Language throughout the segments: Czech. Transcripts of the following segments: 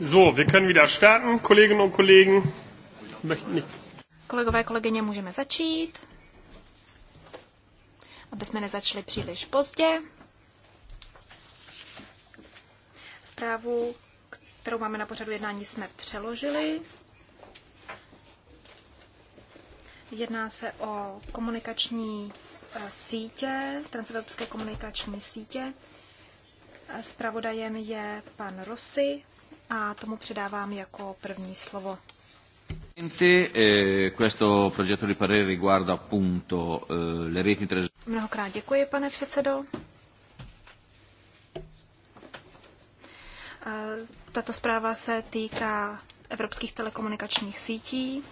So, wir können wieder starten, Kolleginnen und Kollegen. nichts. Kolegové, kolegyně, můžeme začít. Aby jsme nezačali příliš pozdě. Zprávu, kterou máme na pořadu jednání, jsme přeložili. Jedná se o komunikační eh, sítě, transevropské komunikační sítě. Spravodajem eh, je pan Rossi a tomu předávám jako první slovo. Eh, eh, Mnohokrát děkuji, pane předsedo. Eh, tato zpráva se týká evropských telekomunikačních sítí.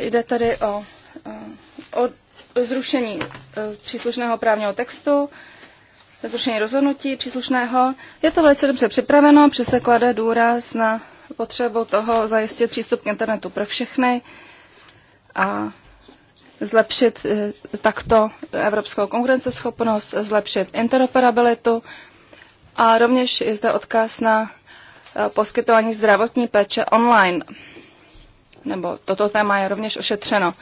Jde tady o, o zrušení eh, příslušného právního textu, zrušení rozhodnutí příslušného. Je to velice dobře připraveno, protože se klade důraz na potřebu toho zajistit přístup k internetu pro všechny a zlepšit eh, takto evropskou konkurenceschopnost, zlepšit interoperabilitu a rovněž je zde odkaz na eh, poskytování zdravotní péče online. Nebo toto téma je rovněž ošetřeno.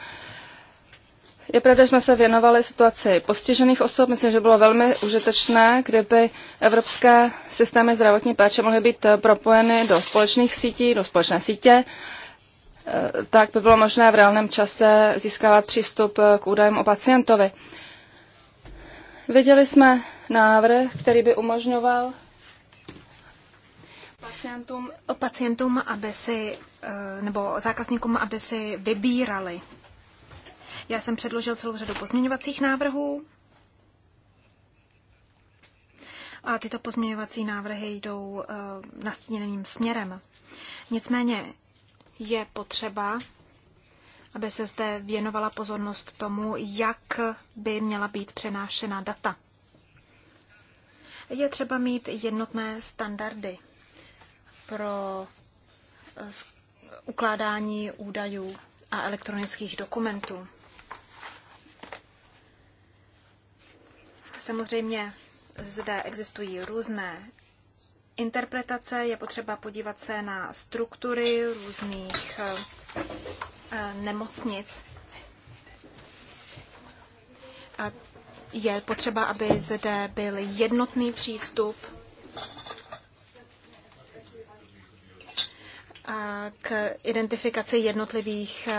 Je pravda, že jsme se věnovali situaci postižených osob. Myslím, že bylo velmi užitečné, kdyby evropské systémy zdravotní péče mohly být eh, propojeny do společných sítí, do společné sítě, eh, tak by bylo možné v reálném čase získávat přístup eh, k údajům o pacientovi. Viděli jsme návrh, který by umožňoval pacientům, pacientům aby si, nebo zákazníkům, aby si vybírali já jsem předložil celou řadu pozměňovacích návrhů. A tyto pozměňovací návrhy jdou eh, nastíněným směrem. Nicméně je potřeba, aby se zde věnovala pozornost tomu, jak by měla být přenášena data. Je třeba mít jednotné standardy pro eh, ukládání údajů a elektronických dokumentů. Samozřejmě zde existují různé interpretace, je potřeba podívat se na struktury různých eh, eh, nemocnic. A je potřeba, aby zde byl jednotný přístup k identifikaci jednotlivých eh,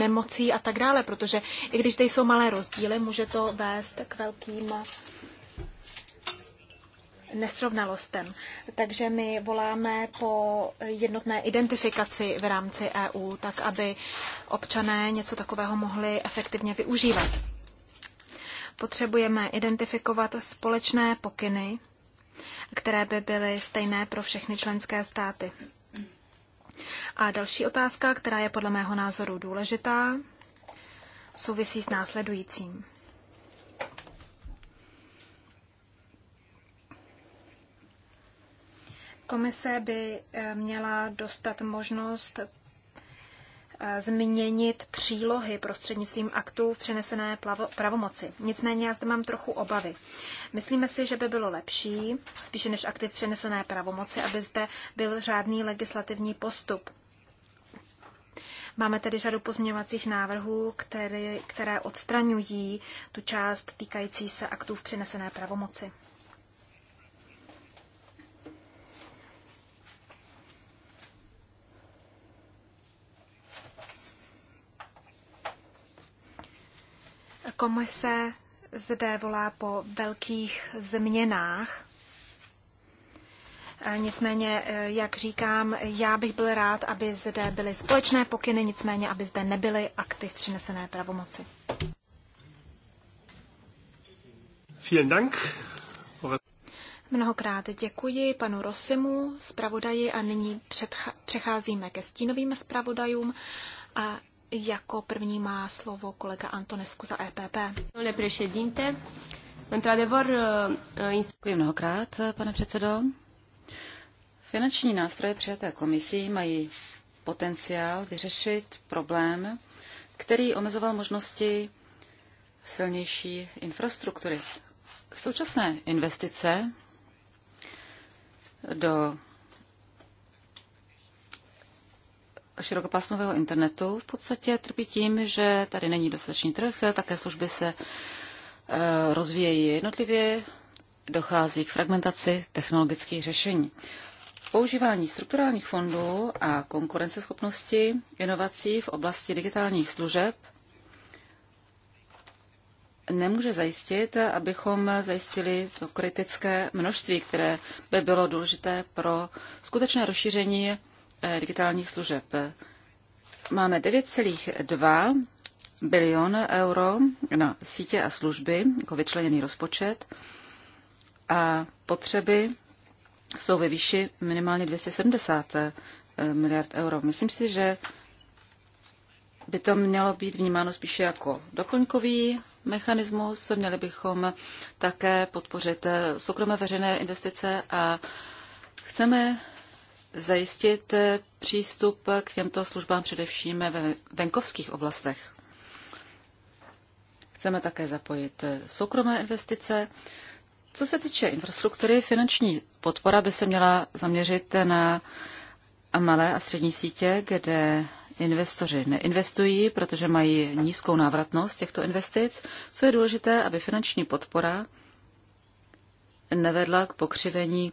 nemocí a tak dále, protože i když tady jsou malé rozdíly, může to vést k velkým nesrovnalostem. Takže my voláme po jednotné identifikaci v rámci EU, tak aby občané něco takového mohli efektivně využívat. Potřebujeme identifikovat společné pokyny, které by byly stejné pro všechny členské státy. A další otázka, která je podle mého názoru důležitá, souvisí s následujícím. Komise by eh, měla dostat možnost Eh, změnit přílohy prostřednictvím aktů v přenesené pravomoci. Nicméně já zde mám trochu obavy. Myslíme si, že by bylo lepší, spíše než akty v přenesené pravomoci, aby zde byl řádný legislativní postup. Máme tedy řadu pozměňovacích návrhů, které, které odstraňují tu část týkající se aktů v přenesené pravomoci. Komise zde volá po velkých změnách. Eh, nicméně, eh, jak říkám, já bych byl rád, aby zde byly společné pokyny, nicméně, aby zde nebyly v přinesené pravomoci. Vielen Dank. Mnohokrát děkuji panu Rosimu, zpravodaji, a nyní přecházíme ke stínovým zpravodajům. A jako první má slovo kolega Antonescu za EPP. Uh, uh, Děkuji mnohokrát, pane předsedo. Finanční nástroje přijaté komisí mají potenciál vyřešit problém, který omezoval možnosti silnější infrastruktury. Současné investice do širokopásmového internetu v podstatě trpí tím, že tady není dostatečný trh, také služby se eh, rozvíjejí jednotlivě, dochází k fragmentaci technologických řešení. Používání strukturálních fondů a konkurenceschopnosti inovací v oblasti digitálních služeb nemůže zajistit, abychom zajistili to kritické množství, které by bylo důležité pro skutečné rozšíření Eh, digitálních služeb. Máme 9,2 bilion euro na sítě a služby jako vyčleněný rozpočet a potřeby jsou ve výši minimálně 270 eh, miliard euro. Myslím si, že by to mělo být vnímáno spíše jako doplňkový mechanismus. Měli bychom také podpořit eh, soukromé veřejné investice a chceme zajistit eh, přístup k těmto službám především ve venkovských oblastech. Chceme také zapojit eh, soukromé investice. Co se týče infrastruktury, finanční podpora by se měla zaměřit na malé a střední sítě, kde investoři neinvestují, protože mají nízkou návratnost těchto investic. Co je důležité, aby finanční podpora nevedla k pokřivení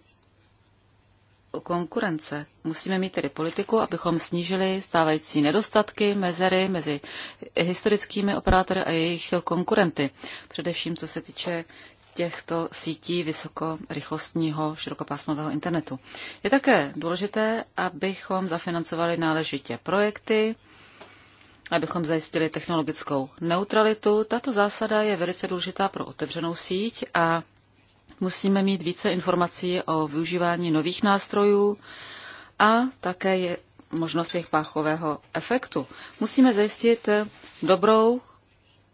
konkurence. Musíme mít tedy politiku, abychom snížili stávající nedostatky, mezery mezi historickými operátory a jejich konkurenty. Především co se týče těchto sítí vysokorychlostního širokopásmového internetu. Je také důležité, abychom zafinancovali náležitě projekty, abychom zajistili technologickou neutralitu. Tato zásada je velice důležitá pro otevřenou síť a Musíme mít více informací o využívání nových nástrojů a také je možnost jejich páchového efektu. Musíme zajistit dobrou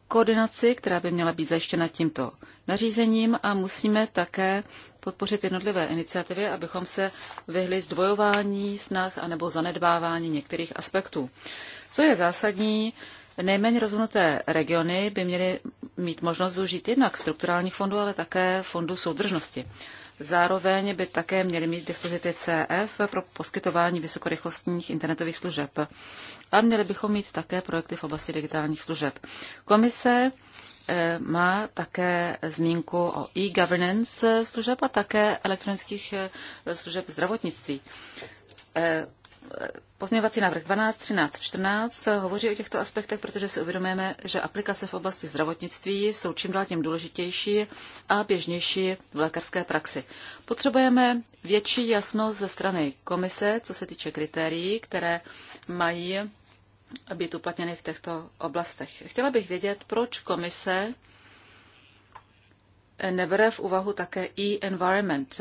koordinaci, která by měla být zajištěna tímto nařízením a musíme také podpořit jednotlivé iniciativy, abychom se vyhli zdvojování snah anebo zanedbávání některých aspektů. Co je zásadní, Nejméně rozvinuté regiony by měly mít možnost využít jednak strukturálních fondů, ale také fondů soudržnosti. Zároveň by také měly mít dispozici CF pro poskytování vysokorychlostních internetových služeb. A měli bychom mít také projekty v oblasti digitálních služeb. Komise eh, má také zmínku o e-governance služeb a také elektronických eh, služeb zdravotnictví. Eh, Pozměňovací návrh 12, 13, 14 hovoří o těchto aspektech, protože si uvědomujeme, že aplikace v oblasti zdravotnictví jsou čím dál tím důležitější a běžnější v lékařské praxi. Potřebujeme větší jasnost ze strany komise, co se týče kritérií, které mají být uplatněny v těchto oblastech. Chtěla bych vědět, proč komise nebere v úvahu také e-environment,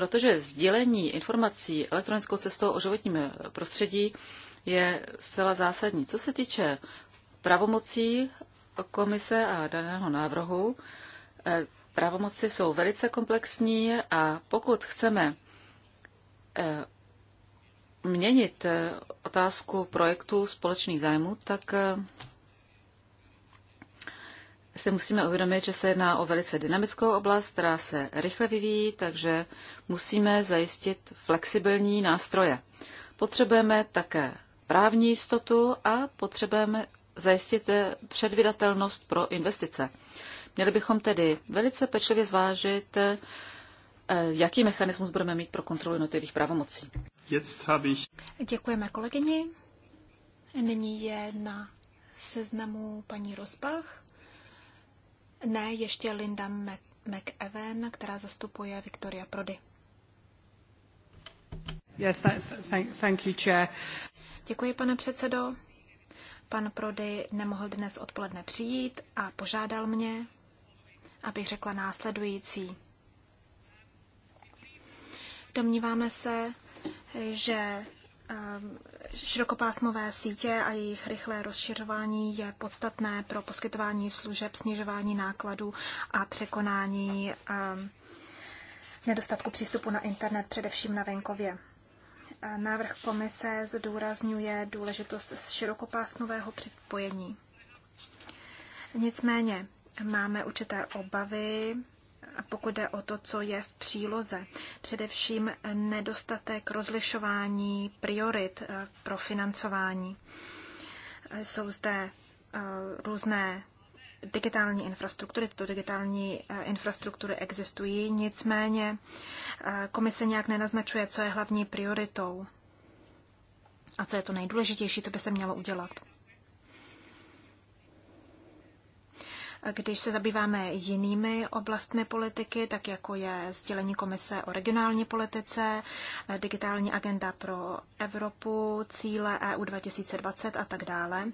protože sdělení informací elektronickou cestou o životním prostředí je zcela zásadní. Co se týče pravomocí komise a daného návrhu, eh, pravomoci jsou velice komplexní a pokud chceme eh, měnit eh, otázku projektu společných zájmů, tak se musíme uvědomit, že se jedná o velice dynamickou oblast, která se rychle vyvíjí, takže musíme zajistit flexibilní nástroje. Potřebujeme také právní jistotu a potřebujeme zajistit eh, předvydatelnost pro investice. Měli bychom tedy velice pečlivě zvážit, eh, jaký mechanismus budeme mít pro kontrolu jednotlivých pravomocí. Děkujeme kolegyni. Nyní je na seznamu paní Rozbach. Ne, ještě Linda McEwen, která zastupuje Victoria Prody. Yes, thank, thank you, chair. Děkuji, pane předsedo. Pan Prody nemohl dnes odpoledne přijít a požádal mě, abych řekla následující. Domníváme se, že Širokopásmové sítě a jejich rychlé rozšiřování je podstatné pro poskytování služeb, snižování nákladů a překonání ehm, nedostatku přístupu na internet, především na venkově. Návrh komise zdůrazňuje důležitost širokopásmového připojení. Nicméně máme určité obavy pokud jde o to, co je v příloze. Především nedostatek rozlišování priorit eh, pro financování. Eh, jsou zde eh, různé digitální infrastruktury. Tyto digitální infrastruktury existují, nicméně komise nějak nenaznačuje, co je hlavní prioritou a co je to nejdůležitější, co by se mělo udělat. Když se zabýváme jinými oblastmi politiky, tak jako je sdělení komise o regionální politice, digitální agenda pro Evropu, cíle EU 2020 a tak dále,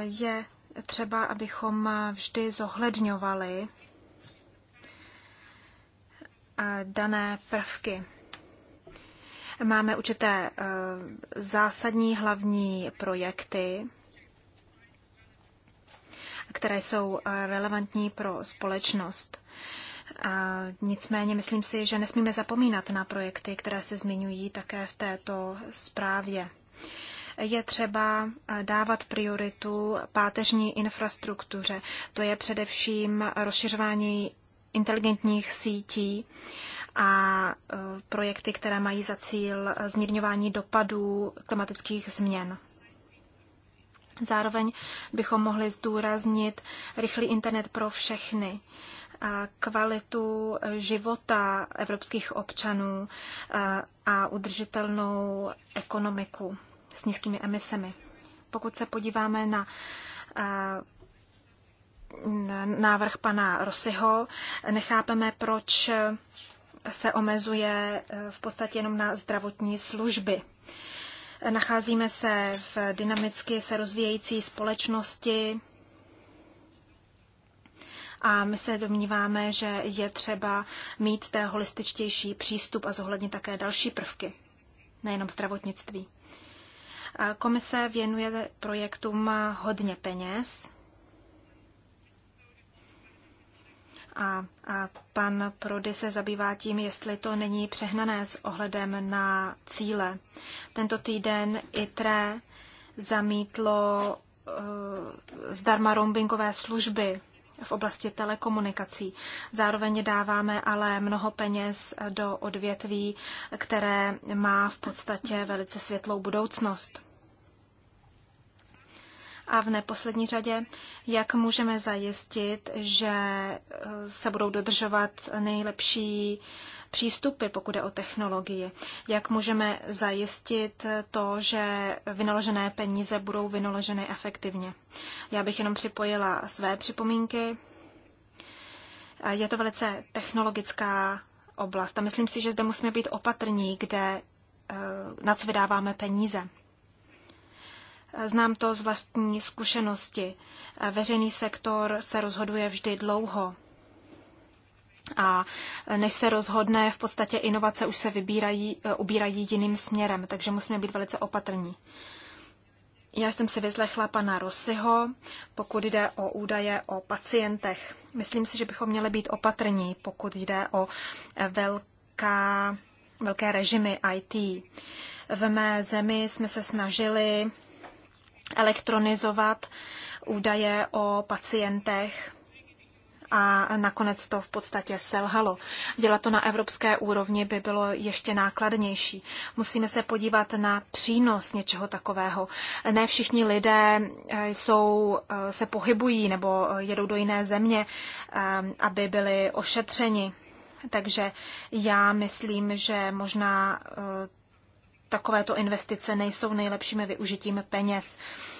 je třeba, abychom vždy zohledňovali eh, dané prvky. Máme určité eh, zásadní hlavní projekty, které jsou eh, relevantní pro společnost. A nicméně myslím si, že nesmíme zapomínat na projekty, které se zmiňují také v této zprávě. Je třeba eh, dávat prioritu páteřní infrastruktuře. To je především rozšiřování inteligentních sítí a eh, projekty, které mají za cíl zmírňování dopadů klimatických změn. Zároveň bychom mohli zdůraznit rychlý internet pro všechny, kvalitu života evropských občanů a udržitelnou ekonomiku s nízkými emisemi. Pokud se podíváme na návrh pana Rosyho, nechápeme, proč se omezuje v podstatě jenom na zdravotní služby. Nacházíme se v dynamicky se rozvíjející společnosti a my se domníváme, že je třeba mít té holističtější přístup a zohlednit také další prvky, nejenom zdravotnictví. Komise věnuje projektům hodně peněz A, a pan Prody se zabývá tím, jestli to není přehnané s ohledem na cíle. Tento týden ITRE zamítlo uh, zdarma roamingové služby v oblasti telekomunikací. Zároveň dáváme ale mnoho peněz do odvětví, které má v podstatě velice světlou budoucnost. A v neposlední řadě, jak můžeme zajistit, že eh, se budou dodržovat nejlepší přístupy, pokud je o technologii. Jak můžeme zajistit to, že vynaložené peníze budou vynaloženy efektivně. Já bych jenom připojila své připomínky. Eh, je to velice technologická oblast a myslím si, že zde musíme být opatrní, kde eh, na co vydáváme peníze. Znám to z vlastní zkušenosti. Veřejný sektor se rozhoduje vždy dlouho. A než se rozhodne, v podstatě inovace už se vybírají, ubírají jiným směrem, takže musíme být velice opatrní. Já jsem si vyslechla pana Rosyho, pokud jde o údaje o pacientech. Myslím si, že bychom měli být opatrní, pokud jde o velká, velké režimy IT. V mé zemi jsme se snažili elektronizovat údaje o pacientech a nakonec to v podstatě selhalo. Dělat to na evropské úrovni by bylo ještě nákladnější. Musíme se podívat na přínos něčeho takového. Ne všichni lidé eh, jsou, eh, se pohybují nebo eh, jedou do jiné země, aby byli ošetřeni. Takže já myslím, že možná takovéto investice nejsou nejlepším využitím peněz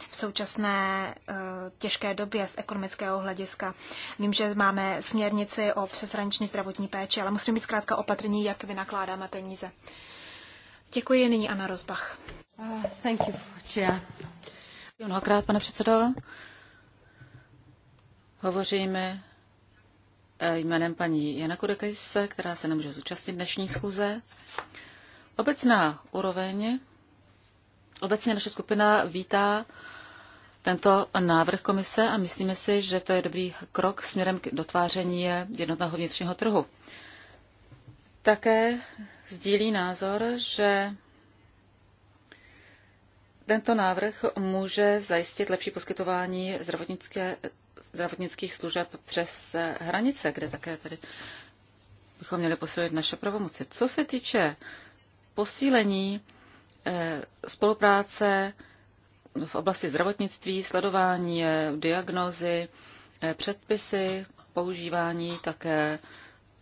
v současné eh, těžké době z ekonomického hlediska. Vím, že máme směrnici o přeshraniční zdravotní péči, ale musíme být zkrátka opatrní, jak vynakládáme peníze. Děkuji nyní Anna Rozbach. Uh, thank you, chair. Mnohokrát, pane předsedo. Hovoříme eh, jménem paní Jana Kudekajse, která se nemůže zúčastnit dnešní schůze. Obecná úroveň, obecně naše skupina vítá tento návrh komise a myslíme si, že to je dobrý krok směrem k dotváření jednotného vnitřního trhu. Také sdílí názor, že tento návrh může zajistit lepší poskytování zdravotnické, zdravotnických služeb přes hranice, kde také tady bychom měli posilit naše pravomoci. Co se týče posílení eh, spolupráce v oblasti zdravotnictví, sledování eh, diagnozy, eh, předpisy, používání také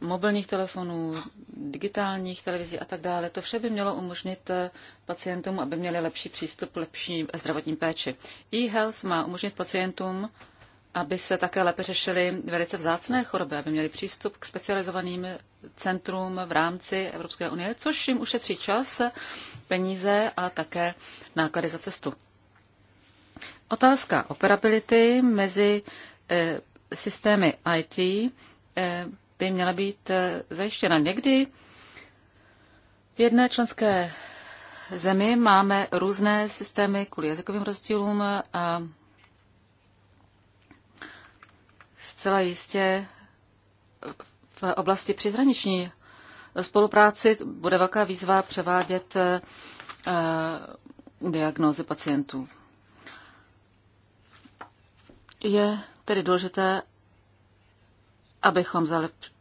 mobilních telefonů, digitálních televizí a tak dále. To vše by mělo umožnit pacientům, aby měli lepší přístup k lepší zdravotní péči. E-health má umožnit pacientům aby se také lépe řešily velice vzácné choroby, aby měli přístup k specializovaným centrum v rámci Evropské unie, což jim ušetří čas, peníze a také náklady za cestu. Otázka operability mezi eh, systémy IT eh, by měla být eh, zajištěna. Někdy v jedné členské zemi máme různé systémy kvůli jazykovým rozdílům a zcela jistě v oblasti přihraniční spolupráci bude velká výzva převádět eh, diagnózy pacientů. Je tedy důležité, abychom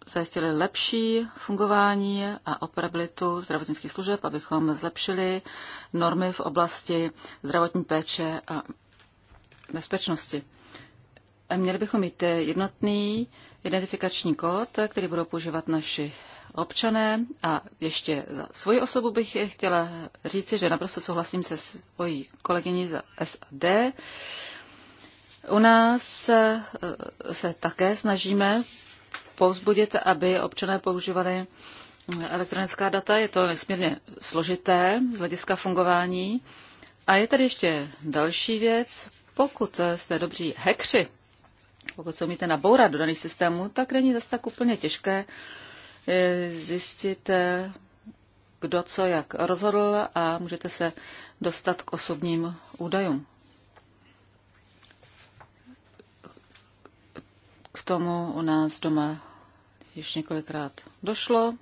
zajistili lepší fungování a operabilitu zdravotnických služeb, abychom zlepšili normy v oblasti zdravotní péče a bezpečnosti. Měli bychom mít jednotný identifikační kód, který budou používat naši občané. A ještě za svoji osobu bych chtěla říci, že naprosto souhlasím se svojí kolegyní za SAD. U nás eh, se také snažíme povzbudit, aby občané používali elektronická data. Je to nesmírně složité z hlediska fungování. A je tady ještě další věc. Pokud jste dobří hekři, pokud se umíte nabourat do daných systémů, tak není zase tak úplně těžké eh, zjistit, eh, kdo co jak rozhodl a můžete se dostat k osobním údajům. K tomu u nás doma již několikrát došlo,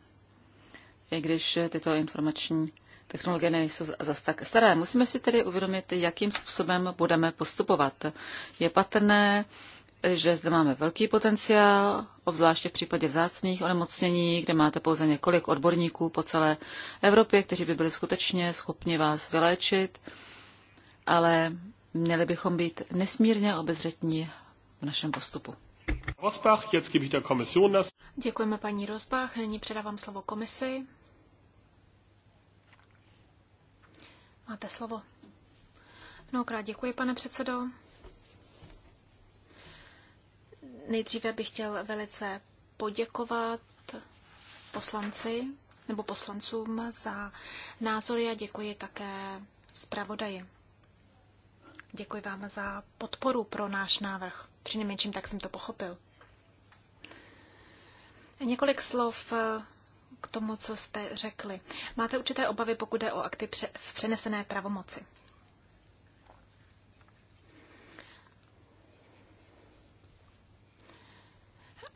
i když tyto informační technologie nejsou zas tak staré. Musíme si tedy uvědomit, jakým způsobem budeme postupovat. Je patrné, že zde máme velký potenciál, obzvláště v případě vzácných onemocnění, kde máte pouze několik odborníků po celé Evropě, kteří by byli skutečně schopni vás vyléčit, ale měli bychom být nesmírně obezřetní v našem postupu. Rosbach, Děkujeme paní Rosbach, nyní předávám slovo komisi. Máte slovo. Mnohokrát děkuji, pane předsedo. Nejdříve bych chtěl velice poděkovat poslanci nebo poslancům za názory a děkuji také zpravodaji. Děkuji vám za podporu pro náš návrh. nejmenším tak jsem to pochopil. Několik slov k tomu, co jste řekli. Máte určité obavy, pokud jde o akty v přenesené pravomoci.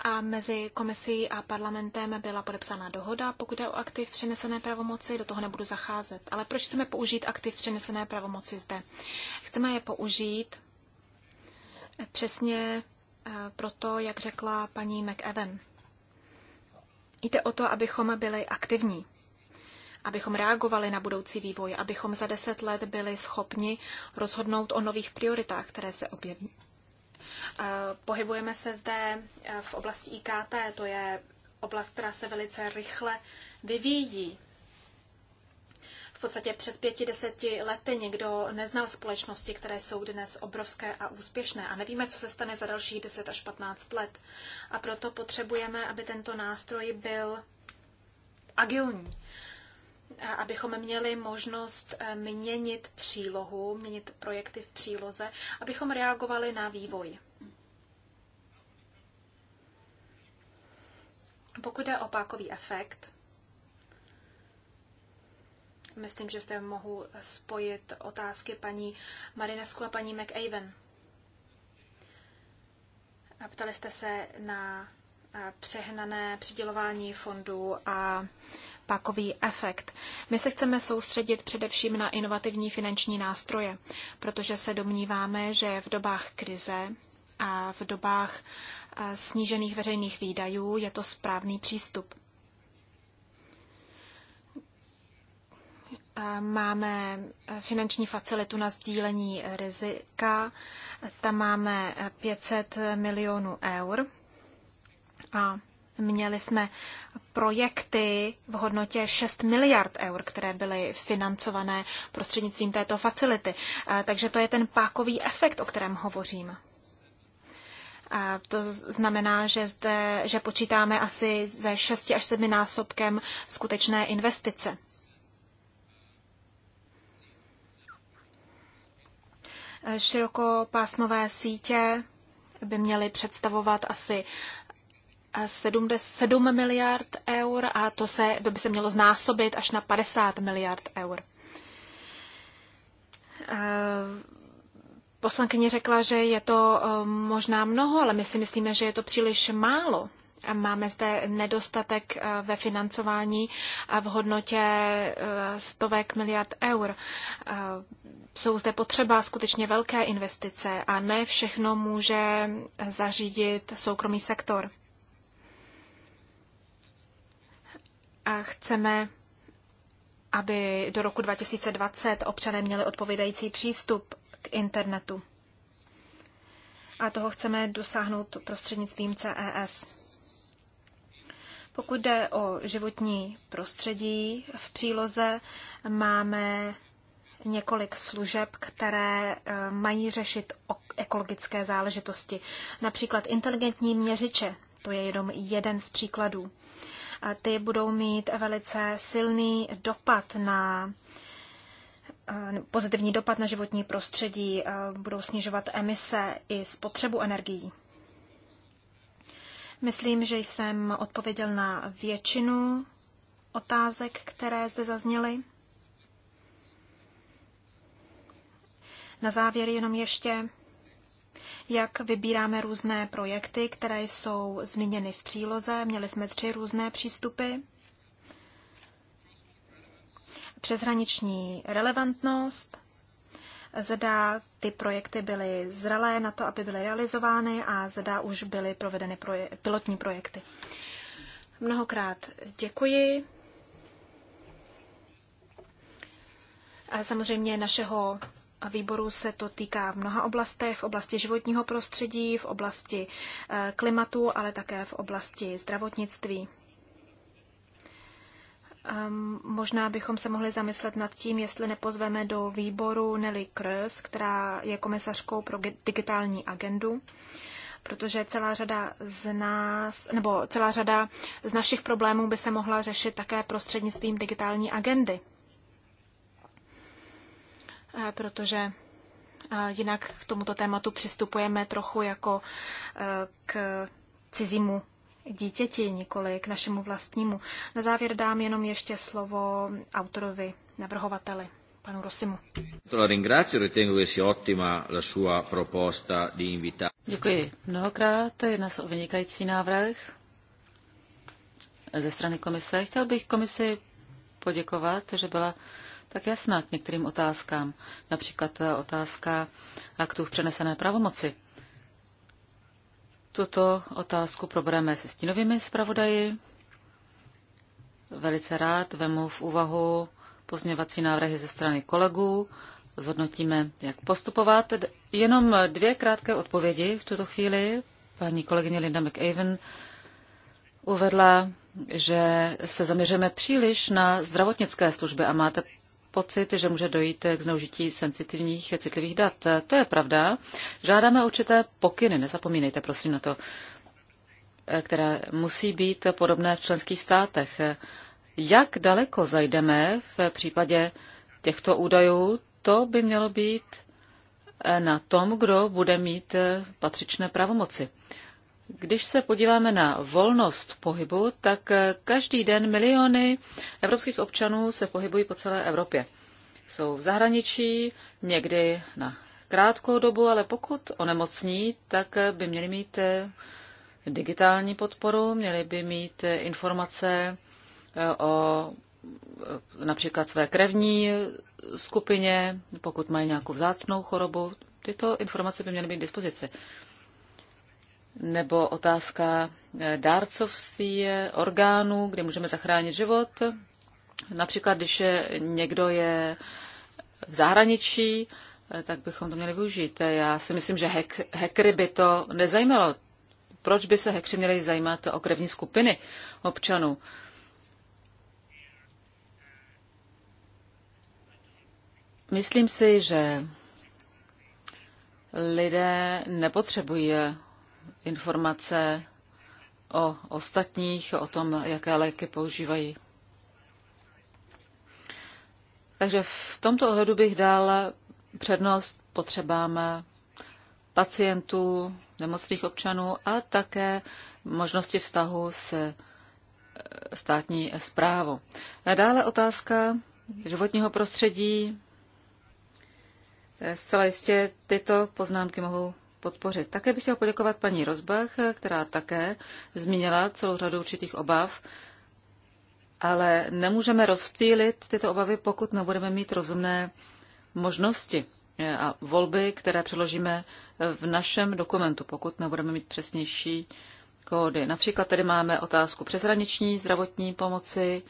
a mezi komisí a parlamentem byla podepsána dohoda, pokud je o aktiv přenesené pravomoci, do toho nebudu zacházet. Ale proč chceme použít aktiv přenesené pravomoci zde? Chceme je použít eh, přesně eh, proto, jak řekla paní McEwen. Jde o to, abychom byli aktivní, abychom reagovali na budoucí vývoj, abychom za deset let byli schopni rozhodnout o nových prioritách, které se objeví. Eh, pohybujeme se zde eh, v oblasti IKT, to je oblast, která se velice rychle vyvíjí. V podstatě před pěti, deseti lety někdo neznal společnosti, které jsou dnes obrovské a úspěšné a nevíme, co se stane za dalších 10 až 15 let. A proto potřebujeme, aby tento nástroj byl agilní abychom měli možnost eh, měnit přílohu, měnit projekty v příloze, abychom reagovali na vývoj. Pokud je opákový efekt, myslím, že zde mohu spojit otázky paní Marinesku a paní McAven. ptali jste se na eh, přehnané přidělování fondů a pakový efekt. My se chceme soustředit především na inovativní finanční nástroje, protože se domníváme, že v dobách krize a v dobách eh, snížených veřejných výdajů je to správný přístup. Eh, máme finanční facilitu na sdílení rizika, tam máme 500 milionů eur a měli jsme projekty v hodnotě 6 miliard eur, které byly financované prostřednictvím této facility. Takže to je ten pákový efekt, o kterém hovořím. A to znamená, že, zde, že počítáme asi ze 6 až 7 násobkem skutečné investice. Širokopásmové sítě by měly představovat asi 77 miliard eur a to se, by se mělo znásobit až na 50 miliard eur. Poslankyně řekla, že je to eh, možná mnoho, ale my si myslíme, že je to příliš málo. Máme zde nedostatek eh, ve financování v hodnotě eh, stovek miliard eur. Jsou zde potřeba skutečně velké investice a ne všechno může zařídit soukromý sektor. chceme, aby do roku 2020 občané měli odpovídající přístup k internetu. A toho chceme dosáhnout prostřednictvím CES. Pokud jde o životní prostředí, v příloze máme několik služeb, které eh, mají řešit ekologické záležitosti. Například inteligentní měřiče, to je jenom jeden z příkladů ty budou mít velice silný dopad na eh, pozitivní dopad na životní prostředí, eh, budou snižovat emise i spotřebu energií. Myslím, že jsem odpověděl na většinu otázek, které zde zazněly. Na závěr jenom ještě jak vybíráme různé projekty, které jsou zmíněny v příloze. Měli jsme tři různé přístupy. Přeshraniční relevantnost, zda ty projekty byly zralé na to, aby byly realizovány a zda už byly provedeny proje- pilotní projekty. Mnohokrát děkuji. A samozřejmě našeho Výboru se to týká v mnoha oblastech, v oblasti životního prostředí, v oblasti eh, klimatu, ale také v oblasti zdravotnictví. Ehm, možná bychom se mohli zamyslet nad tím, jestli nepozveme do výboru Nelly Kröz, která je komisařkou pro digitální agendu, protože celá řada z nás, nebo celá řada z našich problémů by se mohla řešit také prostřednictvím digitální agendy protože jinak k tomuto tématu přistupujeme trochu jako e, k cizímu dítěti, nikoli k našemu vlastnímu. Na závěr dám jenom ještě slovo autorovi, navrhovateli, panu Rosimu. Děkuji mnohokrát, to je nás vynikající návrh ze strany komise. Chtěl bych komisi poděkovat, že byla tak jasná k některým otázkám, například eh, otázka aktů v přenesené pravomoci. Tuto otázku probereme se stínovými zpravodaji. Velice rád vemu v úvahu pozměvací návrhy ze strany kolegů. Zhodnotíme, jak postupovat. Jenom dvě krátké odpovědi v tuto chvíli. Paní kolegyně Linda McAven uvedla, že se zaměřujeme příliš na zdravotnické služby a máte pocit, že může dojít k zneužití sensitivních citlivých dat. To je pravda. Žádáme určité pokyny, nezapomínejte prosím na to, které musí být podobné v členských státech. Jak daleko zajdeme v případě těchto údajů, to by mělo být na tom, kdo bude mít patřičné pravomoci. Když se podíváme na volnost pohybu, tak eh, každý den miliony evropských občanů se pohybují po celé Evropě. Jsou v zahraničí, někdy na krátkou dobu, ale pokud onemocní, tak eh, by měli mít eh, digitální podporu, měli by mít informace o například své krevní skupině, pokud mají nějakou vzácnou chorobu. Tyto informace by měly být k dispozici nebo otázka eh, dárcovství orgánů, kde můžeme zachránit život. Například, když někdo je v zahraničí, eh, tak bychom to měli využít. Já si myslím, že hack, by to nezajímalo. Proč by se hekři měli zajímat o krevní skupiny občanů? Myslím si, že lidé nepotřebují informace o ostatních, o tom, jaké léky používají. Takže v tomto ohledu bych dal přednost potřebám pacientů, nemocných občanů a také možnosti vztahu s eh, státní zprávou. Dále otázka životního prostředí. Eh, zcela jistě tyto poznámky mohou podpořit. Také bych chtěl poděkovat paní Rozbach, která také zmínila celou řadu určitých obav, ale nemůžeme rozptýlit tyto obavy, pokud nebudeme mít rozumné možnosti a volby, které přeložíme v našem dokumentu, pokud nebudeme mít přesnější kódy. Například tady máme otázku přeshraniční zdravotní pomoci,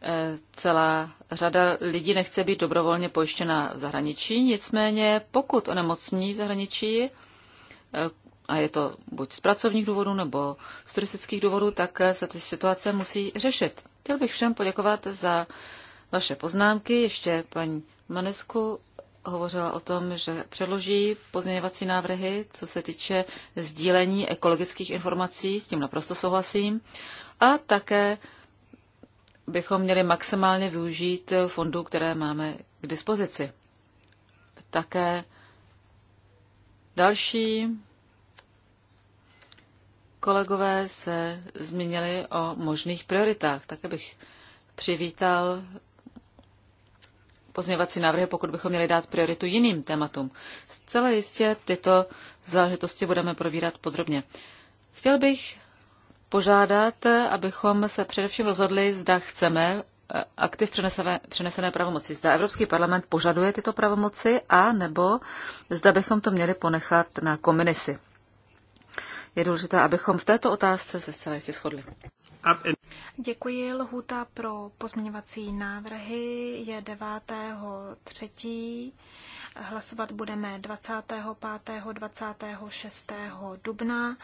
Eh, celá řada lidí nechce být dobrovolně pojištěna v zahraničí, nicméně pokud onemocní v zahraničí, eh, a je to buď z pracovních důvodů nebo z turistických důvodů, tak eh, se ty situace musí řešit. Chtěl bych všem poděkovat za vaše poznámky. Ještě paní Manesku hovořila o tom, že předloží pozměňovací návrhy, co se týče sdílení ekologických informací, s tím naprosto souhlasím, a také bychom měli maximálně využít fondů, které máme k dispozici. Také další kolegové se zmínili o možných prioritách. Také bych přivítal pozměvací návrhy, pokud bychom měli dát prioritu jiným tématům. Zcela jistě tyto záležitosti budeme probírat podrobně. Chtěl bych požádat, abychom se především rozhodli, zda chceme eh, aktiv přenesené, přenesené pravomoci. Zda Evropský parlament požaduje tyto pravomoci a nebo zda bychom to měli ponechat na komisi. Je důležité, abychom v této otázce se zcela jistě shodli. Děkuji. Lhuta pro pozměňovací návrhy je 9.3. Hlasovat budeme 25. 26. dubna.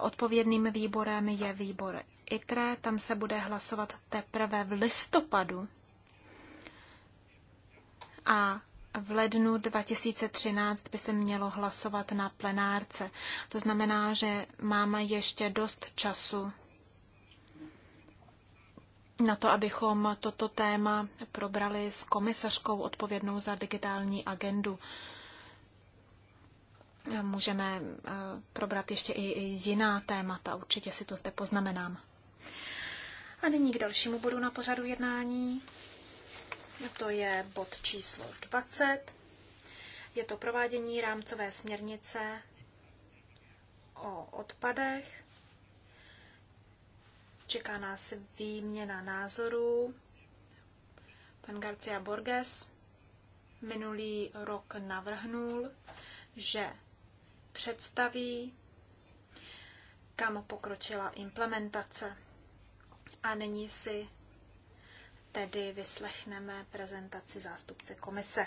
Odpovědným výborem je výbor ITRE. Tam se bude hlasovat teprve v listopadu. A v lednu 2013 by se mělo hlasovat na plenárce. To znamená, že máme ještě dost času na to, abychom toto téma probrali s komisařkou odpovědnou za digitální agendu. Můžeme eh, probrat ještě i jiná témata, určitě si to zde poznamenám. A nyní k dalšímu bodu na pořadu jednání. To je bod číslo 20. Je to provádění rámcové směrnice o odpadech Čeká nás výměna názorů. Pan Garcia Borges minulý rok navrhnul, že představí, kam pokročila implementace. A nyní si tedy vyslechneme prezentaci zástupce komise.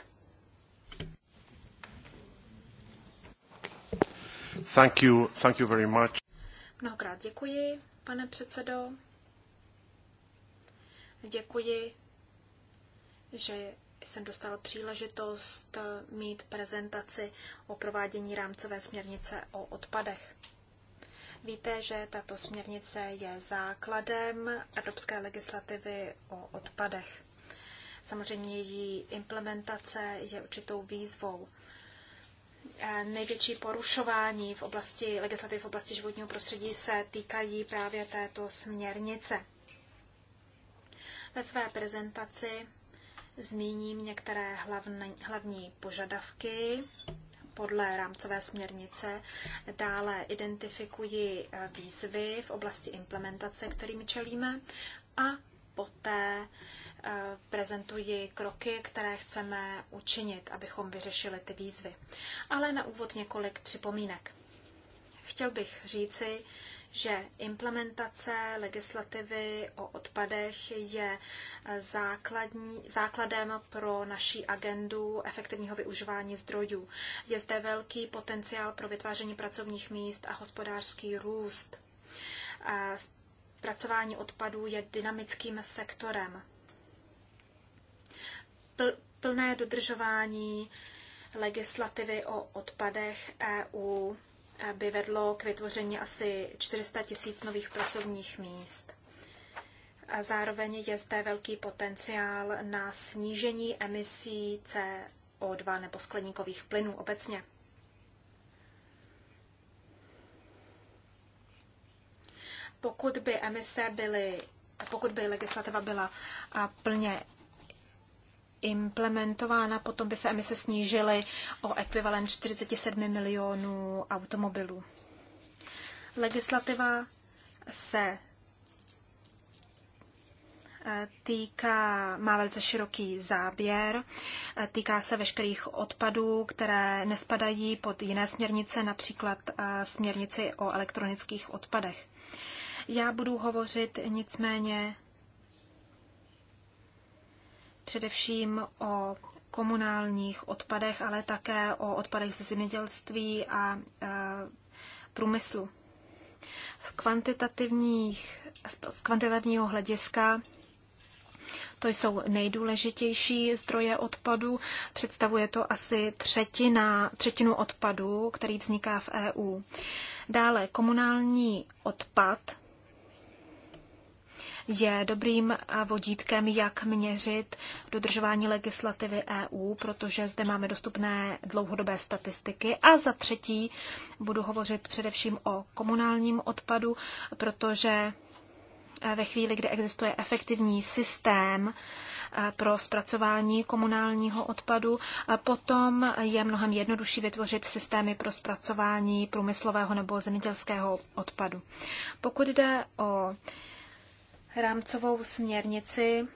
Thank you, thank you very much. Mnohokrát děkuji, pane předsedo. Děkuji, že jsem dostal příležitost mít prezentaci o provádění rámcové směrnice o odpadech. Víte, že tato směrnice je základem evropské legislativy o odpadech. Samozřejmě její implementace je určitou výzvou. Eh, největší porušování v oblasti legislativy v oblasti životního prostředí se týkají právě této směrnice. Ve své prezentaci zmíním některé hlavní, hlavní požadavky podle rámcové směrnice. Dále identifikuji eh, výzvy v oblasti implementace, kterými čelíme a poté eh, prezentuji kroky, které chceme učinit, abychom vyřešili ty výzvy. Ale na úvod několik připomínek. Chtěl bych říci, že implementace legislativy o odpadech je eh, základní, základem pro naší agendu efektivního využívání zdrojů. Je zde velký potenciál pro vytváření pracovních míst a hospodářský růst eh, zpracování odpadů je dynamickým sektorem. Plné dodržování legislativy o odpadech EU by vedlo k vytvoření asi 400 tisíc nových pracovních míst. A zároveň je zde velký potenciál na snížení emisí CO2 nebo skleníkových plynů obecně. pokud by emise byly, pokud by legislativa byla plně implementována, potom by se emise snížily o ekvivalent 47 milionů automobilů. Legislativa se e, týká, má velice široký záběr, e, týká se veškerých odpadů, které nespadají pod jiné směrnice, například e, směrnici o elektronických odpadech. Já budu hovořit nicméně především o komunálních odpadech, ale také o odpadech ze zemědělství a e, průmyslu. V kvantitativních, z kvantitativního hlediska to jsou nejdůležitější zdroje odpadu. Představuje to asi třetina, třetinu odpadu, který vzniká v EU. Dále komunální odpad je dobrým eh, vodítkem, jak měřit dodržování legislativy EU, protože zde máme dostupné dlouhodobé statistiky. A za třetí budu hovořit především o komunálním odpadu, protože eh, ve chvíli, kdy existuje efektivní systém eh, pro zpracování komunálního odpadu, potom je mnohem jednodušší vytvořit systémy pro zpracování průmyslového nebo zemědělského odpadu. Pokud jde o rámcovou směrnici.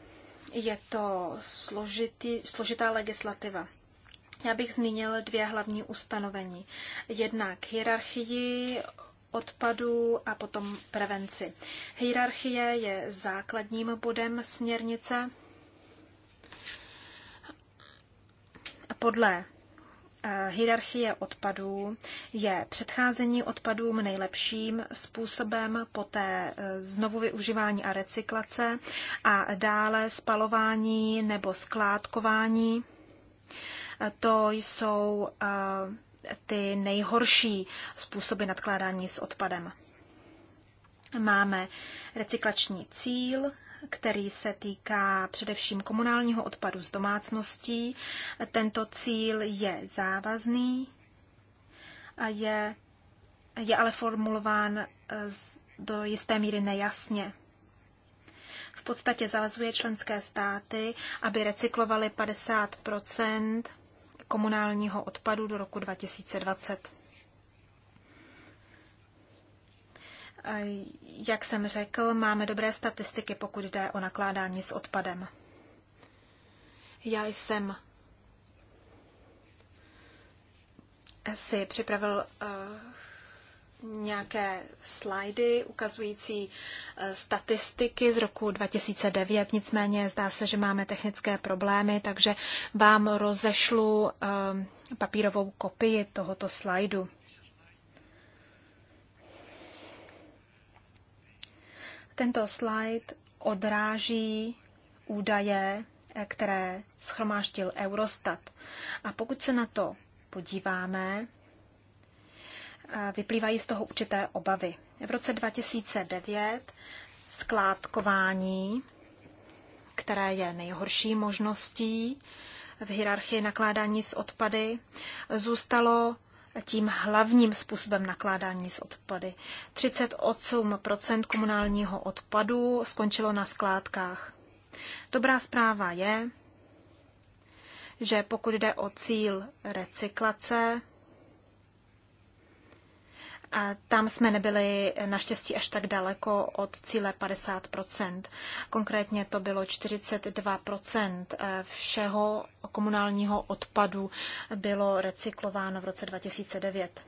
Je to složitý, složitá legislativa. Já bych zmínil dvě hlavní ustanovení. Jednak hierarchii odpadů a potom prevenci. Hierarchie je základním bodem směrnice. Podle Eh, hierarchie odpadů je předcházení odpadům nejlepším způsobem, poté eh, znovu využívání a recyklace a dále spalování nebo skládkování. Eh, to jsou ty nejhorší způsoby nadkládání s odpadem. Máme recyklační cíl, který se týká především komunálního odpadu z domácností. Tento cíl je závazný a je, je ale formulován e, z, do jisté míry nejasně. V podstatě zavazuje členské státy, aby recyklovali 50 komunálního odpadu do roku 2020. Jak jsem řekl, máme dobré statistiky, pokud jde o nakládání s odpadem. Já jsem si připravil eh, nějaké slajdy ukazující eh, statistiky z roku 2009, nicméně zdá se, že máme technické problémy, takže vám rozešlu eh, papírovou kopii tohoto slajdu. Tento slide odráží údaje, eh, které schromáždil Eurostat. A pokud se na to podíváme, eh, vyplývají z toho určité obavy. V roce 2009 skládkování, které je nejhorší možností v hierarchii nakládání s odpady, zůstalo tím hlavním způsobem nakládání s odpady. 38 komunálního odpadu skončilo na skládkách. Dobrá zpráva je, že pokud jde o cíl recyklace, tam jsme nebyli naštěstí až tak daleko od cíle 50 Konkrétně to bylo 42 eh, všeho komunálního odpadu bylo recyklováno v roce 2009.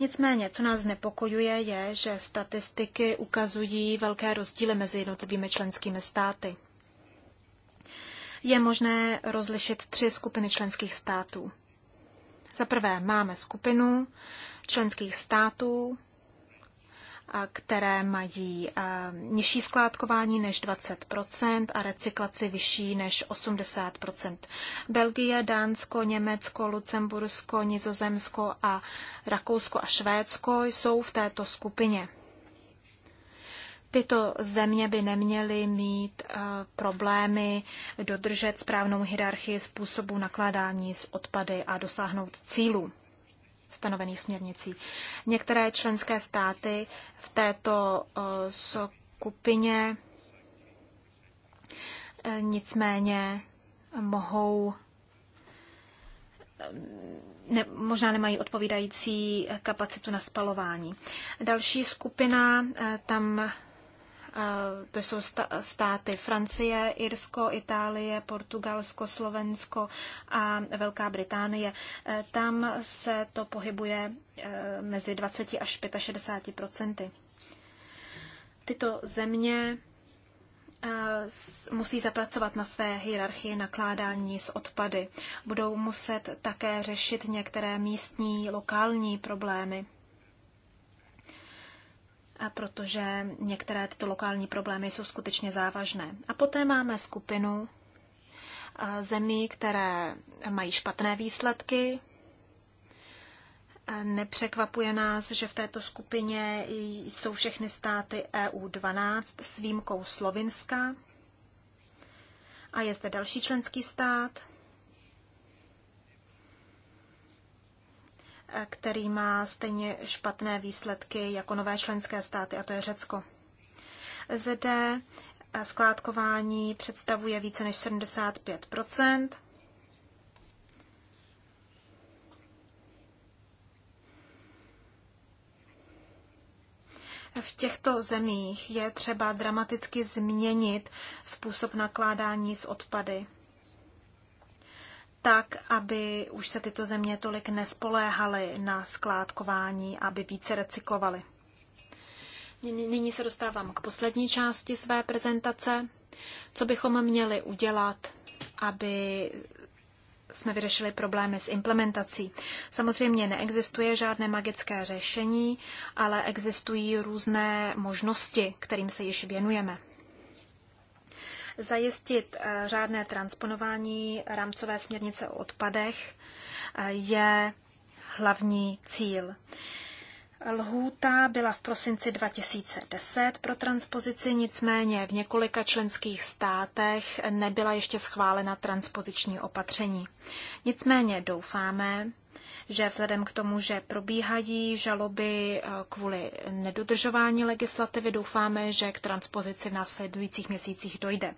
Nicméně, co nás nepokojuje, je, že statistiky ukazují velké rozdíly mezi jednotlivými členskými státy. Je možné rozlišit tři skupiny členských států. Za prvé máme skupinu, členských států, které mají nižší skládkování než 20 a recyklaci vyšší než 80 Belgie, Dánsko, Německo, Lucembursko, Nizozemsko a Rakousko a Švédsko jsou v této skupině. Tyto země by neměly mít problémy dodržet správnou hierarchii způsobu nakládání s odpady a dosáhnout cílů stanovený směrnicí. Některé členské státy v této eh, skupině eh, nicméně mohou eh, ne, možná nemají odpovídající kapacitu na spalování. Další skupina, tam to jsou státy Francie, Irsko, Itálie, Portugalsko, Slovensko a Velká Británie. E, tam se to pohybuje e, mezi 20 až 65 procenty. Tyto země e, musí zapracovat na své hierarchii nakládání s odpady. Budou muset také řešit některé místní, lokální problémy protože některé tyto lokální problémy jsou skutečně závažné. A poté máme skupinu eh, zemí, které mají špatné výsledky. Eh, nepřekvapuje nás, že v této skupině jsou všechny státy EU12 s výjimkou Slovinska. A je zde další členský stát, který má stejně špatné výsledky jako nové členské státy, a to je Řecko. ZD skládkování představuje více než 75 V těchto zemích je třeba dramaticky změnit způsob nakládání s odpady tak, aby už se tyto země tolik nespoléhaly na skládkování, aby více recyklovaly. Nyní se dostávám k poslední části své prezentace. Co bychom měli udělat, aby jsme vyřešili problémy s implementací. Samozřejmě neexistuje žádné magické řešení, ale existují různé možnosti, kterým se již věnujeme. Zajistit eh, řádné transponování rámcové směrnice o odpadech eh, je hlavní cíl. Lhůta byla v prosinci 2010 pro transpozici, nicméně v několika členských státech nebyla ještě schválena transpoziční opatření. Nicméně doufáme, že vzhledem k tomu, že probíhají žaloby eh, kvůli nedodržování legislativy, doufáme, že k transpozici v následujících měsících dojde.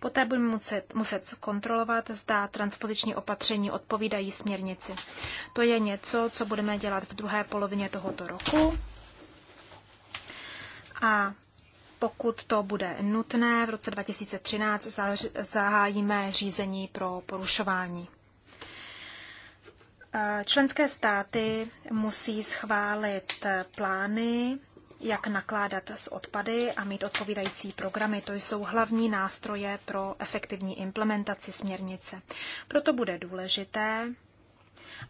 Poté budeme muset, muset kontrolovat, zda transpoziční opatření odpovídají směrnici. To je něco, co budeme dělat v druhé polovině tohoto roku. A pokud to bude nutné, v roce 2013 zahájíme řízení pro porušování. Členské státy musí schválit plány, jak nakládat s odpady a mít odpovídající programy. To jsou hlavní nástroje pro efektivní implementaci směrnice. Proto bude důležité,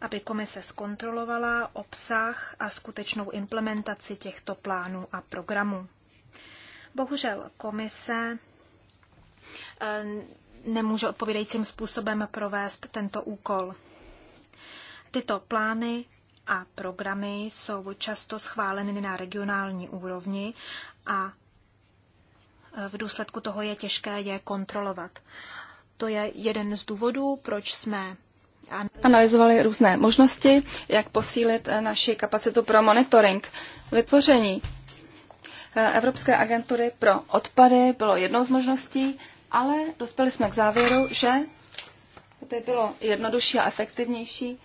aby komise zkontrolovala obsah a skutečnou implementaci těchto plánů a programů. Bohužel komise eh, nemůže odpovídajícím způsobem provést tento úkol. Tyto plány a programy jsou často schváleny na regionální úrovni a v důsledku toho je těžké je kontrolovat. To je jeden z důvodů, proč jsme analyzovali různé možnosti, jak posílit eh, naši kapacitu pro monitoring. Vytvoření eh, Evropské agentury pro odpady bylo jednou z možností, ale dospěli jsme k závěru, že by bylo jednodušší a efektivnější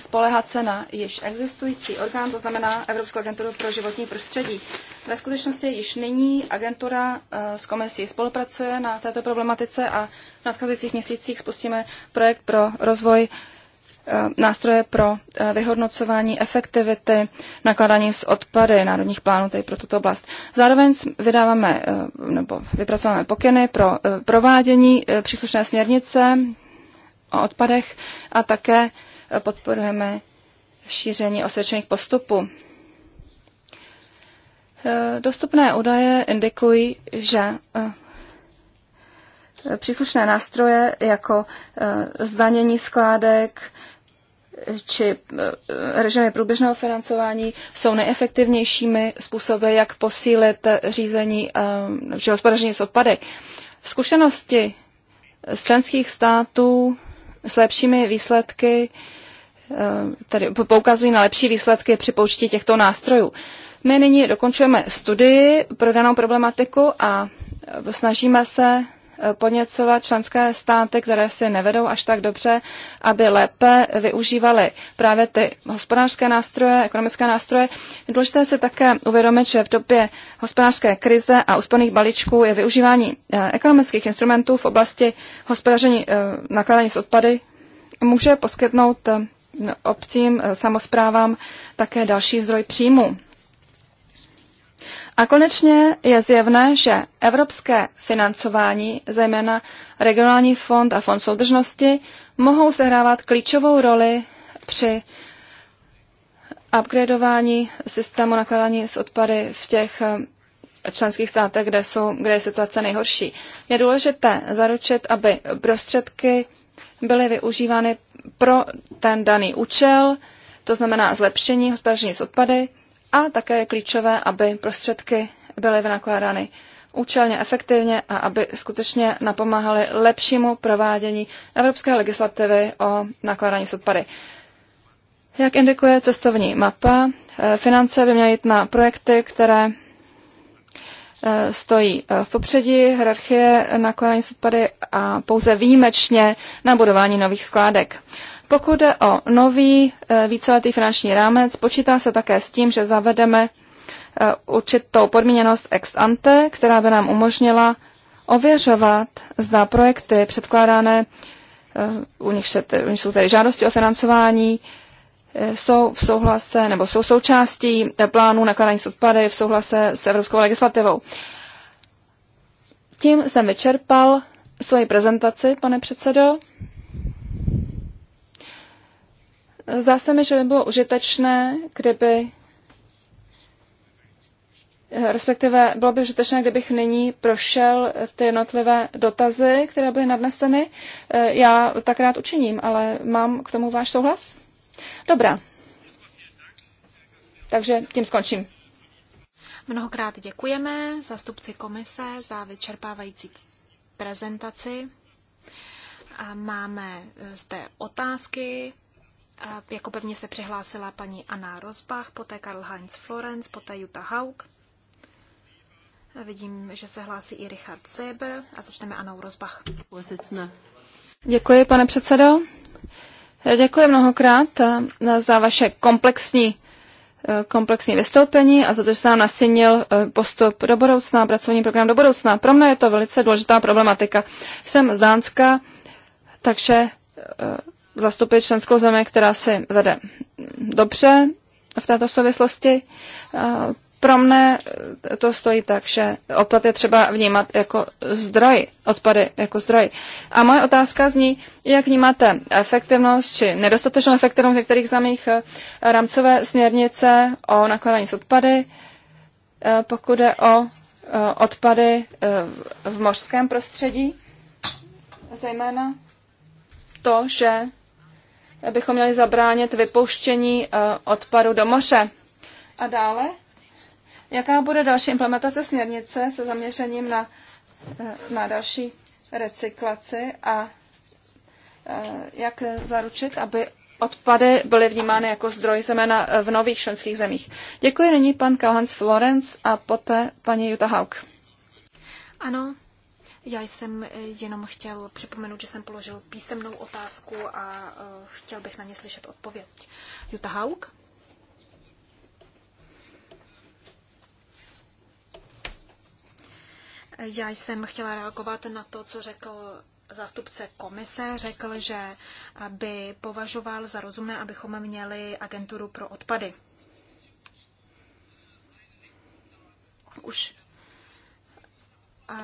spolehat se na již existující orgán, to znamená Evropskou agenturu pro životní prostředí. Ve skutečnosti již nyní agentura eh, s komisí spolupracuje na této problematice a v nadcházejících měsících spustíme projekt pro rozvoj eh, nástroje pro eh, vyhodnocování efektivity nakladání s odpady národních plánů tady pro tuto oblast. Zároveň vydáváme nebo vypracováme pokyny pro provádění příslušné směrnice o odpadech a také podporujeme v šíření osvědčených postupů. Eh, dostupné údaje indikují, že eh, příslušné nástroje jako eh, zdanění skládek či režimy průběžného financování jsou nejefektivnějšími způsoby, jak posílit řízení či hospodaření s odpady. V zkušenosti z členských států s lepšími výsledky Eh, tedy poukazují na lepší výsledky při použití těchto nástrojů. My nyní dokončujeme studii pro danou problematiku a eh, snažíme se eh, podněcovat členské státy, které si nevedou až tak dobře, aby lépe využívaly právě ty hospodářské nástroje, ekonomické nástroje. Důležité se také uvědomit, že v době hospodářské krize a úsporných balíčků je využívání ekonomických instrumentů v oblasti hospodaření nakládání s odpady může poskytnout obcím, eh, samozprávám také další zdroj příjmu. A konečně je zjevné, že evropské financování, zejména regionální fond a fond soudržnosti, mohou sehrávat klíčovou roli při upgradeování systému nakládání s odpady v těch eh, členských státech, kde, jsou, kde je situace nejhorší. Je důležité zaručit, aby prostředky byly využívány pro ten daný účel, to znamená zlepšení hospodaření s odpady a také je klíčové, aby prostředky byly vynakládány účelně, efektivně a aby skutečně napomáhaly lepšímu provádění evropské legislativy o nakládání s odpady. Jak indikuje cestovní mapa, eh, finance by měly jít na projekty, které Eh, stojí eh, v popředí hierarchie nakládání s odpady a pouze výjimečně na budování nových skládek. Pokud jde o nový eh, víceletý finanční rámec, počítá se také s tím, že zavedeme určitou podmíněnost ex ante, která by nám umožnila ověřovat, zda projekty předkládané, u nich, se, u nich jsou tedy žádosti o financování, jsou v souhlase nebo jsou součástí eh, plánu nakládání s odpady v souhlase s evropskou legislativou. Tím jsem vyčerpal svoji prezentaci, pane předsedo. Zdá se mi, že by bylo užitečné, kdyby eh, respektive bylo by užitečné, kdybych nyní prošel eh, ty jednotlivé dotazy, které byly nadneseny. Já tak rád učiním, ale mám k tomu váš souhlas? Dobrá. Takže tím skončím. Mnohokrát děkujeme zastupci komise za vyčerpávající prezentaci. A máme eh, zde otázky. A jako první se přihlásila paní Anna Rozbach, poté Karl Heinz Florenz, poté Jutta Haug. A vidím, že se hlásí i Richard Seber a začneme Anou Rozbach. Děkuji, pane předsedo. Děkuji mnohokrát eh, za vaše komplexní, eh, komplexní vystoupení a za to, že jste nám nastěnil eh, postup do budoucna, pracovní program do budoucna. Pro mě je to velice důležitá problematika. Jsem z Dánska, takže zastupit členskou zemi, která si vede dobře v této souvislosti. Pro mne to stojí tak, že odpad je třeba vnímat jako zdroj, odpady jako zdroj. A moje otázka zní, jak vnímáte efektivnost či nedostatečnou efektivnost některých zemích eh, rámcové směrnice o nakládání s odpady, eh, pokud je o eh, odpady v mořském prostředí, zejména to, že bychom měli zabránit vypouštění odpadu do moře. A dále Jaká bude další implementace směrnice se zaměřením na, eh, na další recyklaci a eh, jak zaručit, aby odpady byly vnímány jako zdroj zemena eh, v nových členských zemích. Děkuji nyní pan Kalhans Florence a poté paní Jutta Haug. Ano, já jsem jenom chtěl připomenout, že jsem položil písemnou otázku a chtěl bych na ně slyšet odpověď. Jutta Haug. Já jsem chtěla reagovat na to, co řekl zástupce komise. Řekl, že by považoval za rozumné, abychom měli agenturu pro odpady. Už eh,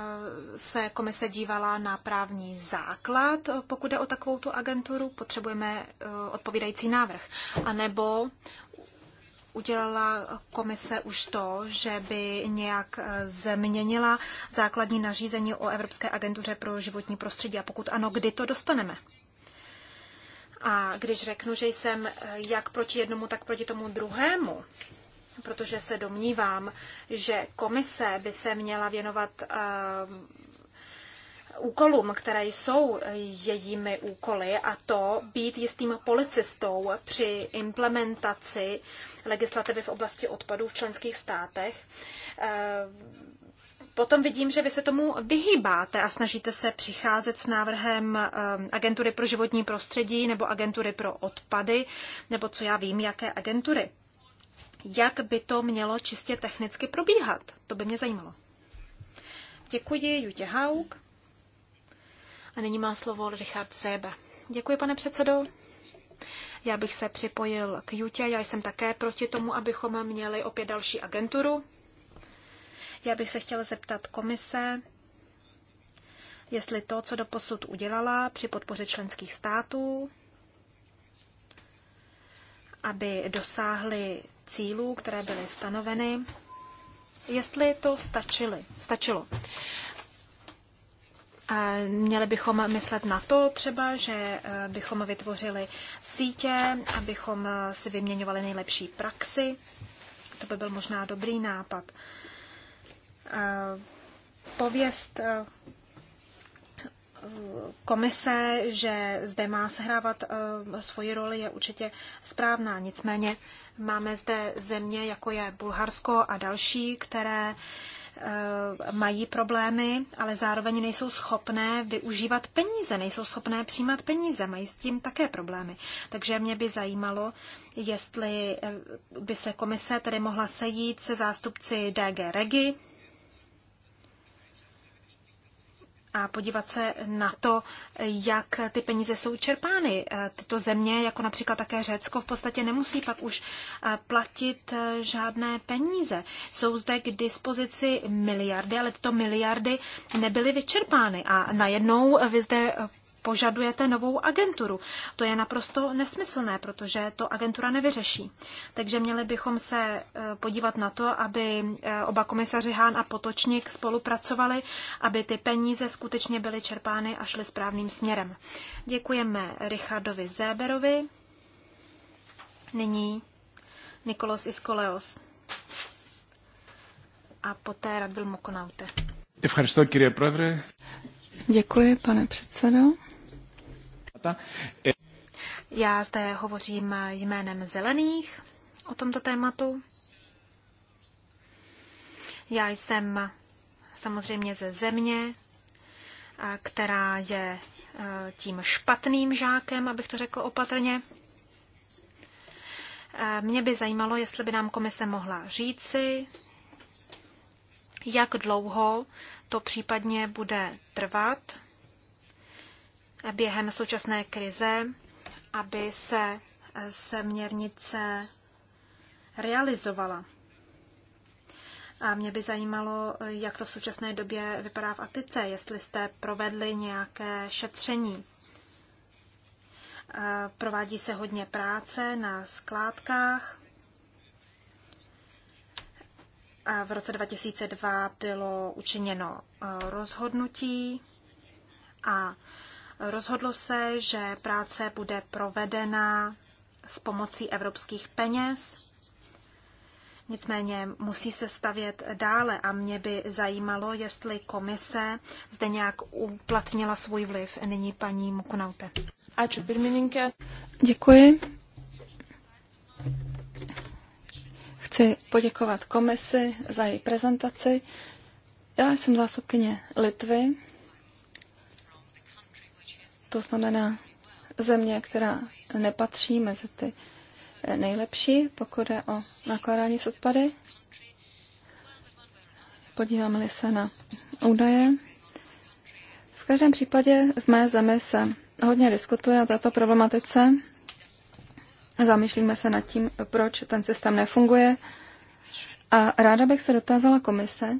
se komise dívala na právní základ, pokud jde o takovou tu agenturu, potřebujeme eh, odpovídající návrh. A nebo udělala komise už to, že by nějak eh, změnila základní nařízení o Evropské agentuře pro životní prostředí a pokud ano, kdy to dostaneme? A když řeknu, že jsem eh, jak proti jednomu, tak proti tomu druhému, protože se domnívám, že komise by se měla věnovat eh, úkolům, které jsou jejími úkoly, a to být jistým policistou při implementaci legislativy v oblasti odpadů v členských státech. Eh, potom vidím, že vy se tomu vyhýbáte a snažíte se přicházet s návrhem eh, agentury pro životní prostředí nebo agentury pro odpady, nebo co já vím, jaké agentury. Jak by to mělo čistě technicky probíhat? To by mě zajímalo. Děkuji, Jutě Haug. A nyní má slovo Richard Zébe. Děkuji, pane předsedo. Já bych se připojil k Jutě. Já jsem také proti tomu, abychom měli opět další agenturu. Já bych se chtěla zeptat komise, jestli to, co do posud udělala při podpoře členských států, aby dosáhly cílů, které byly stanoveny, jestli to stačili, stačilo. Měli bychom myslet na to třeba, že eh, bychom vytvořili sítě, abychom eh, si vyměňovali nejlepší praxi. To by byl možná dobrý nápad. Eh, pověst komise, že zde má sehrávat svoji roli, je určitě správná. Nicméně máme zde země, jako je Bulharsko a další, které Eh, mají problémy, ale zároveň nejsou schopné využívat peníze, nejsou schopné přijímat peníze, mají s tím také problémy. Takže mě by zajímalo, jestli eh, by se komise tedy mohla sejít se zástupci DG Regi, a podívat se na to, jak ty peníze jsou čerpány. E, tyto země, jako například také Řecko, v podstatě nemusí pak už e, platit e, žádné peníze. Jsou zde k dispozici miliardy, ale tyto miliardy nebyly vyčerpány. A najednou vy zde požadujete novou agenturu. To je naprosto nesmyslné, protože to agentura nevyřeší. Takže měli bychom se e, podívat na to, aby e, oba komisaři Hán a Potočník spolupracovali, aby ty peníze skutečně byly čerpány a šly správným směrem. Děkujeme Richardovi Zéberovi. Nyní Nikolos Iskoleos. A poté Radbil Mokonaute. Děkuji, pane předsedo témata. Já zde hovořím jménem zelených o tomto tématu. Já jsem samozřejmě ze země, která je tím špatným žákem, abych to řekl opatrně. Mě by zajímalo, jestli by nám komise mohla říci, jak dlouho to případně bude trvat, během současné krize, aby se eh, směrnice realizovala. A mě by zajímalo, eh, jak to v současné době vypadá v Atice, jestli jste provedli nějaké šetření. Eh, provádí se hodně práce na skládkách. A v roce 2002 bylo učiněno rozhodnutí a Rozhodlo se, že práce bude provedena s pomocí evropských peněz. Nicméně musí se stavět dále a mě by zajímalo, jestli komise zde nějak uplatnila svůj vliv. Nyní paní Mukunaute. Ačiū pirmininkė. Děkuji. Chci poděkovat komisi za její prezentaci. Já jsem zásobkyně Litvy to znamená země, která nepatří mezi ty eh, nejlepší, pokud je o nakládání s odpady. Podíváme-li se na údaje. V každém případě v mé zemi se hodně diskutuje o této problematice. Zamýšlíme se nad tím, proč ten systém nefunguje. A ráda bych se dotázala komise,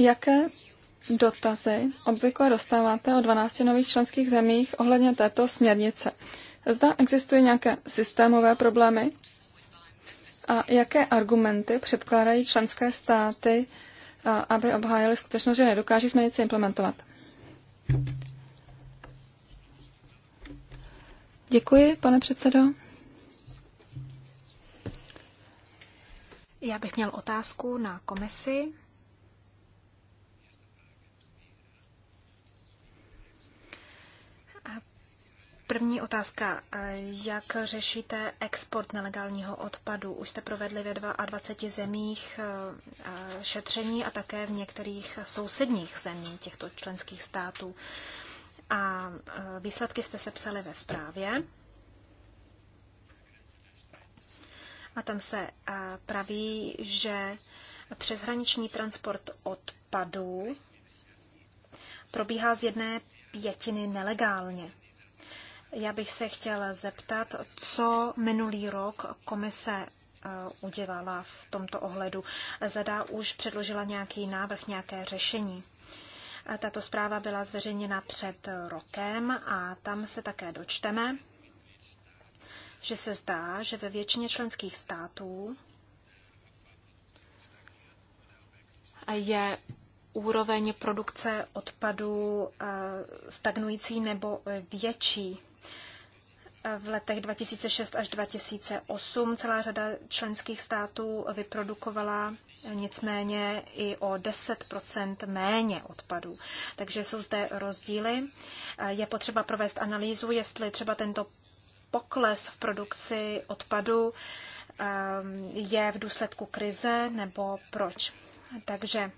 Jaké dotazy obvykle dostáváte od 12 nových členských zemích ohledně této směrnice? Zda existují nějaké systémové problémy? A jaké argumenty předkládají členské státy, aby obhájili skutečnost, že nedokáží směrnici implementovat? Děkuji, pane předsedo. Já bych měl otázku na komisi. První otázka. Eh, jak řešíte export nelegálního odpadu? Už jste provedli ve 22 zemích eh, eh, šetření a také v některých sousedních zemích těchto členských států. A výsledky jste sepsali ve zprávě. A tam se praví, že přeshraniční transport odpadů probíhá z jedné pětiny nelegálně. Já bych se chtěla zeptat, co minulý rok komise eh, udělala v tomto ohledu. Zada už předložila nějaký návrh, nějaké řešení. Eh, tato zpráva byla zveřejněna před rokem a tam se také dočteme, že se zdá, že ve většině členských států je úroveň produkce odpadu eh, stagnující nebo větší v letech 2006 až 2008 celá řada členských států vyprodukovala nicméně i o 10 méně odpadů. Takže jsou zde rozdíly. Je potřeba provést analýzu, jestli třeba tento pokles v produkci odpadu ehm, je v důsledku krize nebo proč. Takže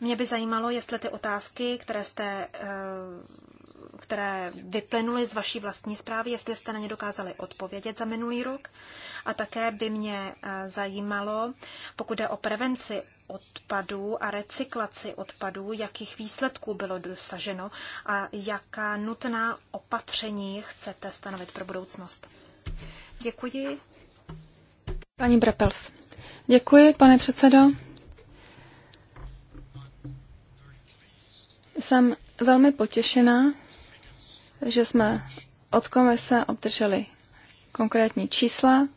mě by zajímalo, jestli ty otázky, které jste ehm, které vyplynuly z vaší vlastní zprávy, jestli jste na ně dokázali odpovědět za minulý rok. A také by mě eh, zajímalo, pokud jde o prevenci odpadů a recyklaci odpadů, jakých výsledků bylo dosaženo a jaká nutná opatření chcete stanovit pro budoucnost. Děkuji. Paní Brepels. Děkuji, pane předsedo. Jsem velmi potěšená, že jsme od komise obdrželi konkrétní čísla.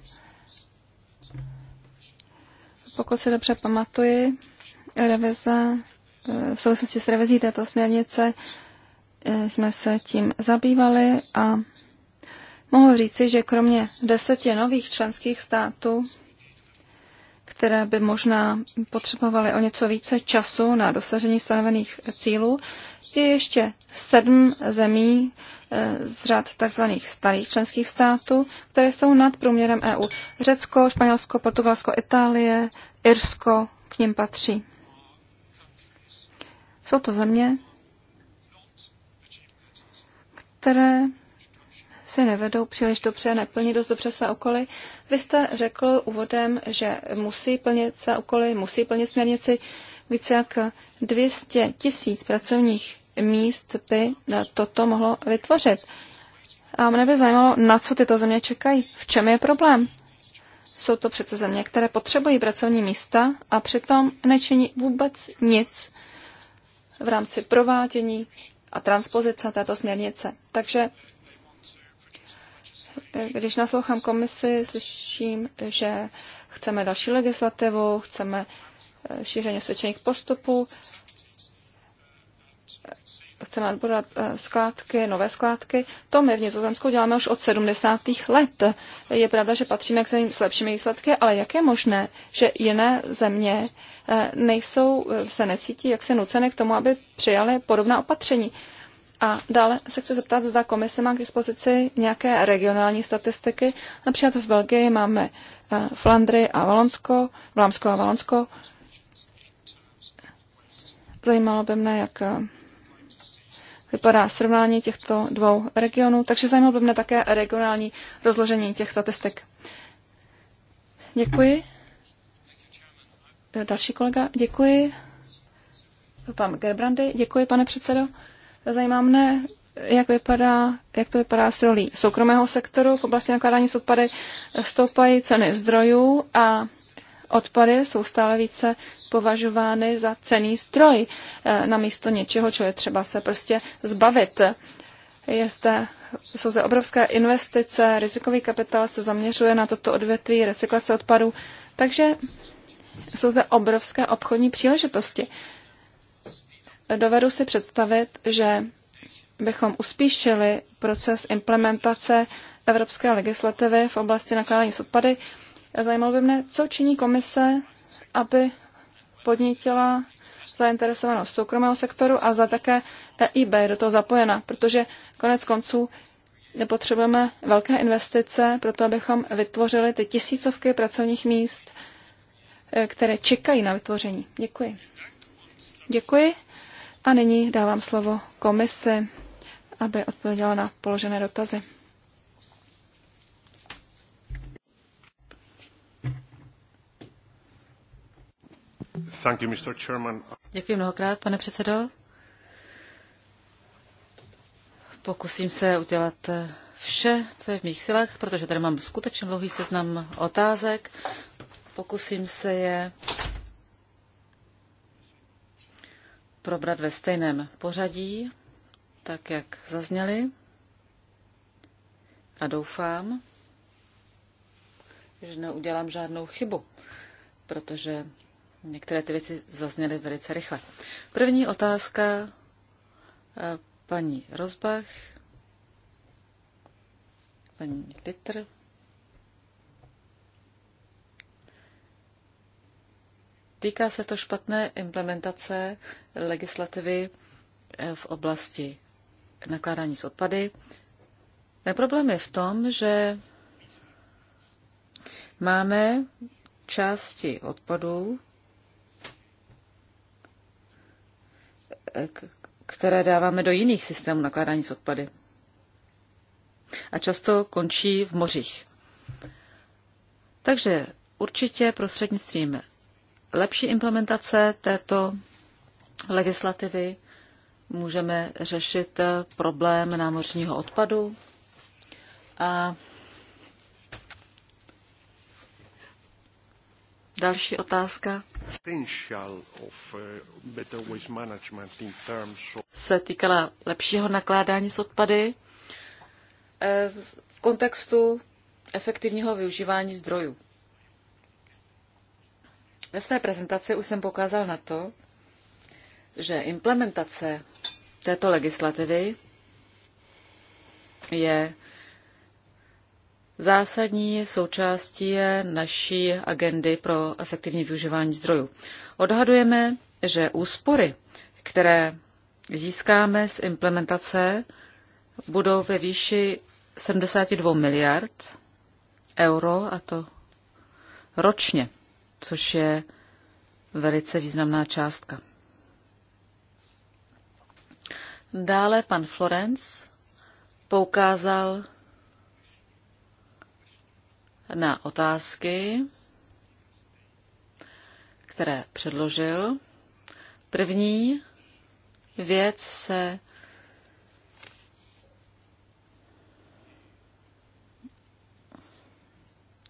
Pokud se dobře pamatuji, revize, e, v souvislosti s revizí této směrnice e, jsme se tím zabývali a mohu říci, že kromě deseti nových členských států, které by možná potřebovaly o něco více času na dosažení stanovených cílů, je ještě sedm zemí, z řad tzv. starých členských států, které jsou nad průměrem EU. Řecko, Španělsko, Portugalsko, Itálie, Irsko k ním patří. Jsou to země, které si nevedou příliš dobře, neplní dost dobře své úkoly. Vy jste řekl úvodem, že musí plnit své úkoly, musí plnit směrnici. Více jak 200 tisíc pracovních míst by toto mohlo vytvořit. A mne by zajímalo, na co tyto země čekají, v čem je problém. Jsou to přece země, které potřebují pracovní místa a přitom nečiní vůbec nic v rámci provádění a transpozice této směrnice. Takže když naslouchám komisi, slyším, že chceme další legislativu, chceme eh, šíření osvědčených postupů, chceme odborat eh, skládky, nové skládky. To my v Nizozemsku děláme už od 70. let. Je pravda, že patříme k zemím s lepšími výsledky, ale jak je možné, že jiné země eh, nejsou, eh, se necítí jak se nuceny k tomu, aby přijali podobná opatření? A dále se chci zeptat, zda komise má k dispozici nějaké regionální statistiky. Například v Belgii máme Flandry a Valonsko, Vlámsko a Valonsko, Zajímalo by mne, jak eh, vypadá srovnání těchto dvou regionů, takže zajímalo by mne také regionální rozložení těch statistik. Děkuji. Eh, další kolega, děkuji. Pan Gerbrandy, děkuji, pane předsedo. Zajímá mne, jak, vypadá, jak to vypadá s rolí soukromého sektoru v oblasti nakládání s odpady. Eh, stoupají ceny zdrojů a odpady jsou stále více považovány za cený stroj eh, na místo něčeho, co je třeba se prostě zbavit. Je zde, jsou zde obrovské investice, rizikový kapitál se zaměřuje na toto odvětví recyklace odpadů, takže jsou zde obrovské obchodní příležitosti. Dovedu si představit, že bychom uspíšili proces implementace evropské legislativy v oblasti nakládání s odpady, Zajímalo by mě, co činí komise, aby podnítila zainteresovanost soukromého sektoru a za také EIB do toho zapojena, protože konec konců nepotřebujeme velké investice pro to, abychom vytvořili ty tisícovky pracovních míst, eh, které čekají na vytvoření. Děkuji. Děkuji a nyní dávám slovo komisi, aby odpověděla na položené dotazy. Thank you, Mr. Chairman. Děkuji mnohokrát, pane předsedo. Pokusím se udělat eh, vše, co je v mých silách, protože tady mám skutečně dlouhý seznam otázek. Pokusím se je probrat ve stejném pořadí, tak jak zazněly. A doufám, že neudělám žádnou chybu, protože Některé ty věci zazněly velice rychle. První otázka eh, paní Rozbach, paní Ditter. Týká se to špatné implementace legislativy eh, v oblasti nakládání s odpady. Ten problém je v tom, že máme části odpadů, které dáváme do jiných systémů nakládání s odpady. A často končí v mořích. Takže určitě prostřednictvím lepší implementace této legislativy můžeme řešit problém námořního odpadu a další otázka. Uh, se týkala lepšího nakládání s odpady eh, v kontextu efektivního využívání zdrojů. Ve své prezentaci už jsem pokázal na to, že implementace této legislativy je zásadní součástí je naší agendy pro efektivní využívání zdrojů. Odhadujeme, že úspory, které získáme z implementace, budou ve výši 72 miliard euro, a to ročně, což je velice významná částka. Dále pan Florence poukázal na otázky, které předložil. První věc se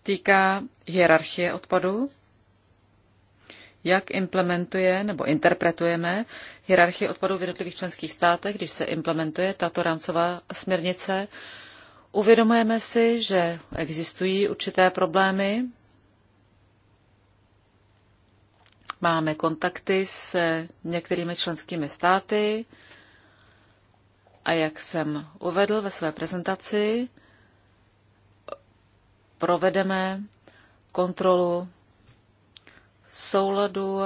týká hierarchie odpadu, jak implementuje nebo interpretujeme hierarchii odpadu v jednotlivých členských státech, když se implementuje tato rámcová směrnice. Uvědomujeme si, že existují určité problémy. Máme kontakty s některými členskými státy a jak jsem uvedl ve své prezentaci, provedeme kontrolu souladu,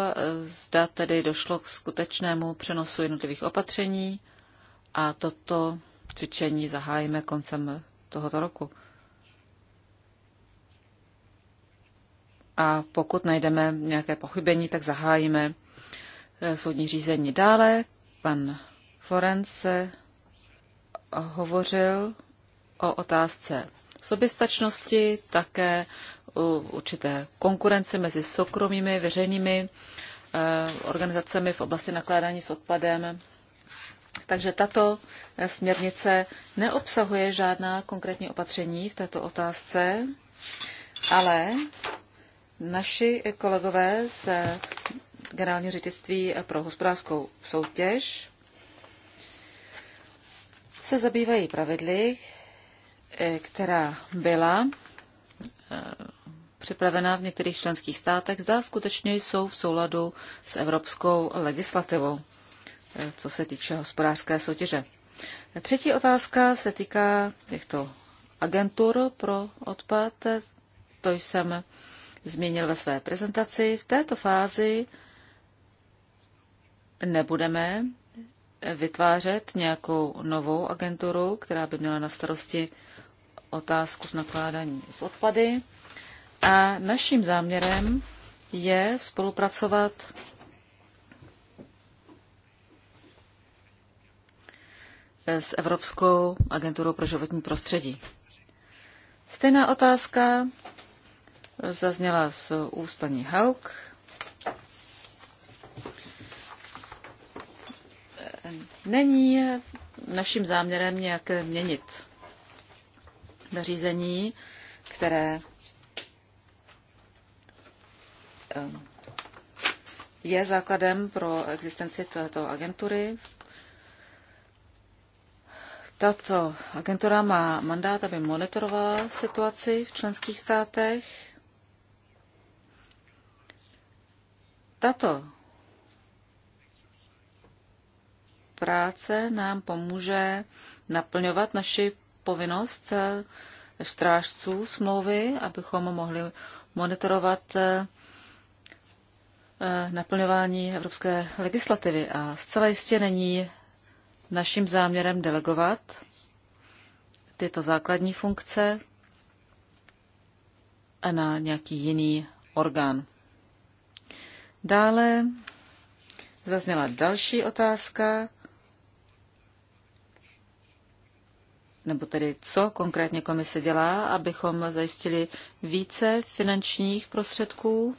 zda tedy došlo k skutečnému přenosu jednotlivých opatření a toto cvičení zahájíme koncem tohoto roku. A pokud najdeme nějaké pochybení, tak zahájíme eh, soudní řízení dále. Pan Florence hovořil o otázce soběstačnosti, také určité konkurence mezi soukromými veřejnými eh, organizacemi v oblasti nakládání s odpadem. Takže tato eh, směrnice neobsahuje žádná konkrétní opatření v této otázce, ale naši kolegové z eh, generální ředitelství pro hospodářskou soutěž se zabývají pravidly, eh, která byla připravena v některých členských státech, zda skutečně jsou v souladu s evropskou legislativou co se týče hospodářské soutěže. Třetí otázka se týká těchto agentur pro odpad. To jsem zmínil ve své prezentaci. V této fázi nebudeme vytvářet nějakou novou agenturu, která by měla na starosti otázku s nakládání s odpady. A naším záměrem je spolupracovat s Evropskou agenturou pro životní prostředí. Stejná otázka zazněla z úst paní Hauk. Není naším záměrem nějak měnit nařízení, které eh, je základem pro existenci této agentury. Tato agentura má mandát, aby monitorovala situaci v členských státech. Tato práce nám pomůže naplňovat naši povinnost eh, strážců smlouvy, abychom mohli monitorovat eh, eh, naplňování evropské legislativy. A zcela jistě není naším záměrem delegovat tyto základní funkce a na nějaký jiný orgán. Dále zazněla další otázka, nebo tedy co konkrétně komise dělá, abychom zajistili více finančních prostředků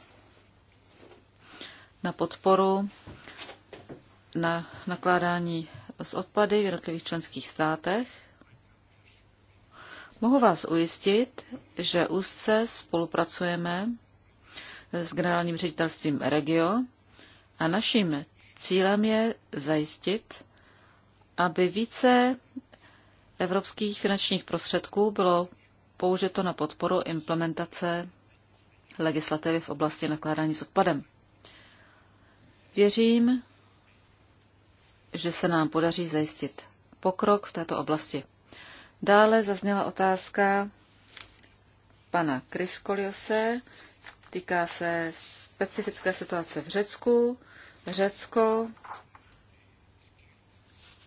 na podporu na nakládání s odpady v jednotlivých členských státech. Mohu vás ujistit, že úzce spolupracujeme s generálním ředitelstvím Regio a naším cílem je zajistit, aby více evropských finančních prostředků bylo použito na podporu implementace legislativy v oblasti nakládání s odpadem. Věřím, že se nám podaří zajistit pokrok v této oblasti. Dále zazněla otázka pana Kryskoliose. Týká se specifické situace v Řecku. Řecko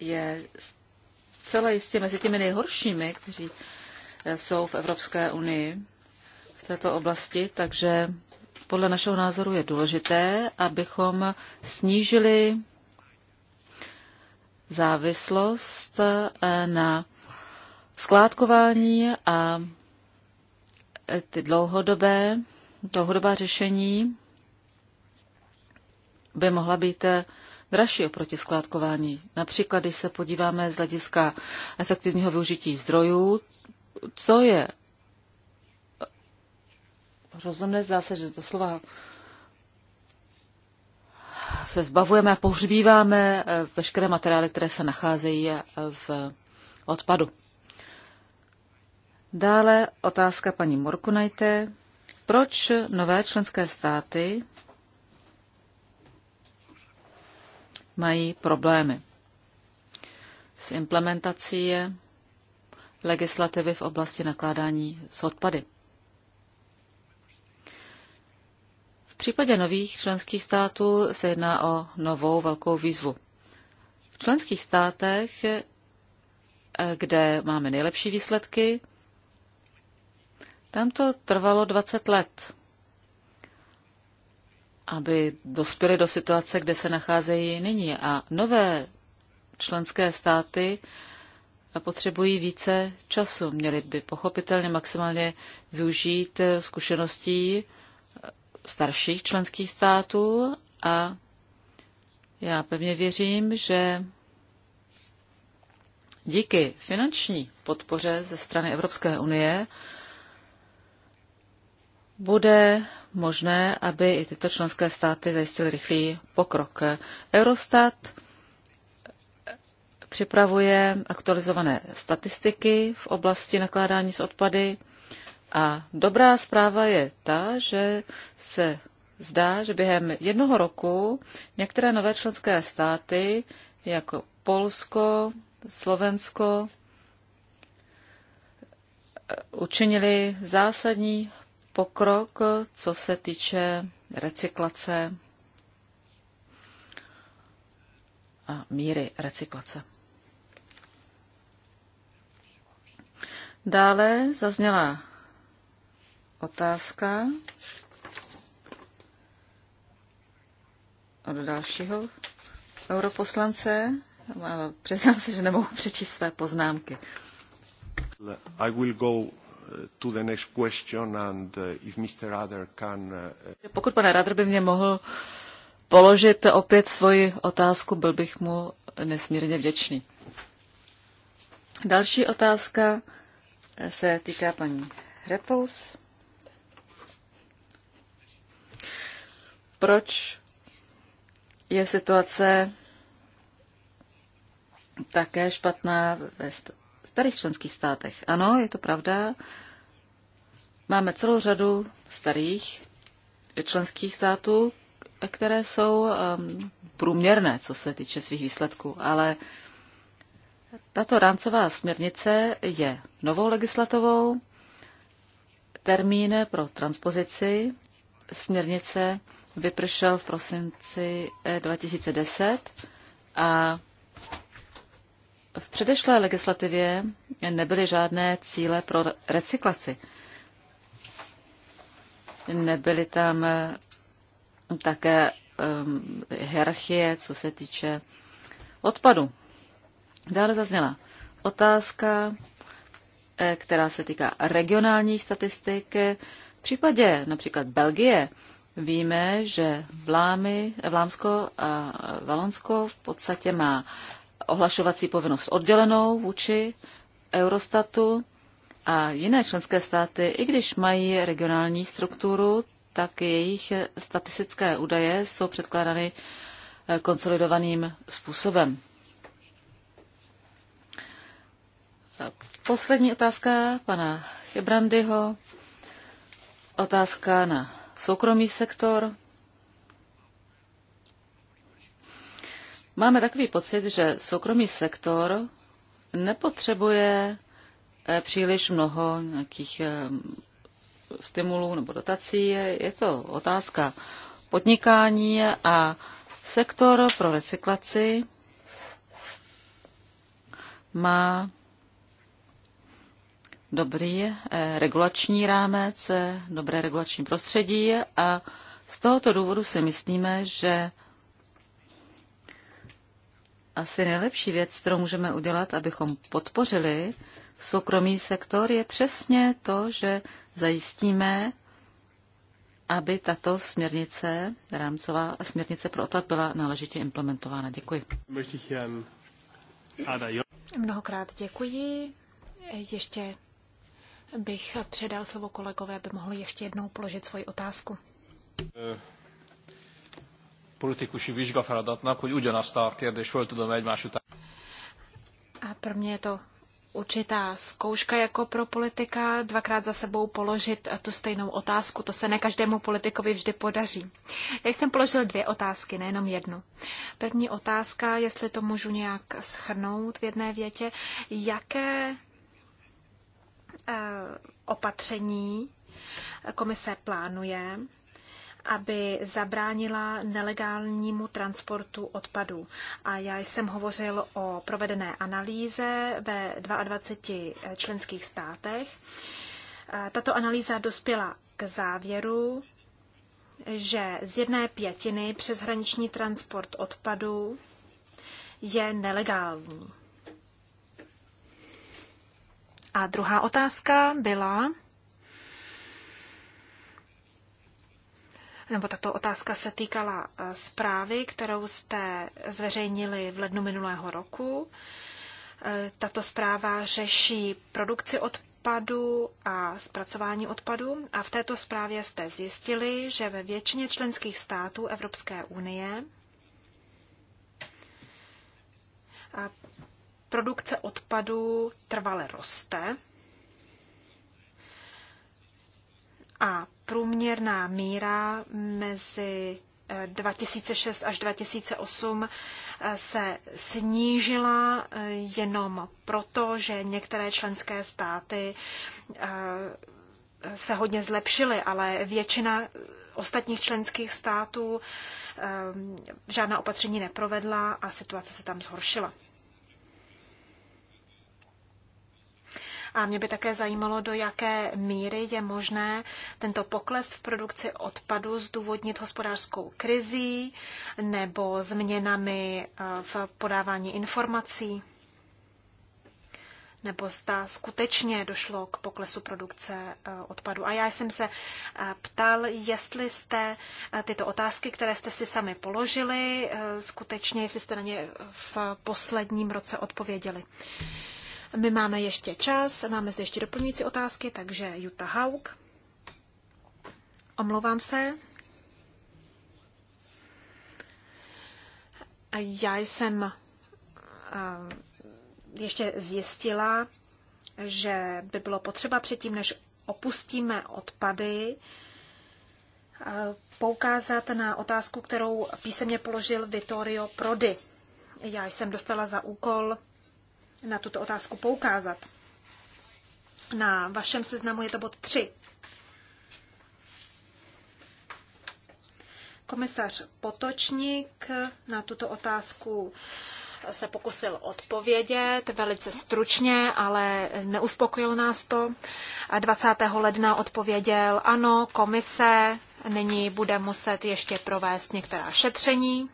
je celé jistě mezi těmi nejhoršími, kteří eh, jsou v Evropské unii v této oblasti, takže podle našeho názoru je důležité, abychom snížili závislost eh, na skládkování a eh, ty dlouhodobé, dlouhodobá řešení by mohla být eh, dražší oproti skládkování. Například, když se podíváme z hlediska efektivního využití zdrojů, co je rozumné, zdá se, že doslova se zbavujeme a pohřbíváme eh, veškeré materiály, které se nacházejí eh, v odpadu. Dále otázka paní Morkunajte. Proč nové členské státy mají problémy s implementací legislativy v oblasti nakládání s odpady? V případě nových členských států se jedná o novou velkou výzvu. V členských státech, eh, kde máme nejlepší výsledky, tam to trvalo 20 let, aby dospěli do situace, kde se nacházejí nyní. A nové členské státy potřebují více času. Měli by pochopitelně maximálně využít eh, zkušeností starších členských států a já pevně věřím, že díky finanční podpoře ze strany Evropské unie bude možné, aby i tyto členské státy zajistily rychlý pokrok. Eurostat připravuje aktualizované statistiky v oblasti nakládání s odpady. A dobrá zpráva je ta, že se zdá, že během jednoho roku některé nové členské státy, jako Polsko, Slovensko, učinili zásadní pokrok, co se týče recyklace a míry recyklace. Dále zazněla otázka od dalšího europoslance. Přiznám se, že nemohu přečíst své poznámky. I will go uh, to the next question and uh, if Mr. Rader can... Uh, Pokud pan Rader by mě mohl položit opět svoji otázku, byl bych mu nesmírně vděčný. Další otázka se týká paní Repous. proč je situace také špatná ve starých členských státech. Ano, je to pravda. Máme celou řadu starých členských států, které jsou um, průměrné, co se týče svých výsledků, ale tato rámcová směrnice je novou legislativou. Termín pro transpozici směrnice vypršel v prosinci 2010 eh, a v předešlé legislativě nebyly žádné cíle pro recyklaci. Nebyly tam eh, také um, hierarchie, co se týče odpadu. Dále zazněla otázka, která se týká regionálních statistik. V případě například Belgie Víme, že Vlámy, Vlámsko a Valonsko v podstatě má ohlašovací povinnost oddělenou vůči Eurostatu a jiné členské státy, i když mají regionální strukturu, tak jejich statistické údaje jsou předkládány eh, konsolidovaným způsobem. Poslední otázka pana Hebrandyho. Otázka na soukromý sektor. Máme takový pocit, že soukromý sektor nepotřebuje eh, příliš mnoho nějakých eh, stimulů nebo dotací. Je to otázka podnikání a sektor pro recyklaci má dobrý eh, regulační rámec, eh, dobré regulační prostředí a z tohoto důvodu si myslíme, že asi nejlepší věc, kterou můžeme udělat, abychom podpořili soukromý sektor, je přesně to, že zajistíme, aby tato směrnice, rámcová směrnice pro odpad byla náležitě implementována. Děkuji. Mnohokrát děkuji. Ještě bych předal slovo kolegové, aby mohli ještě jednou položit svoji otázku. Eh, politikusi vizsgafeladatnak, hogy ugyanazt a kérdést föl tudom egymás után. A pro mě je to určitá zkouška jako pro politika, dvakrát za sebou položit tu stejnou otázku, to se ne každému politikovi vždy podaří. Já jsem položil dvě otázky, nejenom jednu. První otázka, jestli to můžu nějak shrnout v jedné větě, jaké Eh, opatření komise plánuje, aby zabránila nelegálnímu transportu odpadů. A já jsem hovořil o provedené analýze ve 22 členských státech. Eh, tato analýza dospěla k závěru, že z jedné pětiny přeshraniční transport odpadů je nelegální. A druhá otázka byla, nebo tato otázka se týkala eh, zprávy, kterou jste zveřejnili v lednu minulého roku. Eh, tato zpráva řeší produkci odpadu a zpracování odpadu a v této zprávě jste zjistili, že ve většině členských států Evropské unie produkce odpadů trvale roste a průměrná míra mezi 2006 eh, až 2008 eh, se snížila eh, jenom proto, že některé členské státy se hodně zlepšily, ale většina ostatních členských států žádná opatření neprovedla a situace se tam zhoršila. A mě by také zajímalo, do jaké míry je možné tento pokles v produkci odpadu zdůvodnit hospodářskou krizí nebo změnami eh, v podávání informací. Nebo zda skutečně došlo k poklesu produkce eh, odpadu. A já jsem se eh, ptal, jestli jste tyto otázky, které jste si sami položili, skutečně, jestli jste na ně v posledním roce odpověděli. My máme ještě čas, máme zde ještě doplňující otázky, takže Jutta Haug. Omlouvám se. Já jsem eh, ještě zjistila, že by bylo potřeba předtím, než opustíme odpady, eh, poukázat na otázku, kterou písemně položil Vittorio Prodi. Já jsem dostala za úkol na tuto otázku poukázat. Na vašem seznamu je to bod 3. Komisař Potočník na tuto otázku se pokusil odpovědět velice stručně, ale neuspokojil nás to. 20. ledna odpověděl, ano, komise nyní bude muset ještě provést některá šetření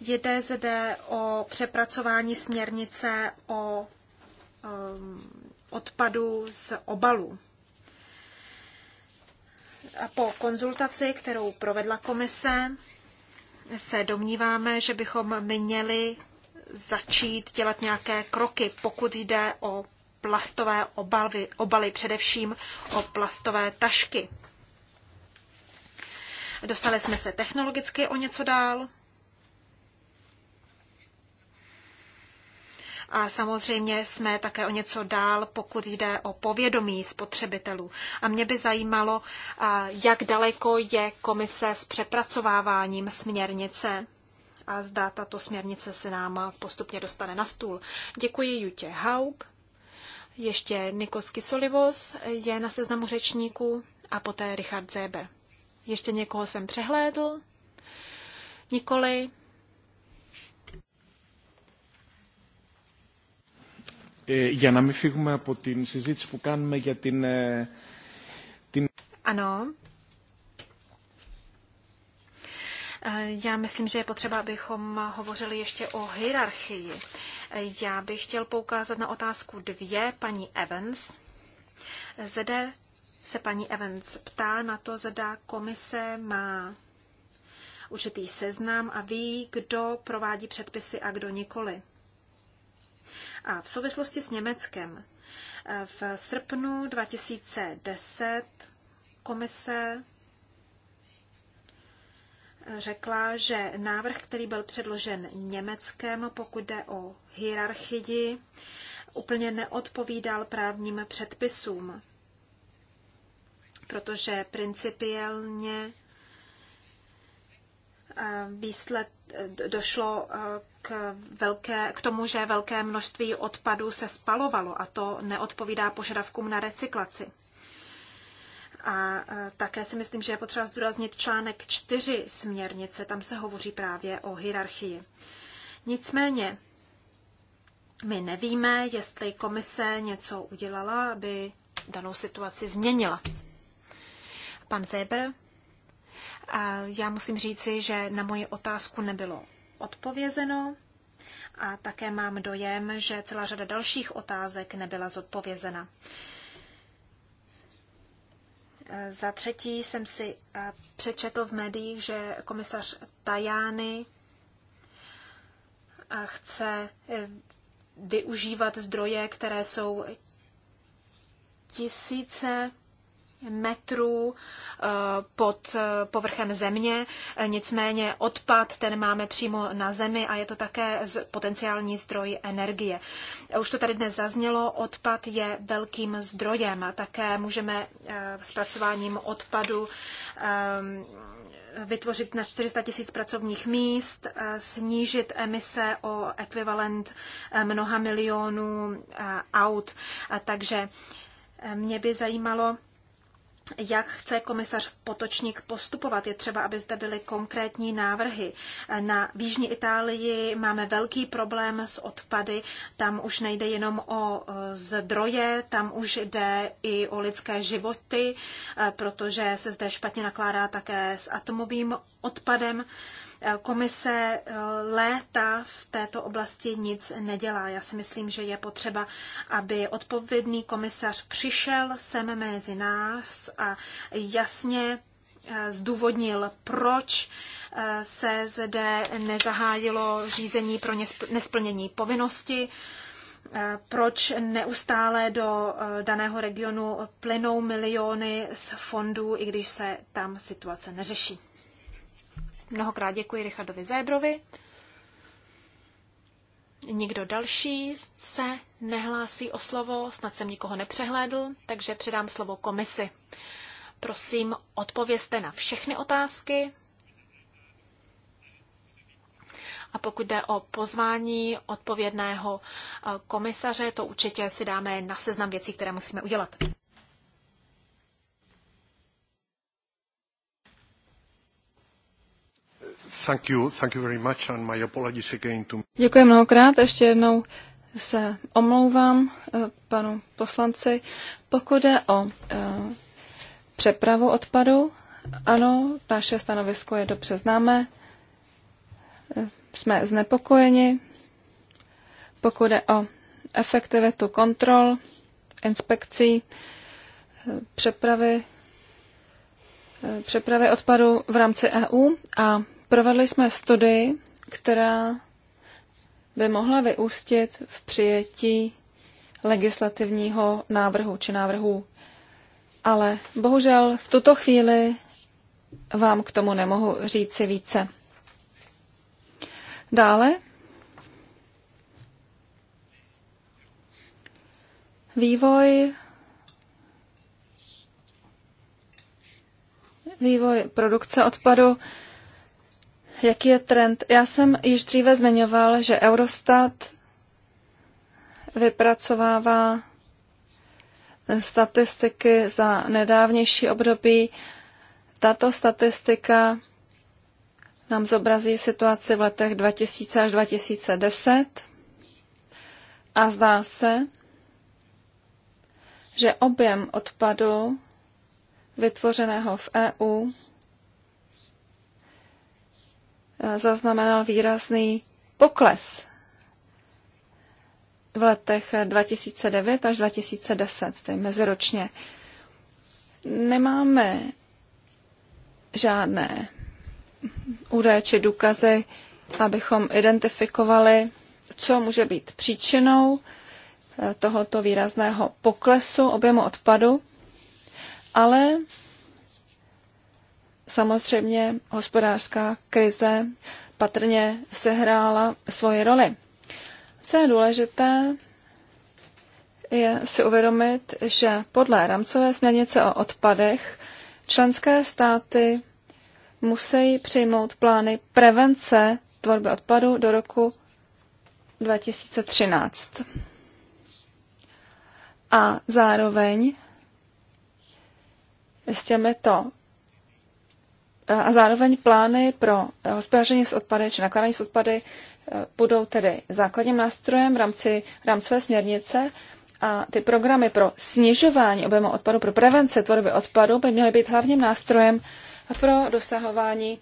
Jde zde o přepracování směrnice o um, odpadu z obalů. A po konzultaci, kterou provedla komise, se domníváme, že bychom měli začít dělat nějaké kroky, pokud jde o plastové obaly, obaly především o plastové tašky. Dostali jsme se technologicky o něco dál. A samozřejmě jsme také o něco dál, pokud jde o povědomí spotřebitelů. A mě by zajímalo, jak daleko je komise s přepracováváním směrnice a zda tato směrnice se nám postupně dostane na stůl. Děkuji Jutě Haug. Ještě Nikos Kisolivos je na seznamu řečníků a poté Richard Zébe. Ještě někoho jsem přehlédl. Nikoli, για να μην φύγουμε από την συζήτηση που κάνουμε για την... την... Ano. Já myslím, že je potřeba, abychom hovořili ještě o hierarchii. E, já bych chtěl poukázat na otázku dvě paní Evans. Zde se paní Evans ptá na to, zda komise má určitý seznam a ví, kdo provádí předpisy a kdo nikoli. A v souvislosti s Německem. E, v srpnu 2010 komise e, řekla, že návrh, který byl předložen Německem, pokud jde o hierarchii, úplně neodpovídal právním předpisům, protože principiálně e, výsled, došlo k, velké, k tomu, že velké množství odpadů se spalovalo a to neodpovídá požadavkům na recyklaci. A e, také si myslím, že je potřeba zdůraznit článek 4 směrnice, tam se hovoří právě o hierarchii. Nicméně, my nevíme, jestli komise něco udělala, aby danou situaci změnila. Pan Zeber, já musím říci, že na moji otázku nebylo odpovězeno a také mám dojem, že celá řada dalších otázek nebyla zodpovězena. Za třetí jsem si eh, přečetl v médiích, že komisař Tajány eh, chce eh, využívat zdroje, které jsou tisíce metrů eh, pod eh, povrchem země, eh, nicméně odpad ten máme přímo na zemi a je to také potenciální zdroj energie. Už to tady dnes zaznělo, odpad je velkým zdrojem a také můžeme zpracováním odpadu vytvořit na 400 tisíc pracovních míst, snížit emise o ekvivalent mnoha milionů aut. Takže mě by zajímalo, jak chce komisař Potočník postupovat. Je třeba, aby zde byly konkrétní návrhy. Na Jižní Itálii máme velký problém s odpady. Tam už nejde jenom o e, zdroje, tam už jde i o lidské životy, e, protože se zde špatně nakládá také s atomovým odpadem. Komise eh, léta v této oblasti nic nedělá. Já si myslím, že je potřeba, aby odpovědný komisař přišel sem mezi nás a jasně eh, zdůvodnil, proč eh, se zde nezahájilo řízení pro nesplnění povinnosti, proč neustále do daného regionu plynou miliony z fondů, i když se tam situace neřeší. Mnohokrát děkuji Richardovi Zébrovi. Nikdo další se nehlásí o slovo, snad jsem nikoho nepřehlédl, takže předám slovo komisi. Prosím, odpovězte na všechny otázky. A pokud jde o pozvání odpovědného eh, komisaře, to určitě si dáme na seznam věcí, které musíme udělat. Thank you, thank you very much and my apologies again to... Děkuji mnohokrát, ještě jednou se omlouvám eh, panu poslanci. Pokud je o eh, přepravu odpadu, ano, naše stanovisko je dobře známé. Jsme znepokojeni, pokud je o efektivitu kontrol, inspekcí, eh, přepravy, přepravy odpadu v rámci EU a Provedli jsme studii, která by mohla vyústit v přijetí legislativního návrhu či návrhu, Ale bohužel v tuto chvíli vám k tomu nemohu říci více. Dále vývoj vývoj produkce odpadu Jaký je trend? Já jsem již dříve zmiňoval, že Eurostat vypracovává statistiky za nedávnější období. Tato statistika nám zobrazí situaci v letech 2000 až 2010 a zdá se, že objem odpadu vytvořeného v EU Eh, zaznamenal výrazný pokles v letech 2009 eh, až 2010, tedy meziročně. Nemáme žádné údaje či důkazy, abychom identifikovali, co může být příčinou eh, tohoto výrazného poklesu objemu odpadu, ale Samozřejmě hospodářská krize patrně sehrála svoji roli. Co je důležité, je si uvědomit, že podle rámcové směrnice o odpadech členské státy musí přijmout plány prevence tvorby odpadu do roku 2013. A zároveň s těmito a zároveň plány pro hospodaření s odpady či nakládání s odpady eh, budou tedy základním nástrojem v rámci rámcové směrnice a ty programy pro snižování objemu odpadu, pro prevence tvorby odpadu by měly být hlavním nástrojem pro dosahování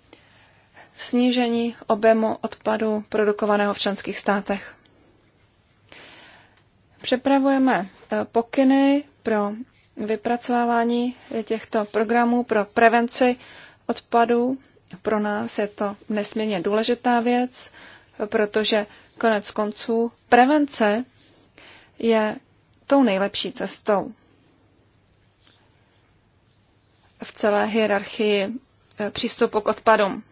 snížení objemu odpadu produkovaného v členských státech. Přepravujeme eh, pokyny pro vypracovávání těchto programů pro prevenci odpadu. Pro nás je to nesmírně důležitá věc, protože konec konců prevence je tou nejlepší cestou. V celé hierarchii e, přístupu k odpadům.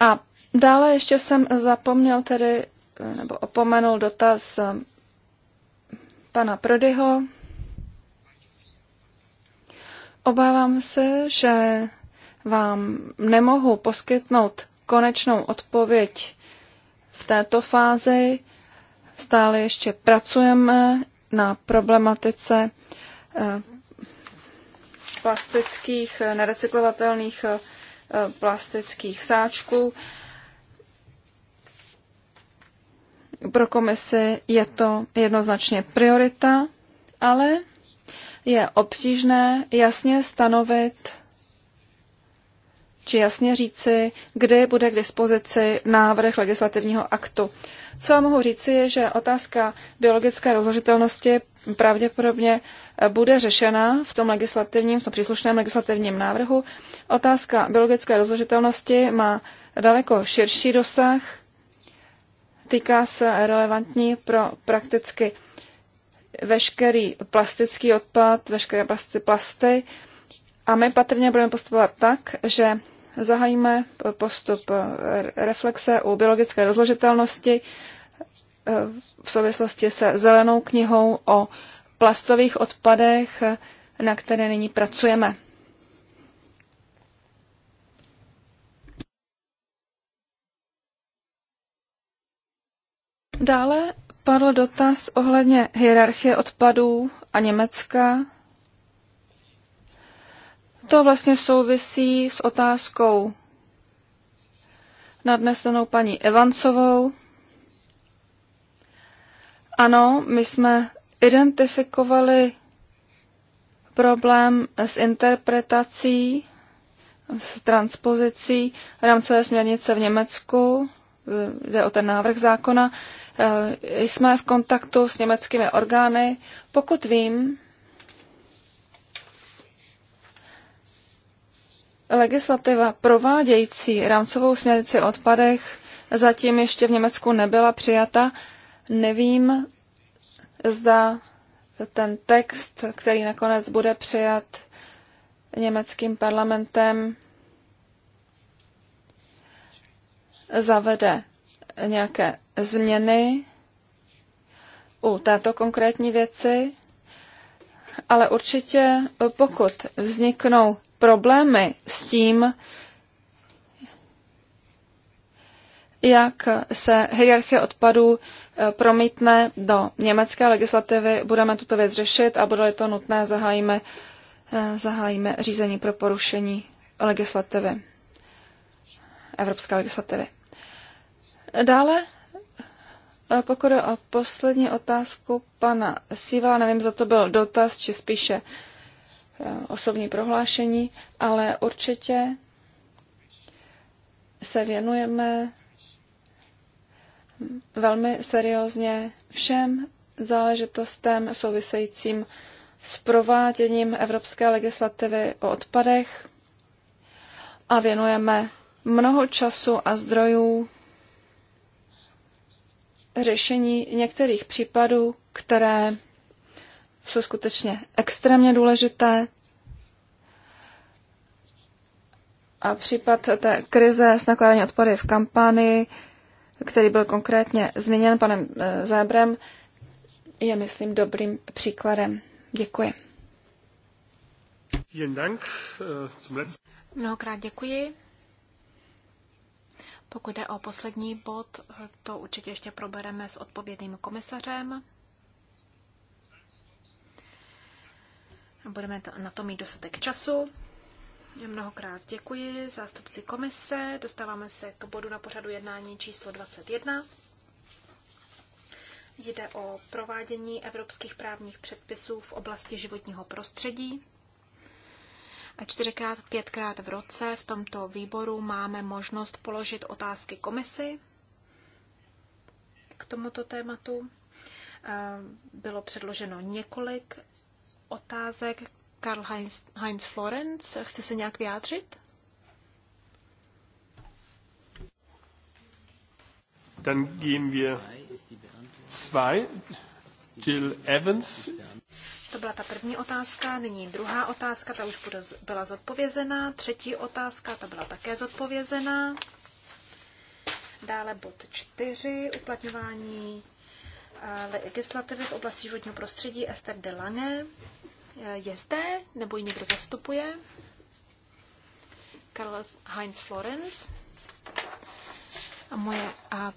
A dále ještě jsem zapomněl tedy, e, nebo opomenul dotaz e, pana Prodyho. Obávám se, že vám nemohu poskytnout konečnou odpověď v této fázi. Stále ještě pracujeme na problematice eh, plastických, eh, nerecyklovatelných eh, plastických sáčků. Pro komisi je to jednoznačně priorita, ale je obtížné jasně stanovit či jasně říci, kdy bude k dispozici návrh legislativního aktu. Co já mohu říci, je, že otázka biologické rozložitelnosti pravděpodobně eh, bude řešena v tom legislativním, v tom příslušném legislativním návrhu. Otázka biologické rozložitelnosti má daleko širší dosah, týká se relevantní pro prakticky veškerý plastický odpad, veškeré plasty, plasty. A my patrně budeme postupovat tak, že Zahajíme postup reflexe u biologické rozložitelnosti eh, v souvislosti se zelenou knihou o plastových odpadech, na které nyní pracujeme. Dále padl dotaz ohledně hierarchie odpadů a Německa to vlastně souvisí s otázkou nadnesenou paní Evancovou. Ano, my jsme identifikovali problém s interpretací, s transpozicí rámcové směrnice v Německu, jde o ten návrh zákona. E, jsme v kontaktu s německými orgány. Pokud vím, Legislativa provádějící rámcovou směrnici o odpadech zatím ještě v Německu nebyla přijata. Nevím, zda ten text, který nakonec bude přijat německým parlamentem, zavede nějaké změny u této konkrétní věci, ale určitě pokud vzniknou problémy s tím, jak se hierarchie odpadů eh, promítne do německé legislativy. Budeme tuto věc řešit a bude-li to nutné, zahájíme, eh, zahájíme řízení pro porušení legislativy, evropské legislativy. Dále, eh, pokud je o poslední otázku pana Sivá, nevím, za to byl dotaz, či spíše Eh, osobní prohlášení, ale určitě se věnujeme velmi seriózně všem záležitostem souvisejícím s prováděním evropské legislativy o odpadech a věnujeme mnoho času a zdrojů řešení některých případů, které jsou skutečně extrémně důležité. A případ té krize s nakládání odpady v kampani, který byl konkrétně zmíněn panem eh, Zábrem, je, myslím, dobrým příkladem. Děkuji. Eh, Mnohokrát děkuji. Pokud jde o poslední bod, to určitě ještě probereme s odpovědným komisařem. Budeme na to mít dostatek času. Mnohokrát děkuji zástupci komise. Dostáváme se k bodu na pořadu jednání číslo 21. Jde o provádění evropských právních předpisů v oblasti životního prostředí. A čtyřikrát, pětkrát v roce v tomto výboru máme možnost položit otázky komisi k tomuto tématu. Eh, bylo předloženo několik otázek. Karl Heinz, Heinz Florenz, chce se nějak vyjádřit? Dann gehen wir zwei. Jill Evans. To byla ta první otázka, nyní druhá otázka, ta už byla zodpovězená, třetí otázka, ta byla také zodpovězená. Dále bod čtyři, uplatňování eh, legislativy v oblasti životního prostředí Esther de Lange je zde, nebo ji někdo zastupuje. Carlos Heinz Florence. A moje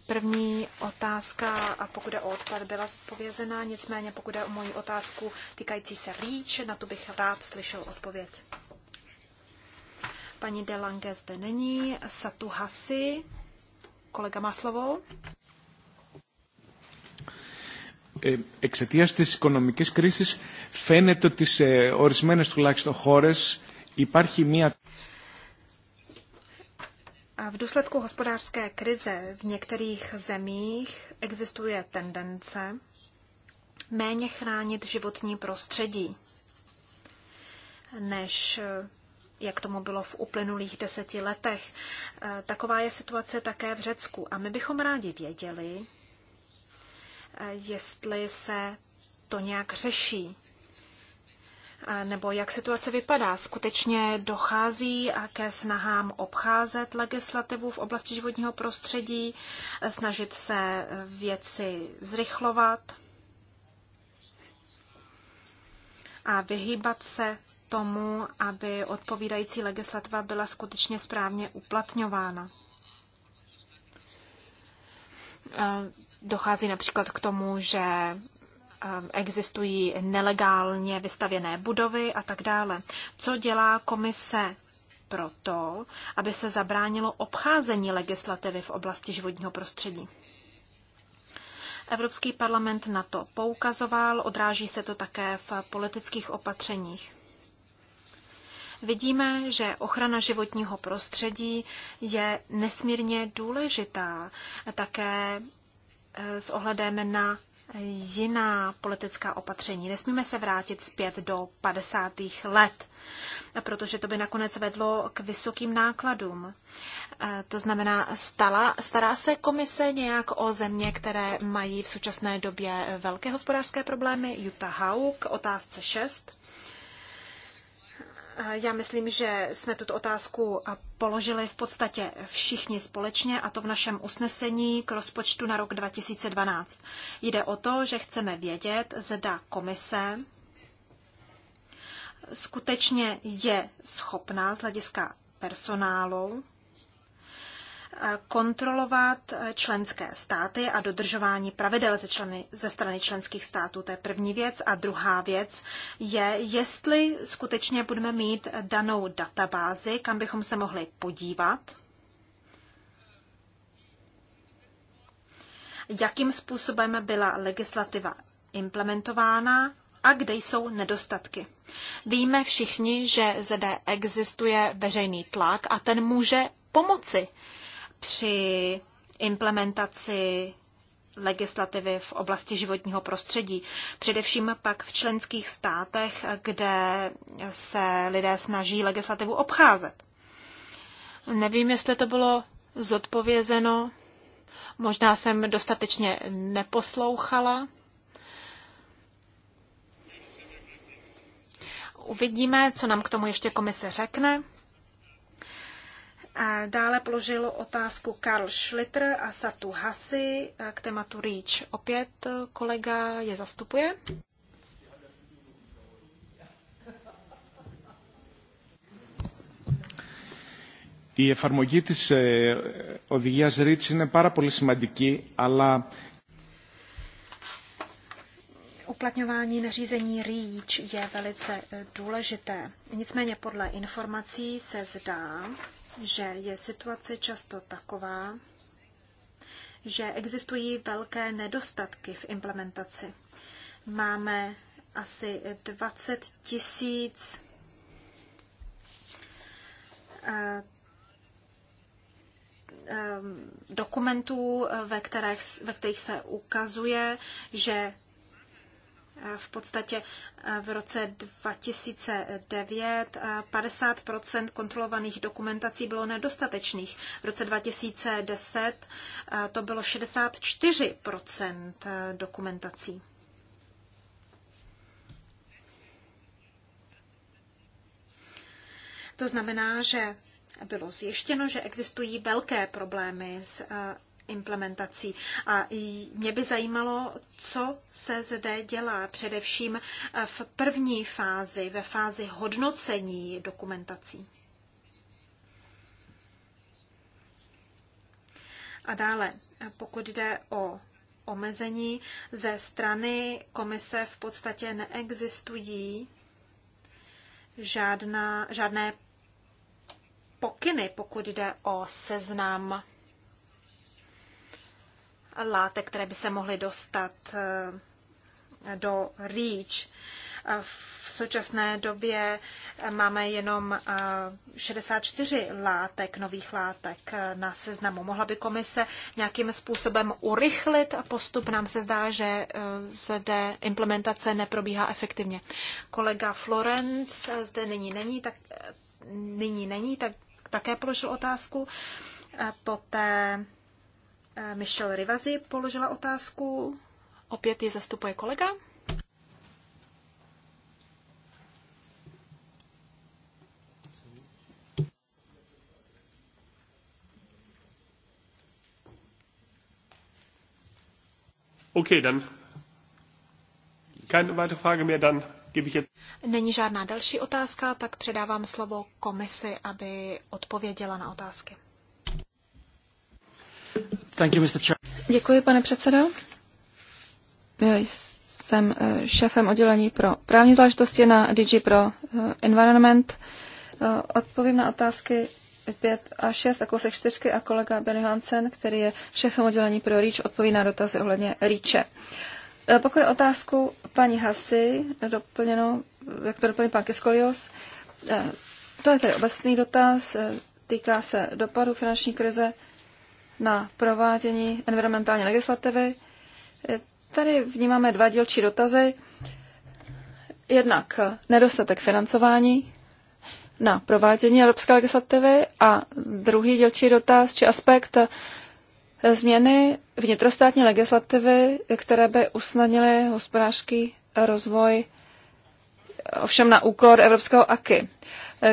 první otázka, pokud je o odpad, byla zpovězená, nicméně pokud je o moji otázku týkající se REACH, na tu bych rád slyšel odpověď. Paní Delange zde není, Satu Hasi, kolega má slovo εξαιτία τη οικονομική κρίση, φαίνεται ότι σε ορισμένε τουλάχιστον χώρε υπάρχει μία... V důsledku hospodářské krize v některých zemích existuje tendence méně chránit životní prostředí, než jak tomu bylo v uplynulých deseti letech. E, taková je situace také v Řecku a my bychom rádi věděli, jestli se to nějak řeší nebo jak situace vypadá. Skutečně dochází ke snahám obcházet legislativu v oblasti životního prostředí, snažit se věci zrychlovat a vyhýbat se tomu, aby odpovídající legislativa byla skutečně správně uplatňována Dochází například k tomu, že ehm, existují nelegálně vystavěné budovy a tak dále. Co dělá komise pro to, aby se zabránilo obcházení legislativy v oblasti životního prostředí? Evropský parlament na to poukazoval, odráží se to také v politických opatřeních. Vidíme, že ochrana životního prostředí je nesmírně důležitá. Také Eh, s ohledem na jiná politická opatření. Nesmíme se vrátit zpět do 50. let, protože to by nakonec vedlo k vysokým nákladům. Eh, to znamená, stala, stará se komise nějak o země, které mají v současné době velké hospodářské problémy? Jutta Hauk, otázce 6. Já myslím, že jsme tuto otázku položili v podstatě všichni společně, a to v našem usnesení k rozpočtu na rok 2012. Jde o to, že chceme vědět, zda komise skutečně je schopná z hlediska personálu kontrolovat eh, členské státy a dodržování pravidel ze, členy, ze strany členských států. To je první věc. A druhá věc je, jestli skutečně budeme mít danou databázi, kam bychom se mohli podívat. Jakým způsobem byla legislativa implementována a kde jsou nedostatky. Víme všichni, že zde existuje veřejný tlak a ten může pomoci při implementaci legislativy v oblasti životního prostředí. Především pak v členských státech, kde se lidé snaží legislativu obcházet. Nevím, jestli to bylo zodpovězeno. Možná jsem dostatečně neposlouchala. Uvidíme, co nám k tomu ještě komise řekne. Dále položil otázku Karl Schlitter a Satu Hasi eh, k tématu REACH. Opět eh, kolega je zastupuje. Η εφαρμογή της ε, οδηγίας REACH είναι πάρα πολύ σημαντική, αλλά uplatňování nařízení REACH je velice eh, důležité. Nicméně podle informací se zdá, že je situace často taková, že existují velké nedostatky v implementaci. Máme asi 20 tisíc eh, eh, dokumentů, ve kterých, ve kterých se ukazuje, že v podstatě eh, v roce 2009 50 eh, kontrolovaných dokumentací bylo nedostatečných. V roce 2010 eh, to bylo 64 dokumentací. To znamená, že bylo zjištěno, že existují velké problémy s implementací. A mě by zajímalo, co se zde dělá, především v první fázi, ve fázi hodnocení dokumentací. A dále, pokud jde o omezení, ze strany komise v podstatě neexistují žádná, žádné pokyny, pokud jde o seznam látek, které by se mohly dostat eh, do REACH. V současné době máme jenom 64 eh, látek, nových látek eh, na seznamu. Mohla by komise nějakým způsobem urychlit postup? Nám se zdá, že zde implementace neprobíhá efektivně. Kolega Florenc zde nyní není, tak, nyní není, tak také položil otázku. Poté Eh, Michelle Rivazi položila otázku. Opět ji zastupuje kolega. OK, dann. Keine weitere Frage mehr, dann gebe ich jetzt. Není žádná další otázka, tak předávám slovo komisi, aby odpověděla na otázky. Thank you, Mr. Děkuji, pane předsedo. Já jsem eh, šéfem oddělení pro právní záležitosti na DG pro eh, Environment. Eh, odpovím na otázky 5 a 6 a kousek 4 a kolega Benny Hansen, který je šéfem oddělení pro REACH, odpoví na dotazy ohledně REACHe. Pokud otázku paní Hasy, doplněno, jak to doplní pan Kiskolios, to je tedy obecný dotaz, týká se dopadu finanční krize na provádění environmentální legislativy. Eh, Tady vnímáme dva dílčí dotazy. Jednak nedostatek financování na provádění evropské legislativy a druhý dělčí dotaz či aspekt změny vnitrostátní legislativy, které by usnadnily hospodářský rozvoj ovšem na úkor evropského AKY.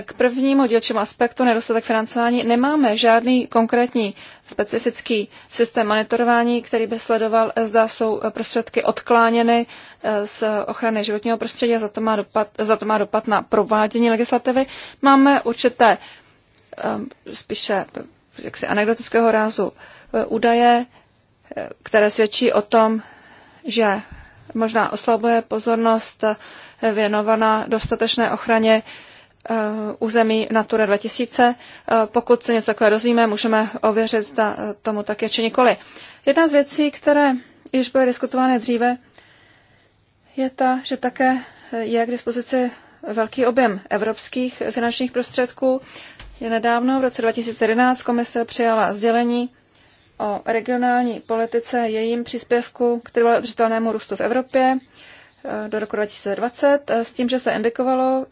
K prvnímu dílčímu aspektu nedostatek financování nemáme žádný konkrétní specifický systém monitorování, který by sledoval, zda jsou prostředky odkláněny eh, z ochrany životního prostředí a za to má dopad, za to má dopad na provádění legislativy. Máme určité eh, spíše jaksi anekdotického rázu eh, údaje, které svědčí o tom, že možná oslabuje pozornost věnovaná dostatečné ochraně Eh, území Natura 2000. Eh, pokud se něco takové dozvíme, můžeme ověřit, zda eh, tomu tak je či nikoli. Jedna z věcí, které již byly diskutovány dříve, je ta, že také je k dispozici velký objem evropských finančních prostředků. Je nedávno, v roce 2011, komise přijala sdělení o regionální politice, jejím příspěvku k trvale udržitelnému růstu v Evropě do roku 2020 eh, s tím, že se indikovalo,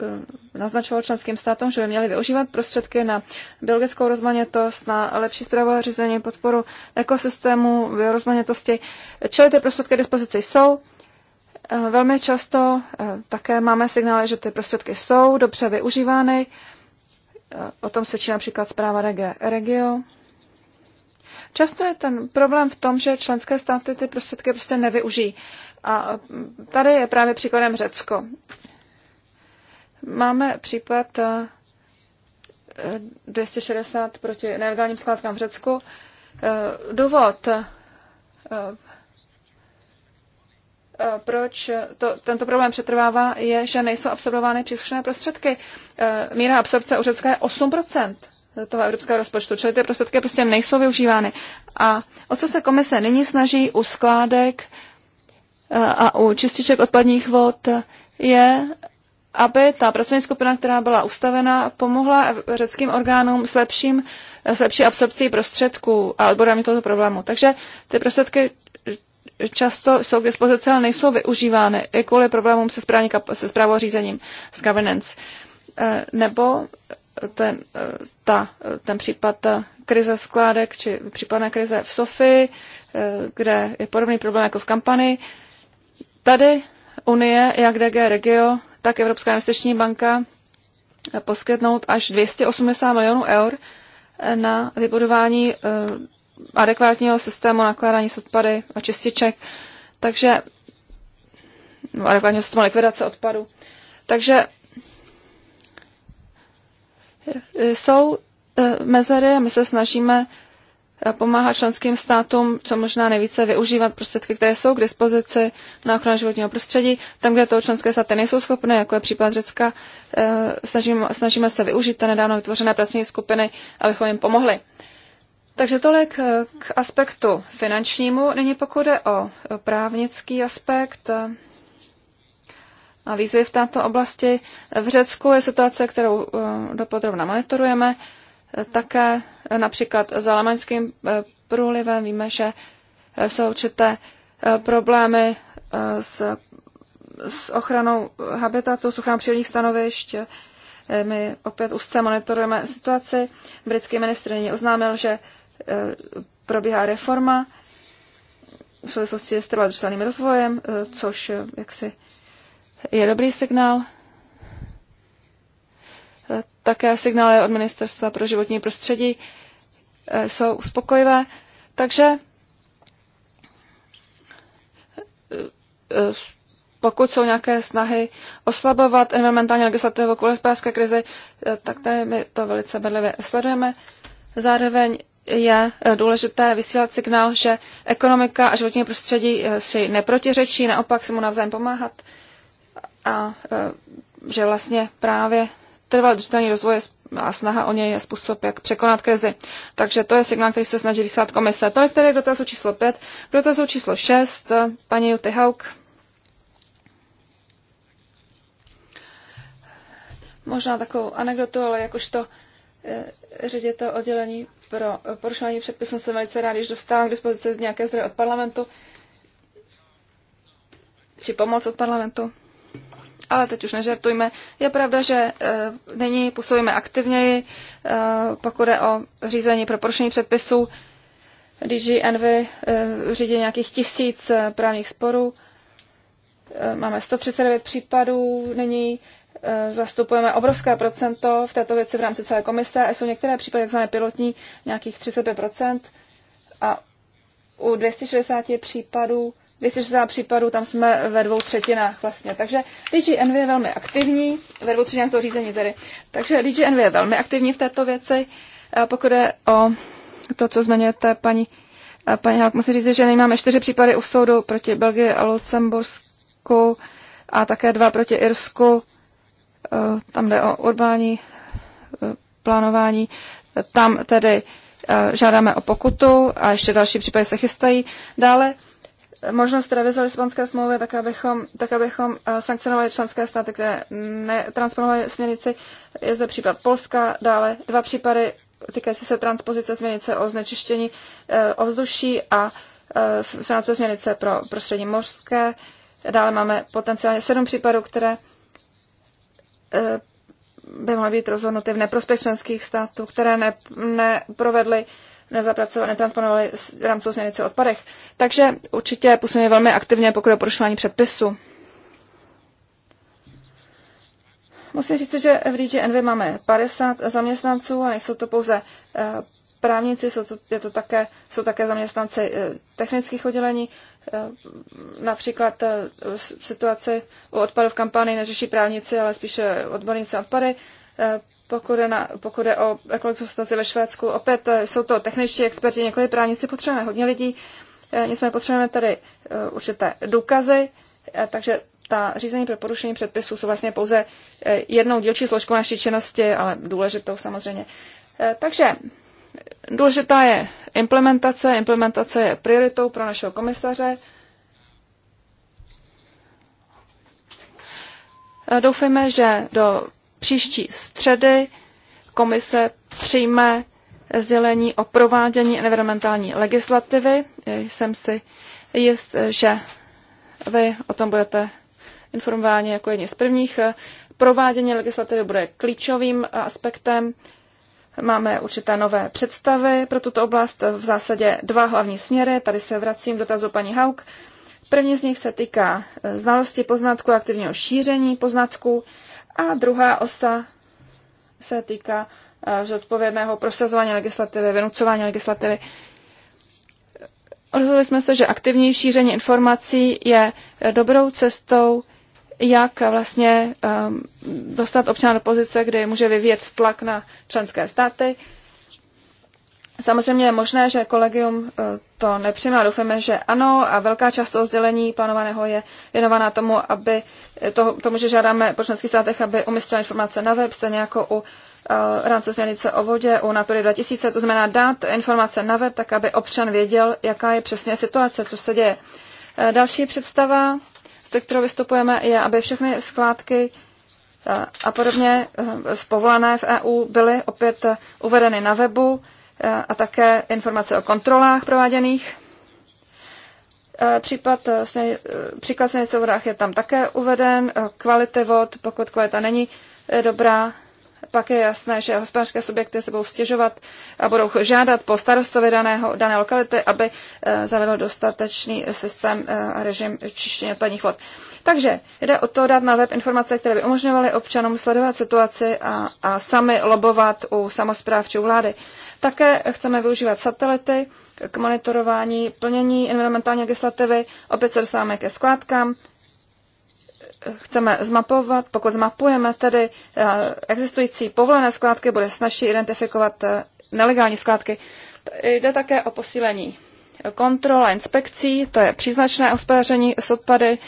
eh, naznačovalo členským státům, že by měli využívat prostředky na biologickou rozmanitost, na lepší zprávu a řízení, podporu ekosystému, rozmanitosti. Čili ty prostředky k dispozici jsou. Eh, velmi často také máme signály, že ty prostředky jsou dobře využívány. O tom svědčí například zpráva DG Regio. Často je ten problém v tom, že členské státy ty prostředky prostě nevyužijí. A tady je právě příkladem Řecko. Máme případ 260 eh, proti nelegálním skládkám v Řecku. Eh, důvod, eh, proč to, tento problém přetrvává, je, že nejsou absorbovány příslušné prostředky. Míra absorpce u Řecka je 8 toho evropského rozpočtu, čili ty prostředky prostě nejsou využívány. A o co se komise nyní snaží u skládek Eh, a u čističek odpadních vod je, aby ta pracovní skupina, která byla ustavena, pomohla řeckým orgánům s, lepším, s lepší absorpcí prostředků a odborami tohoto problému. Takže ty prostředky často jsou k dispozici, ale nejsou využívány i kvůli problémům se, správně, se správou řízením, s governance. Eh, nebo ten, eh, ta, ten případ krize skládek či případná krize v Sofii, kde je podobný problém jako v kampani, Tady Unie, jak DG Regio, tak Evropská investiční banka eh, poskytnout až 280 milionů eur eh, na vybudování eh, adekvátního systému nakládání s odpady a čističek, takže no, adekvátního systému likvidace odpadu. Takže jsou mezery a my se snažíme pomáhá členským státům co možná nejvíce využívat prostředky, které jsou k dispozici na ochranu životního prostředí. Tam, kde toho členské státy nejsou schopné, jako je případ Řecka, eh, snažíme, snažíme se využít té nedávno vytvořené pracovní skupiny, abychom jim pomohli. Takže tolik eh, k aspektu finančnímu. Nyní pokud jde o právnický aspekt eh, a výzvy v této oblasti. V Řecku je situace, kterou dopodrobna monitorujeme. Také například za Lamaňským eh, průlivem víme, že eh, jsou určité eh, problémy s, s ochranou habitatu, s ochranou přírodních stanovišť. My opět úzce monitorujeme situaci. Britský ministr nyní oznámil, že probíhá reforma v souvislosti s trvalým rozvojem, což jaksi je dobrý signál také signály od Ministerstva pro životní prostředí eh, jsou uspokojivé. Takže eh, eh, pokud jsou nějaké snahy oslabovat environmentální legislativu kvůli hospodářské krizi, tak tady my to velice bedlivě sledujeme. Zároveň je důležité vysílat signál, že ekonomika a životní prostředí si neprotiřečí, naopak se mu navzájem pomáhat a že vlastně právě trvalé udržitelný rozvoje a snaha o něj je způsob, jak překonat krizi. Takže to je signál, který se snaží vyslat komise. Tolik tedy k dotazu číslo 5. K dotazu číslo 6, paní Juty Hauk. Možná takovou anekdotu, ale jakožto eh, ředitel oddělení pro eh, porušování předpisů jsem velice rád, když dostávám k dispozici z nějaké zdroje od parlamentu, či pomoc od parlamentu. Ale teď už nežertujme. Je pravda, že e, nyní působíme aktivněji, e, pokud je o řízení pro porušení předpisů. DG Envy e, řídí nějakých tisíc e, právních sporů. E, máme 139 případů nyní. E, zastupujeme obrovské procento v této věci v rámci celé komise. A jsou některé případy znamená pilotní, nějakých 35 A u 260 případů 260 případů, tam jsme ve dvou třetinách vlastně. Takže DG Envy je velmi aktivní, ve dvou třetinách toho řízení tedy. Takže DG Envy je velmi aktivní v této věci. Pokud je o to, co zmiňujete, paní, paní Halk, musím říct, že nemáme čtyři případy u soudu proti Belgii a Lucembursku a také dva proti Irsku. Tam jde o urbání plánování. Tam tedy žádáme o pokutu a ještě další případy se chystají. Dále možnost revize Lisbonské smlouvy, tak abychom, tak abychom eh, sankcionovali členské státy, které netransponovaly směrnici. Je zde případ Polska, dále dva případy týkající se transpozice směrnice o znečištění eh, ovzduší a směrnice eh, směrnice pro prostředí mořské. Dále máme potenciálně sedm případů, které by mohly být rozhodnuty v neprospěch členských států, které ne, neprovedly nezapracovali, netransponovali rámcovou směrnici o odpadech. Takže určitě působíme velmi aktivně, pokud je porušování předpisu. Musím říct, že v DG Envy máme 50 zaměstnanců a nejsou to pouze eh, právníci, jsou to, je to také, jsou také zaměstnanci eh, technických oddělení. Eh, například situaci u odpadu v kampani neřeší právníci, ale spíše odborníci odpady. Pokud je, na, pokud je o ekologickou situaci ve Švédsku, opět eh, jsou to techničtí experti, několik právníci, potřebujeme hodně lidí, eh, nicméně potřebujeme tady eh, určité důkazy, takže ta řízení pro porušení předpisů jsou vlastně pouze jednou dílčí složkou naší činnosti, ale důležitou samozřejmě. Takže důležitá je implementace. Implementace je prioritou pro našeho komisaře. Doufejme, že do Příští středy komise přijme sdělení o provádění environmentální legislativy. Jsem si jist, že vy o tom budete informováni jako jedni z prvních. Provádění legislativy bude klíčovým aspektem. Máme určité nové představy pro tuto oblast, v zásadě dva hlavní směry. Tady se vracím k dotazu paní Hauk. První z nich se týká znalosti poznatků, aktivního šíření poznatků. A druhá osa se týká zodpovědného eh, prosazování legislativy, vynucování legislativy. Rozhodli jsme se, že aktivní šíření informací je dobrou cestou, jak vlastně um, dostat občana do pozice, kde může vyvíjet tlak na členské státy. Samozřejmě je možné, že kolegium eh, to nepřijme doufáme, že ano a velká část toho sdělení plánovaného je věnovaná tomu, aby eh, to, tomu, že žádáme po členských státech, aby umístila informace na web, stejně jako u uh, eh, rámce směrnice o vodě u Natury 2000, to znamená dát informace na web, tak aby občan věděl, jaká je přesně situace, co se děje. Další představa, se kterou vystupujeme, je, aby všechny skládky a podobně z povolené v EU byly opět uvedeny na webu, Eh, a také informace o kontrolách prováděných. Eh, případ, eh, příklad směrnice o vodách je tam také uveden. Kvality vod, pokud kvalita není dobrá, pak je jasné, že hospodářské subjekty se budou stěžovat a budou žádat po starostovi daného, dané lokality, aby zavedl dostatečný systém a režim čištění odpadních vod. Takže jde o to dát na web informace, které by umožňovaly občanům sledovat situaci a, a sami lobovat u samozpráv či u vlády. Také chceme využívat satelity k monitorování plnění environmentální legislativy. Opět se dostáváme ke skládkám. Chceme zmapovat, pokud zmapujeme tedy eh, existující povolené skládky, bude snažší identifikovat eh, nelegální skládky. Jde také o posílení kontrola inspekcí, to je příznačné hospodaření s odpady,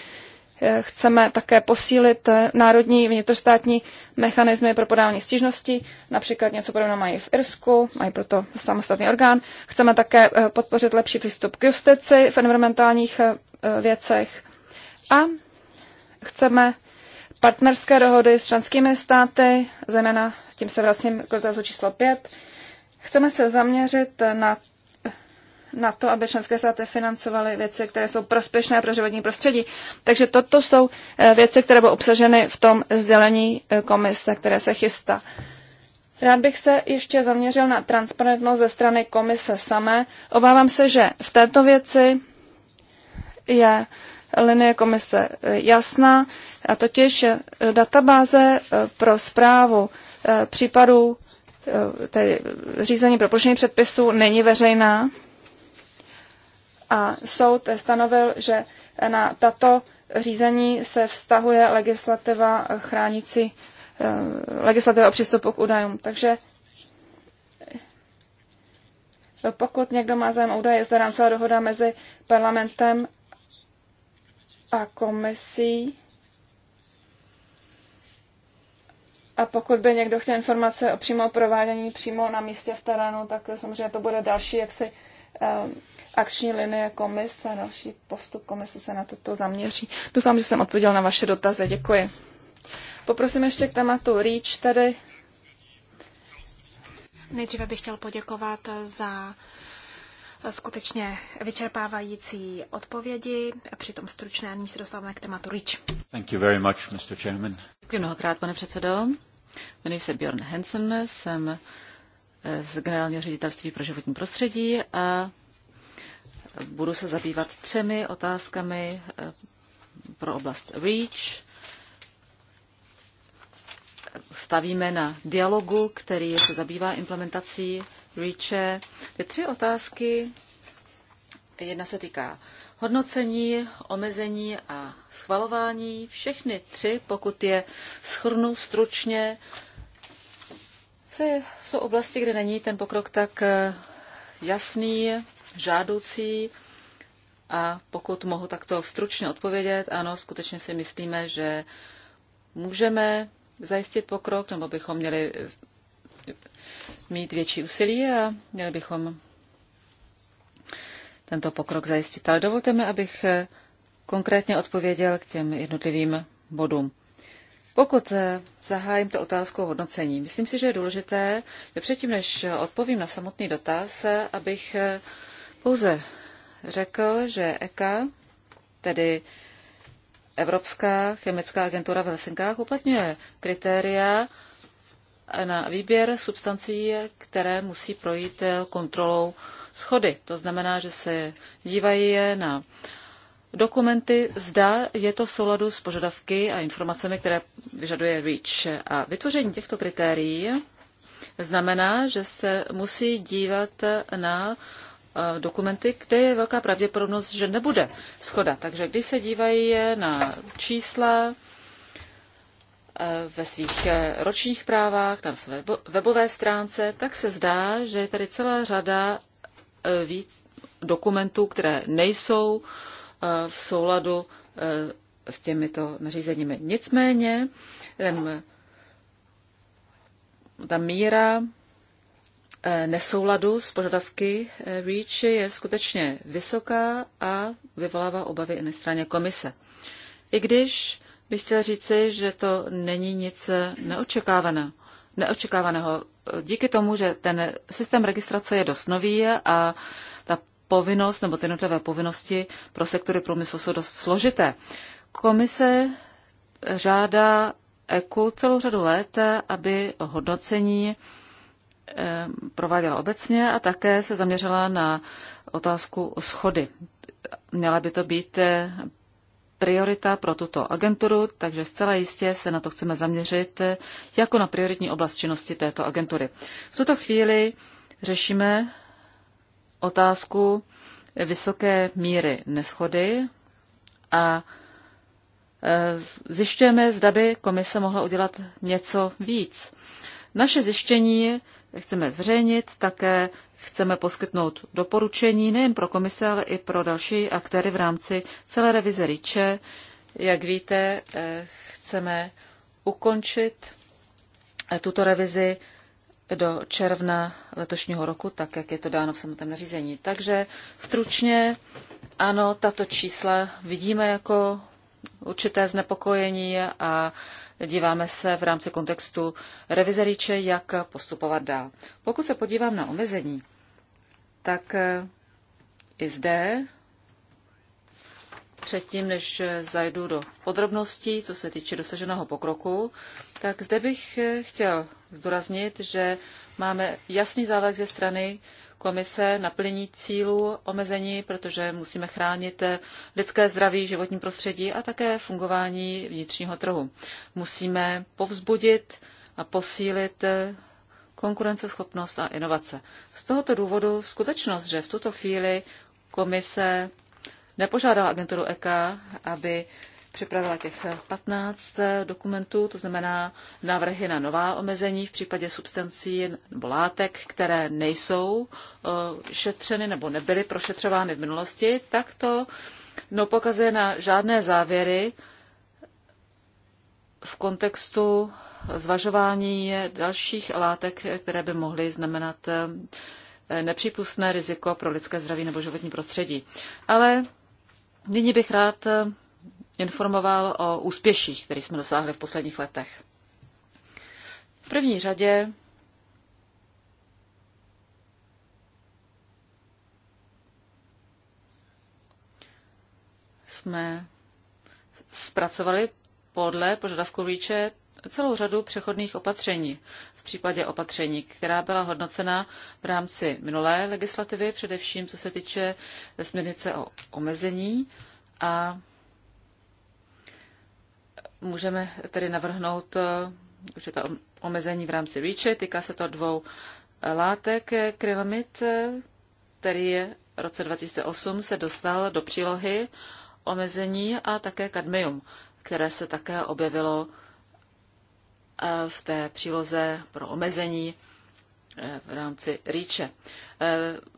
Eh, chceme také posílit eh, národní vnitrostátní mechanismy pro podávání stížností, například něco podobného mají v Irsku, mají proto samostatný orgán. Chceme také eh, podpořit lepší přístup k justici v environmentálních věcech a chceme partnerské dohody s členskými státy, zejména tím se vracím k otázu číslo 5. Chceme se zaměřit na na to, aby členské státy financovaly věci, které jsou prospěšné pro životní prostředí. Takže toto jsou eh, věci, které byly obsaženy v tom sdělení eh, komise, které se chystá. Rád bych se ještě zaměřil na transparentnost ze strany komise samé. Obávám se, že v této věci je linie komise eh, jasná, a totiž databáze pro zprávu případů tedy řízení pro předpisů není veřejná a soud stanovil, že na tato řízení se vztahuje legislativa chránící eh, legislativa o přístupu k údajům. Takže eh, pokud někdo má zájem o údaje, je zde rámcová dohoda mezi parlamentem a komisí. A pokud by někdo chtěl informace o přímo provádění přímo na místě v terénu, tak samozřejmě to bude další jaksi eh, akční linie komise, další postup komise se na toto zaměří. Doufám, že jsem odpověděl na vaše dotazy. Děkuji. Poprosím ještě k tématu REACH tady. Nejdříve bych chtěl poděkovat za skutečně vyčerpávající odpovědi. a Přitom stručné nyní se dostáváme k tématu REACH. Thank you very much, Mr. Chairman. Děkuji mnohokrát, pane předsedo. Jmenuji se Bjorn Hansen, jsem z Generálního ředitelství pro životní prostředí a Budu se zabývat třemi otázkami eh, pro oblast REACH. Stavíme na dialogu, který se zabývá implementací Reach. Ty tři otázky, jedna se týká hodnocení, omezení a schvalování. Všechny tři, pokud je schrnu stručně, jsou oblasti, kde není ten pokrok tak eh, jasný žádoucí. A pokud mohu takto stručně odpovědět, ano, skutečně si myslíme, že můžeme zajistit pokrok, nebo bychom měli mít větší úsilí a měli bychom tento pokrok zajistit. Ale dovolte mi, abych konkrétně odpověděl k těm jednotlivým bodům. Pokud zahájím to otázku o hodnocení, myslím si, že je důležité, že předtím, než odpovím na samotný dotaz, abych pouze řekl, že ECA, tedy Evropská chemická agentura v Helsinkách, uplatňuje kritéria na výběr substancí, které musí projít kontrolou schody. To znamená, že se dívají na dokumenty, zda je to v souladu s požadavky a informacemi, které vyžaduje REACH. A vytvoření těchto kritérií znamená, že se musí dívat na Eh, dokumenty, kde je velká pravděpodobnost, že nebude schoda. Takže když se dívají na čísla eh, ve svých eh, ročních zprávách, na své webové stránce, tak se zdá, že je tady celá řada víc dokumentů, které nejsou v souladu s těmito nařízeními. Nicméně ten, ta míra Eh, nesouladu s požadavky eh, REACH je skutečně vysoká a vyvolává obavy i na straně komise. I když bych chtěl říci, že to není nic neočekávaného. neočekávaného. Díky tomu, že ten systém registrace je dost nový a ta povinnost nebo ty jednotlivé povinnosti pro sektory průmyslu jsou dost složité. Komise žádá EKU celou řadu let, eh, aby hodnocení Eh, prováděla obecně a také se zaměřila na otázku schody. Měla by to být eh, priorita pro tuto agenturu, takže zcela jistě se na to chceme zaměřit eh, jako na prioritní oblast činnosti této agentury. V tuto chvíli řešíme otázku vysoké míry neschody a zjišťujeme, zda by komise mohla udělat něco víc. Naše zjištění chceme zveřejnit, také chceme poskytnout doporučení nejen pro komise, ale i pro další aktéry v rámci celé revize RIČE. Jak víte, eh, chceme ukončit eh, tuto revizi do června letošního roku, tak jak je to dáno v samotném nařízení. Takže stručně, ano, tato čísla vidíme jako určité znepokojení a díváme se v rámci kontextu revize REACHE, jak postupovat dál. Pokud se podívám na omezení, tak eh, i zde předtím, než zajdu do podrobností, co se týče dosaženého pokroku, tak zde bych eh, chtěl zdůraznit, že máme jasný závazek ze strany komise naplnění cílů omezení, protože musíme chránit lidské zdraví, životní prostředí a také fungování vnitřního trhu. Musíme povzbudit a posílit konkurenceschopnost a inovace. Z tohoto důvodu skutečnost, že v tuto chvíli komise nepožádala agenturu EK, aby připravila těch 15 eh, dokumentů, to znamená návrhy na nová omezení v případě substancí nebo látek, které nejsou eh, šetřeny nebo nebyly prošetřovány v minulosti, tak to no, pokazuje na žádné závěry v kontextu zvažování dalších látek, které by mohly znamenat eh, nepřípustné riziko pro lidské zdraví nebo životní prostředí. Ale nyní bych rád informoval o úspěších, které jsme dosáhli v posledních letech. V první řadě jsme zpracovali podle požadavku REACHE celou řadu přechodných opatření. V případě opatření, která byla hodnocena v rámci minulé legislativy, především co se týče směrnice o omezení a Můžeme tedy navrhnout eh, to omezení v rámci REACHy. Týká se to dvou látek. Krylamid, eh, který je v roce 2008 se dostal do přílohy omezení a také kadmium, které se také objevilo eh, v té příloze pro omezení v rámci REACHe.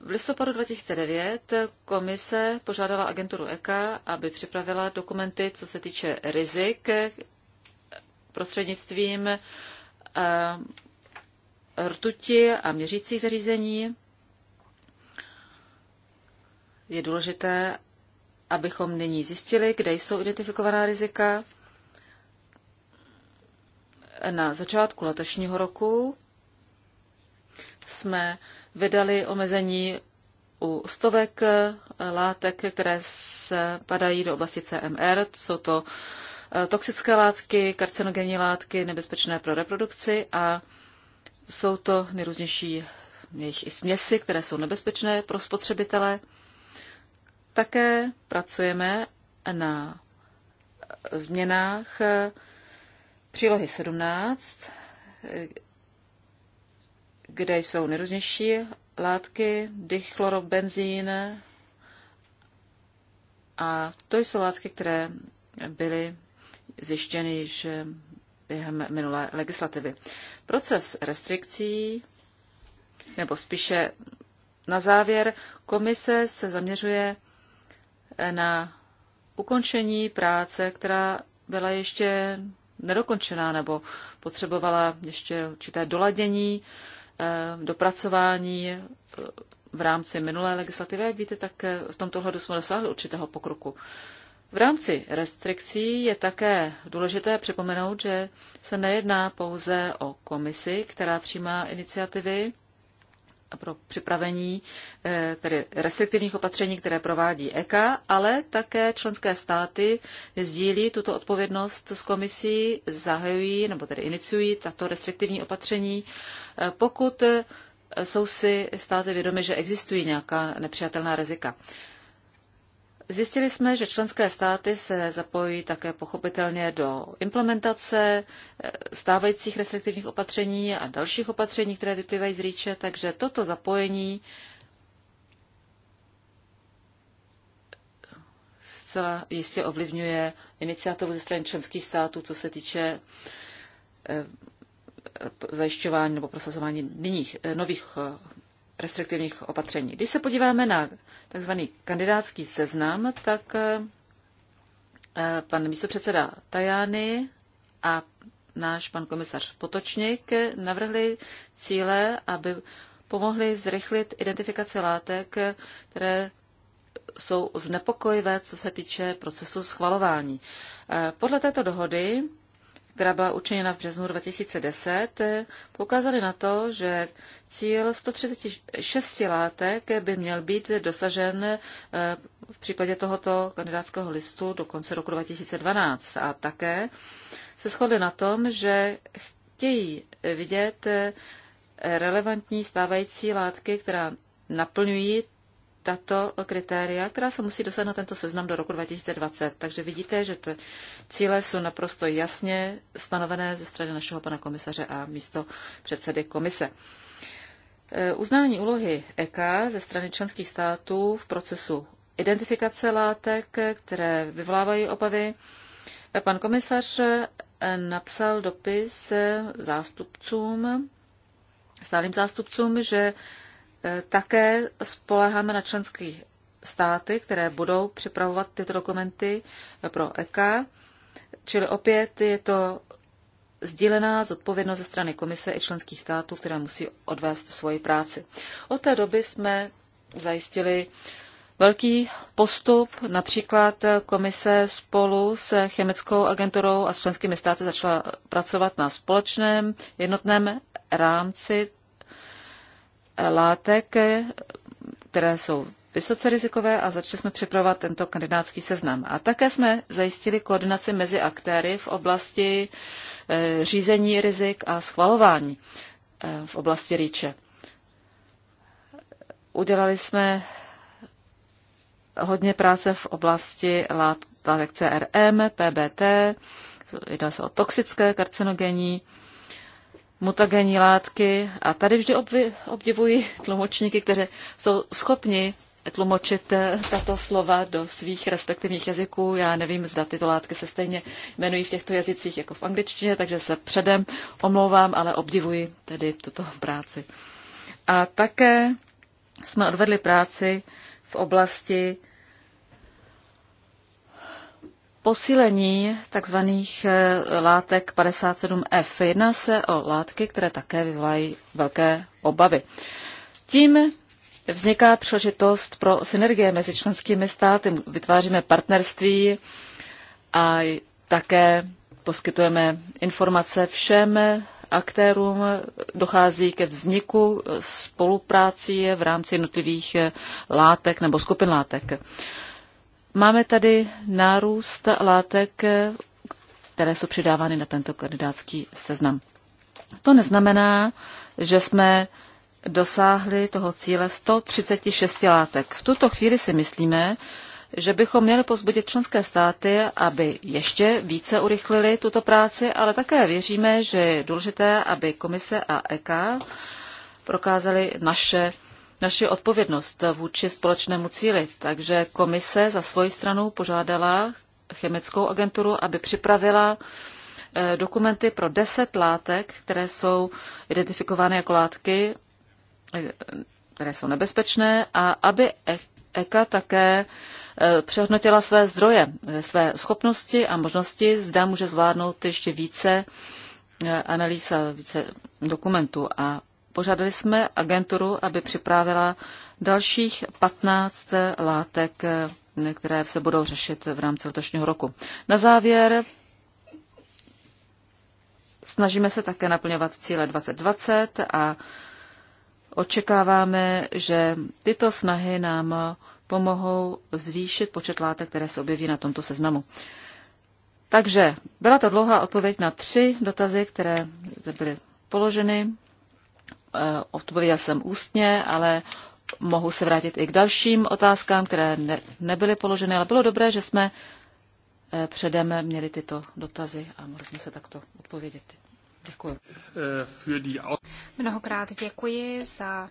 V listopadu 2009 komise požádala agenturu ECA, aby připravila dokumenty, co se týče rizik eh, prostřednictvím eh, rtuti a měřících zařízení. Je důležité, abychom nyní zjistili, kde jsou identifikovaná rizika. Na začátku letošního roku jsme vydali omezení u stovek eh, látek, které se padají do oblasti CMR. Jsou to eh, toxické látky, karcinogenní látky, nebezpečné pro reprodukci a jsou to nejrůznější jejich i směsi, které jsou nebezpečné pro spotřebitele. Také pracujeme na eh, změnách přílohy 17, kde jsou nejrůznější látky, dichlorobenzín, a to jsou látky, které byly zjištěny již během minulé legislativy. Proces restrikcí, nebo spíše na závěr, komise se zaměřuje na ukončení práce, která byla ještě nedokončená nebo potřebovala ještě určité doladění. Eh, dopracování eh, v rámci minulé legislativy, jak víte, tak eh, v tomto hledu jsme dosáhli určitého pokroku. V rámci restrikcí je také důležité připomenout, že se nejedná pouze o komisi, která přijímá iniciativy, pro připravení eh, tedy restriktivních opatření, které provádí ECA, ale také členské státy sdílí tuto odpovědnost s komisí, zahajují nebo tedy iniciují tato restriktivní opatření, eh, pokud eh, jsou si státy vědomi, že existují nějaká nepřijatelná rizika. Zjistili jsme, že členské státy se zapojí také pochopitelně do implementace eh, stávajících restriktivních opatření a dalších opatření, které vyplývají z říče, takže toto zapojení zcela jistě ovlivňuje iniciativu ze strany členských států, co se týče eh, zajišťování nebo prosazování nyních, eh, nových restriktivních opatření. Když se podíváme na tzv. kandidátský seznam, tak eh, pan místopředseda Tajány a náš pan komisař Potočník navrhli cíle, aby pomohli zrychlit identifikaci látek, které jsou znepokojivé, co se týče procesu schvalování. Eh, podle této dohody která byla učiněna v březnu 2010, poukázaly na to, že cíl 136 látek by měl být dosažen eh, v případě tohoto kandidátského listu do konce roku 2012. A také se shodli na tom, že chtějí vidět eh, relevantní stávající látky, která naplňují tato kritéria, která se musí na tento seznam do roku 2020. Takže vidíte, že ty cíle jsou naprosto jasně stanovené ze strany našeho pana komisaře a místo předsedy komise. E, uznání úlohy EK ze strany členských států v procesu identifikace látek, které vyvolávají obavy. E, pan komisař e, napsal dopis zástupcům, stálým zástupcům, že Eh, také spoleháme na členské státy, které budou připravovat tyto dokumenty eh, pro EK, čili opět je to sdílená zodpovědnost ze strany komise i členských států, které musí odvést svoji práci. Od té doby jsme zajistili velký postup. Například komise spolu se chemickou agenturou a s členskými státy začala pracovat na společném jednotném rámci látek, které jsou vysoce rizikové a začali jsme připravovat tento kandidátský seznam. A také jsme zajistili koordinaci mezi aktéry v oblasti eh, řízení rizik a schvalování eh, v oblasti rýče. Udělali jsme hodně práce v oblasti látek CRM, PBT, jedná se o toxické karcinogení, mutagenní látky. A tady vždy obdivuji tlumočníky, kteří jsou schopni tlumočit eh, tato slova do svých respektivních jazyků. Já nevím, zda tyto látky se stejně jmenují v těchto jazycích jako v angličtině, takže se předem omlouvám, ale obdivuji tedy tuto práci. A také jsme odvedli práci v oblasti posílení tzv. Eh, látek 57F. Jedná se o látky, které také vyvolají velké obavy. Tím vzniká příležitost pro synergie mezi členskými státy. Vytváříme partnerství a také poskytujeme informace všem aktérům. Dochází ke vzniku eh, spolupráci v rámci jednotlivých eh, látek nebo skupin látek. Máme tady nárůst látek, které jsou přidávány na tento kandidátský seznam. To neznamená, že jsme dosáhli toho cíle 136 látek. V tuto chvíli si myslíme, že bychom měli pozbudit členské státy, aby ještě více urychlili tuto práci, ale také věříme, že je důležité, aby komise a EK prokázali naše naši odpovědnost vůči společnému cíli. Takže komise za svoji stranu požádala chemickou agenturu, aby připravila eh, dokumenty pro deset látek, které jsou identifikovány jako látky, eh, které jsou nebezpečné a aby e- EKA také eh, přehodnotila své zdroje, své schopnosti a možnosti, zda může zvládnout ještě více analýz a více dokumentů. A Požádali jsme agenturu, aby připravila dalších 15 látek, eh, které se budou řešit v rámci letošního roku. Na závěr snažíme se také naplňovat cíle 2020 a očekáváme, že tyto snahy nám pomohou zvýšit počet látek, které se objeví na tomto seznamu. Takže byla to dlouhá odpověď na tři dotazy, které byly položeny. Eh, odpověděl jsem ústně, ale mohu se vrátit i k dalším otázkám, které ne, nebyly položeny, ale bylo dobré, že jsme eh, předem měli tyto dotazy a mohli jsme se takto odpovědět. Děkuji. Eh, Mnohokrát děkuji za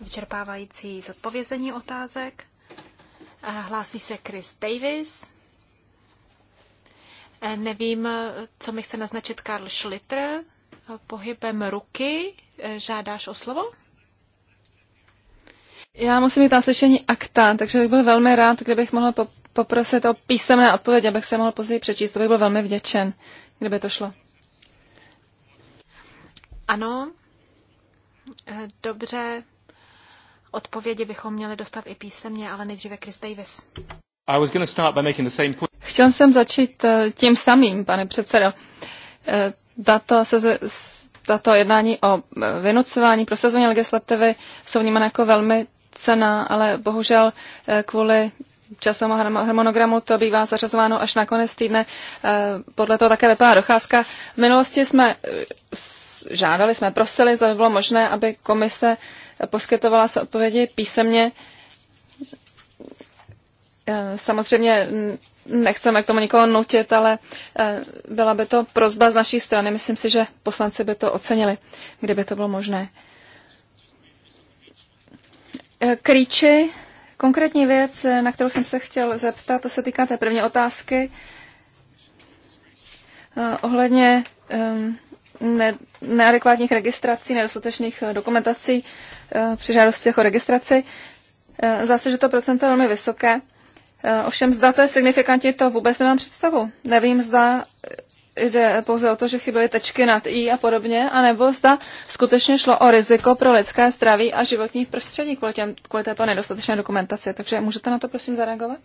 vyčerpávající zodpovězení otázek. Hlásí se Chris Davis. Nevím, co mi chce naznačit Karl Schlitter pohybem ruky eh, žádáš o slovo? Já musím mít na slyšení akta, takže bych byl velmi rád, kdybych po poprosit o písemné odpověď, abych se mohl později přečíst. To bych byl velmi vděčen, kdyby to šlo. Ano, eh, dobře. Odpovědi bychom měli dostat i písemně, ale nejdříve Chris Davis. I was start by the same point. Chtěl jsem začít eh, tím samým, pane předsedo tato, se, tato jednání o e, vynucování, prosazování legislativy jsou vnímané jako velmi cená, ale bohužel e, kvůli časovému harmonogramu to bývá zařazováno až na konec týdne. E, podle toho také vypadá docházka. V minulosti jsme žádali, jsme prosili, zda by bylo možné, aby komise poskytovala se odpovědi písemně. Samozřejmě nechceme k tomu nikoho nutit, ale eh, byla by to prozba z naší strany. Myslím si, že poslanci by to ocenili, kdyby to bylo možné. Eh, Kríči, konkrétní věc, eh, na kterou jsem se chtěl zeptat, to se týká té první otázky ohledně ehm, neadekvátních registrací, nedostatečných dokumentací při žádostech o registraci. Zase, že to procento je velmi vysoké. Eh, ovšem zda to je signifikantně, to vůbec nemám představu. Nevím, zda jde pouze o to, že chyběly tečky nad i a podobně, anebo zda skutečně šlo o riziko pro lidské zdraví a životní prostředí kvůli, těm, kvůli této nedostatečné dokumentaci. Takže můžete na to prosím zareagovat?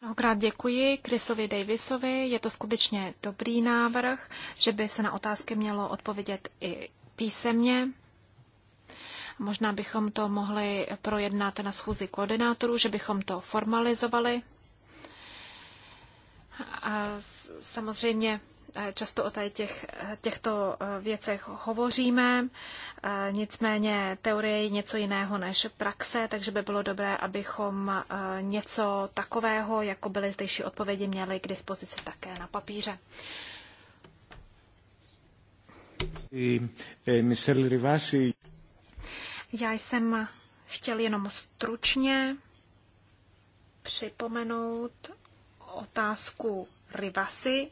Mnohokrát děkuji Chrisovi Davisovi. Je to skutečně dobrý návrh, že by se na otázky mělo odpovědět i písemně. Možná bychom to mohli projednat na schůzi koordinátorů, že bychom to formalizovali. A samozřejmě eh, často o tady těch, eh, těchto eh, věcech hovoříme, nicméně teorie je něco jiného než praxe, takže by bylo dobré, abychom něco takového, jako byly zdejší odpovědi, měli k dispozici také na papíře. Já jsem chtěl jenom stručně připomenout otázku Rivasy.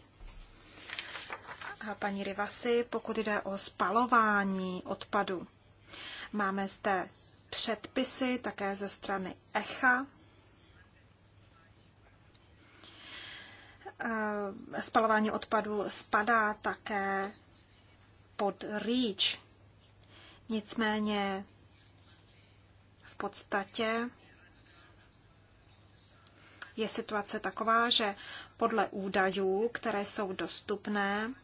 A paní Rivasy, pokud jde o spalování odpadu, máme zde předpisy také ze strany ECHA. Eh, spalování odpadu spadá také pod REACH. Nicméně v podstatě je situace taková, že podle údajů, které jsou dostupné,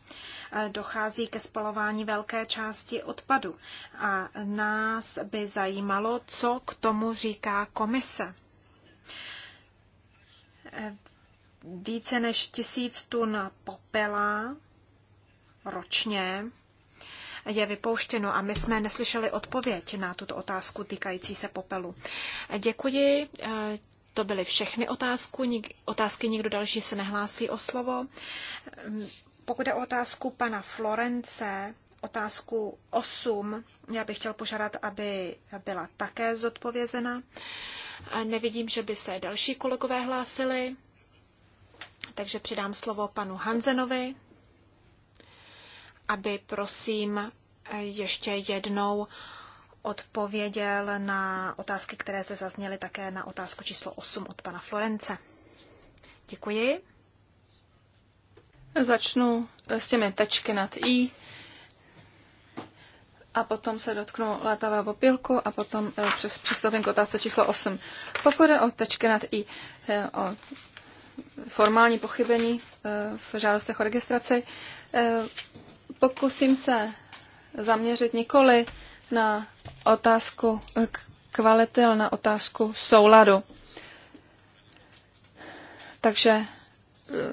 dochází ke spalování velké části odpadu. A nás by zajímalo, co k tomu říká komise. Více než tisíc tun popela ročně je vypouštěno a my jsme neslyšeli odpověď na tuto otázku týkající se popelu. Děkuji. Eh, to byly všechny otázky. otázky nikdo další se nehlásí o slovo. Mm, pokud je o otázku pana Florence, otázku 8, já bych chtěl požádat, aby byla také zodpovězena. Eh, nevidím, že by se další kolegové hlásili, takže přidám slovo panu Hanzenovi aby prosím ještě jednou odpověděl na otázky, které zde zazněly, také na otázku číslo 8 od pana Florence. Děkuji. Začnu s těmi tečky nad i a potom se dotknu létavého popilku a potom eh, přes, přistoupím k otázce číslo 8. Pokud je o tečky nad i, eh, o formální pochybení eh, v žádostech o registraci, Pokusím se zaměřit nikoli na otázku kvality, ale na otázku souladu. Takže,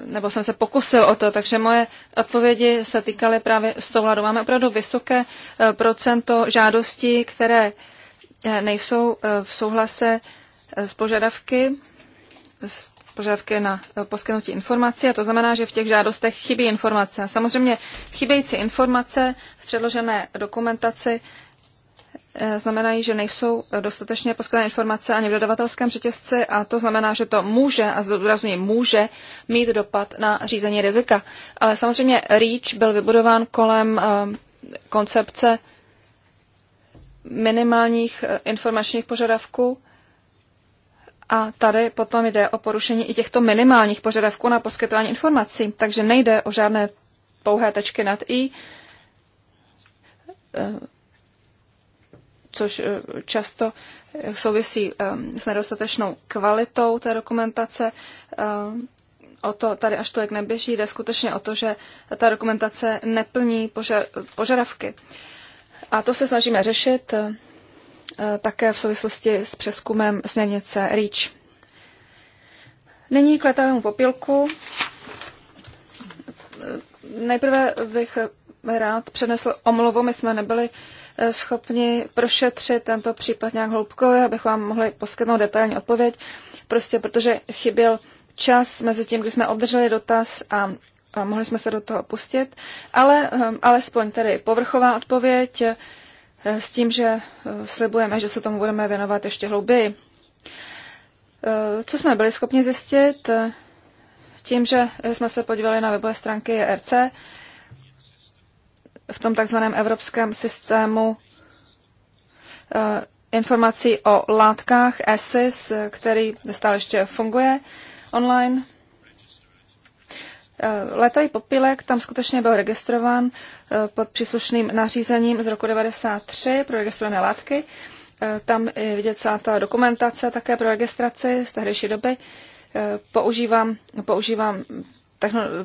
nebo jsem se pokusil o to, takže moje odpovědi se týkaly právě souladu. Máme opravdu vysoké eh, procento žádostí, které eh, nejsou eh, v souhlase s požadavky, s požadavky na eh, poskytnutí informací a to znamená, že v těch žádostech chybí informace. A samozřejmě chybějící informace v předložené dokumentaci eh, znamenají, že nejsou eh, dostatečně poskytné informace ani v dodavatelském řetězci a to znamená, že to může, a zdůrazně může, mít dopad na řízení rizika. Ale samozřejmě REACH byl vybudován kolem koncepce minimálních informačních požadavků a tady potom jde o porušení i těchto minimálních požadavků na poskytování informací, takže nejde o žádné pouhé tečky nad i, eh, což eh, často souvisí eh, s nedostatečnou kvalitou té dokumentace. O to tady až to jak neběží, jde skutečně o to, že ta dokumentace neplní požadavky. A to se snažíme řešit Eh, také v souvislosti s přeskumem směrnice REACH. Nyní k letavému popílku. Nejprve bych rád přednesl omluvu. My jsme nebyli eh, schopni prošetřit tento případ nějak hloubkově, abych vám mohli poskytnout detailní odpověď, prostě protože chyběl čas mezi tím, kdy jsme obdrželi dotaz a, a mohli jsme se do toho pustit. Ale eh, alespoň tedy povrchová odpověď Eh, s tím, že eh, slibujeme, že se tomu budeme věnovat ještě hlouběji. Eh, co jsme byli schopni zjistit? Tím, že jsme se podívali na webové stránky ERC, v tom takzvaném evropském systému informací o látkách ESIS, který stále ještě funguje online, Eh, Letavý popilek tam skutečně byl registrován eh, pod příslušným nařízením z roku 1993 pro registrované látky. Eh, tam je vidět celá ta dokumentace také pro registraci z tehdejší doby. Používám, používám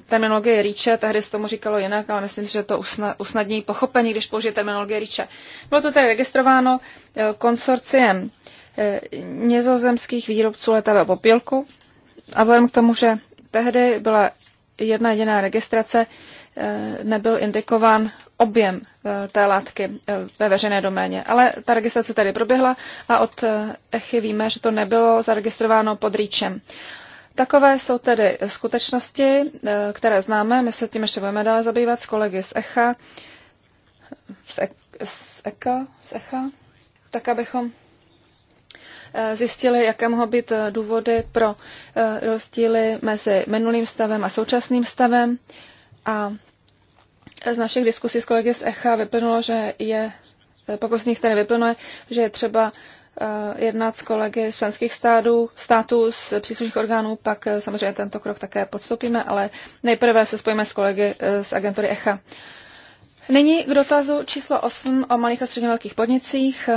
terminologie rýče, tehdy se tomu říkalo jinak, ale myslím si, že to usnadní pochopení, když použije terminologie rýče. Bylo to tedy registrováno konsorciem nězozemských výrobců letavého popílku a vzhledem k tomu, že tehdy byla jedna jediná registrace eh, nebyl indikován objem eh, té látky eh, ve veřejné doméně. Ale ta registrace tady proběhla a od ECHY víme, že to nebylo zaregistrováno pod rýčem. Takové jsou tedy skutečnosti, které známe. My se tím ještě budeme dále zabývat s kolegy z ECHA, z, e- z ECHA, z ECHA, tak abychom Eh, zjistili, jaké mohou být eh, důvody pro eh, rozdíly mezi minulým stavem a současným stavem. A z našich diskusí s kolegy z ECHA vyplnulo, že je, pokud z nich tady vyplynuje, že je třeba jednat s kolegy z členských států, států, z příslušných orgánů, pak samozřejmě tento krok také podstoupíme, ale nejprve se spojíme s kolegy z agentury ECHA. Nyní k dotazu číslo 8 o malých a středně velkých podnicích.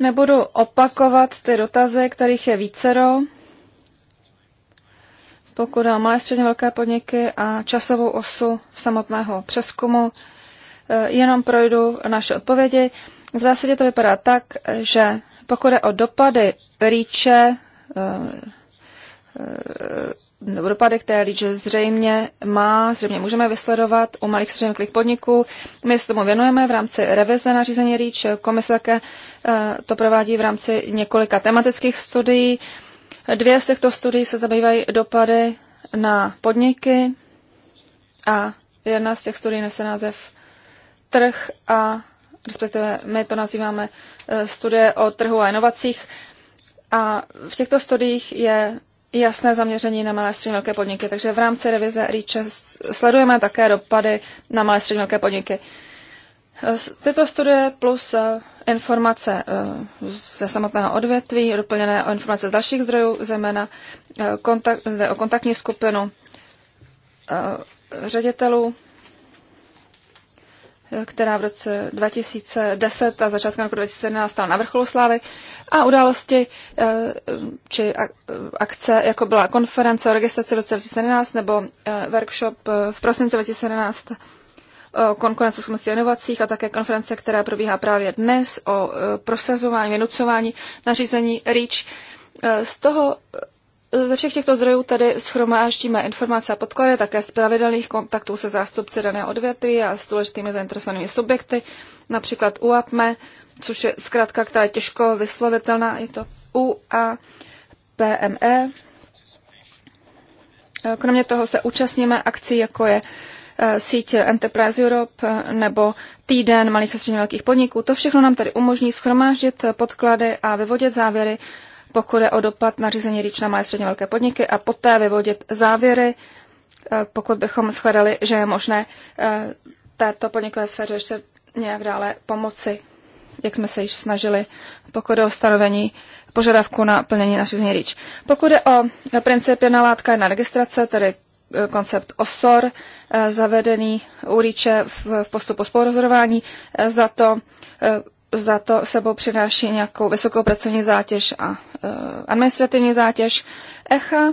Nebudu opakovat ty dotazy, kterých je vícero, pokud o malé středně velké podniky a časovou osu samotného přeskumu. Eh, jenom projdu naše odpovědi. V zásadě to vypadá tak, že pokud je o dopady rýče v eh, dopadech té líče zřejmě má, zřejmě můžeme vysledovat u malých středních podniků. My se tomu věnujeme v rámci revize nařízení REACH. Komise také eh, to provádí v rámci několika tematických studií. Dvě z těchto studií se zabývají dopady na podniky a jedna z těch studií nese název trh a respektive my to nazýváme eh, studie o trhu a inovacích. A v těchto studiích je jasné zaměření na malé střední velké podniky. Takže v rámci revize REACHE sledujeme také dopady na malé střední velké podniky. Tyto studie plus eh, informace eh, ze samotného odvětví, doplněné o informace z dalších zdrojů, zejména eh, kontakt, o kontaktní skupinu ředitelů která v roce 2010 a začátkem roku 2011 stala na vrcholu slávy a události eh, či akce, jako byla konference o registraci v roce 2011 nebo eh, workshop eh, v prosinci 2011 o konkurenceschopnosti a inovacích a také konference, která probíhá právě dnes o prosazování, vynucování nařízení REACH. Z toho ze všech těchto zdrojů tedy schromáždíme informace a podklady také z pravidelných kontaktů se zástupci dané odvětví a s důležitými zainteresovanými subjekty, například UAPME, což je zkrátka, která je těžko vyslovitelná, je to UAPME. Kromě toho se účastníme akcí, jako je eh, síť Enterprise Europe eh, nebo týden malých a středně velkých podniků. To všechno nám tady umožní schromáždit podklady a vyvodit závěry pokud je o dopad na řízení REACH na malé středně velké podniky a poté vyvodit závěry, eh, pokud bychom shledali, že je možné eh, této podnikové sféře ještě nějak dále pomoci, jak jsme se již snažili, pokud je o stanovení požadavku na plnění nařízení REACH. Pokud je o princip jedna látka, jedna registrace, tedy eh, koncept OSOR, zavedený u REACHe v postupu spolurozhodování, za to za to sebou přináší nějakou vysokou pracovní zátěž a e, administrativní zátěž. ECHA, e,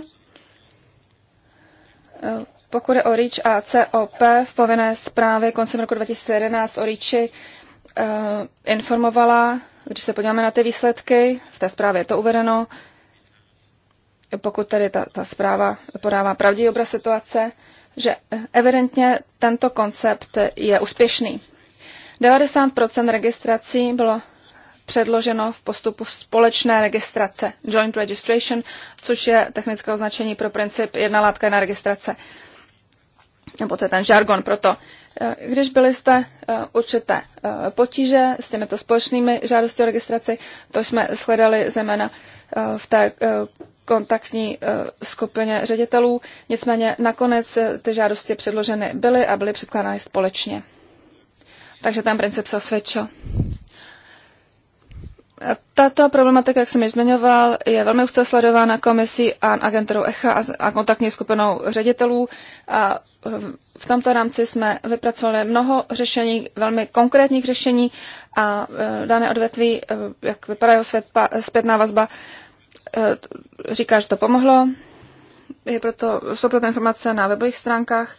pokud je o REACH a COP, v povinné zprávě koncem roku 2011 o REACHi e, informovala, když se podíváme na ty výsledky, v té zprávě je to uvedeno, pokud tedy ta, ta zpráva podává pravdivý obraz situace, že evidentně tento koncept je úspěšný. 90 registrací bylo předloženo v postupu společné registrace, joint registration, což je technické označení pro princip jedna látka, na registrace. Nebo to je ten žargon to. Když byli jste eh, určité eh, potíže s těmito společnými žádosti o registraci, to jsme shledali zejména eh, v té kontaktní skupině ředitelů. Nicméně nakonec ty žádosti předloženy byly a byly předkládány společně takže tam princip se osvědčil. Tato problematika, jak jsem již zmiňoval, je velmi úzce sledována komisí a agenturou ECHA a kontaktní skupinou ředitelů. A v tomto rámci jsme vypracovali mnoho řešení, velmi konkrétních řešení a e, dané odvětví, e, jak vypadá jeho zpětná vazba, e, říká, že to pomohlo. Je proto, jsou proto informace na webových stránkách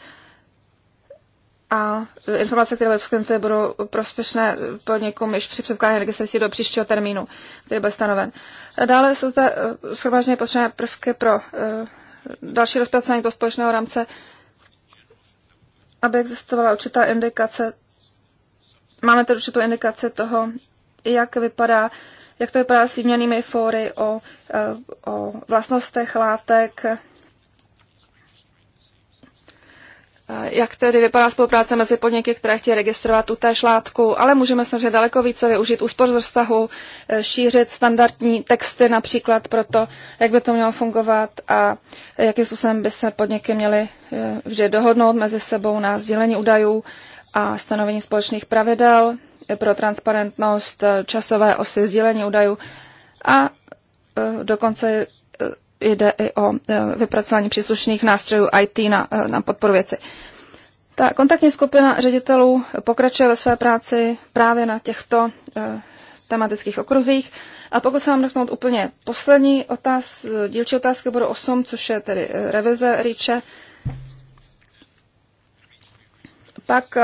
a informace, které byly poskytnuty, budou prospěšné po někom již při předkládání registrací do příštího termínu, který byl stanoven. Dále jsou zde eh, schromážděny potřebné prvky pro eh, další rozpracování toho společného rámce, aby existovala určitá indikace. Máme tedy určitou indikaci toho, jak vypadá jak to vypadá s výměnými fóry o, eh, o vlastnostech látek, jak tedy vypadá spolupráce mezi podniky, které chtějí registrovat u též látku, ale můžeme samozřejmě daleko více využít úspor z rozsahu, eh, šířit standardní texty například pro to, jak by to mělo fungovat a jakým způsobem by se podniky měly eh, vždy dohodnout mezi sebou na sdílení údajů a stanovení společných pravidel eh, pro transparentnost, časové osy sdílení údajů a dokonce jde i o e, vypracování příslušných nástrojů IT na, e, na podporu věci. Ta kontaktní skupina ředitelů pokračuje ve své práci právě na těchto e, tematických okruzích. A pokud se vám dotknout úplně poslední otáz, dílčí otázky bodu 8, což je tedy revize REACHe, pak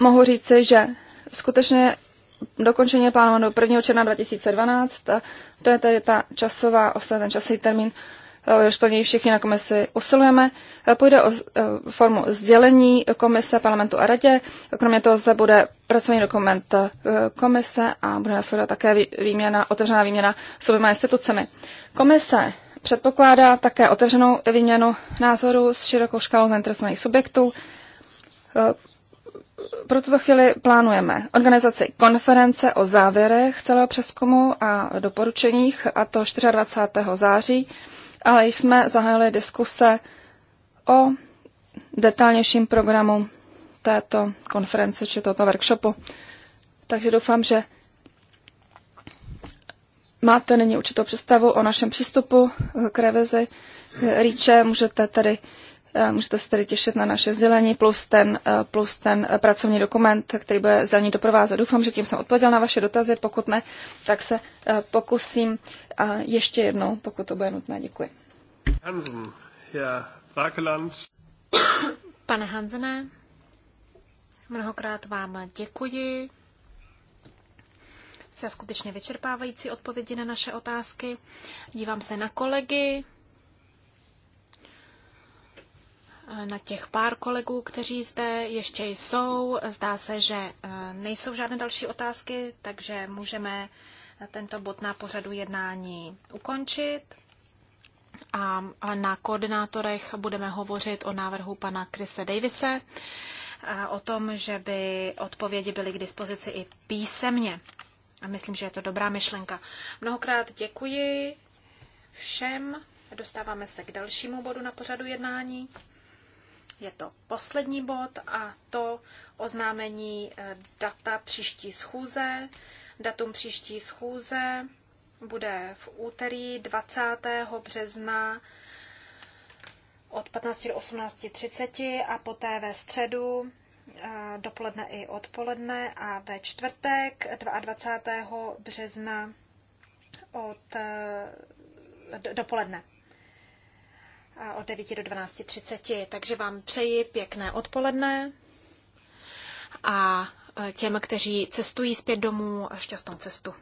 mohu říci, že skutečně dokončení je plánováno do 1. června 2012. to je tedy ta časová osa, ten časový termín, eh, jehož plnění všichni na komisi usilujeme. Eh, půjde o eh, formu sdělení komise parlamentu a radě. Kromě toho zde bude pracovní dokument komise a bude následovat také výměna, otevřená výměna s oběma institucemi. Komise předpokládá také otevřenou výměnu názorů s širokou škálou zainteresovaných subjektů pro tuto chvíli plánujeme organizaci konference o závěrech celého přeskumu a doporučeních, a to 24. září, ale již jsme zahájili diskuse o detailnějším programu této konference či tohoto workshopu. Takže doufám, že máte nyní určitou představu o našem přístupu k revizi Rýče. Můžete tady Eh, můžete se tedy těšit na naše sdělení plus ten, eh, plus ten eh, pracovní dokument, který bude ní doprovázet. Doufám, že tím jsem odpověděl na vaše dotazy. Pokud ne, tak se pokusím a ještě jednou, pokud to bude nutné. Děkuji. Hansen, ja, Pane Hansené, mnohokrát vám děkuji za skutečně vyčerpávající odpovědi na naše otázky. Dívám se na kolegy. na těch pár kolegů, kteří zde ještě jsou. Zdá se, že e, nejsou žádné další otázky, takže můžeme e, tento bod na pořadu jednání ukončit. A na koordinátorech budeme hovořit o návrhu pana Krise Davise a o tom, že by odpovědi byly k dispozici i písemně. A myslím, že je to dobrá myšlenka. Mnohokrát děkuji všem. Dostáváme se k dalšímu bodu na pořadu jednání. Je to poslední bod a to oznámení eh, data příští schůze. Datum příští schůze bude v úterý 20. března od 15 do 18.30 a poté ve středu eh, dopoledne i odpoledne a ve čtvrtek 22. března od eh, dopoledne od 9 do 12.30. Takže vám přeji pěkné odpoledne a e, těm, kteří cestují zpět domů, šťastnou cestu.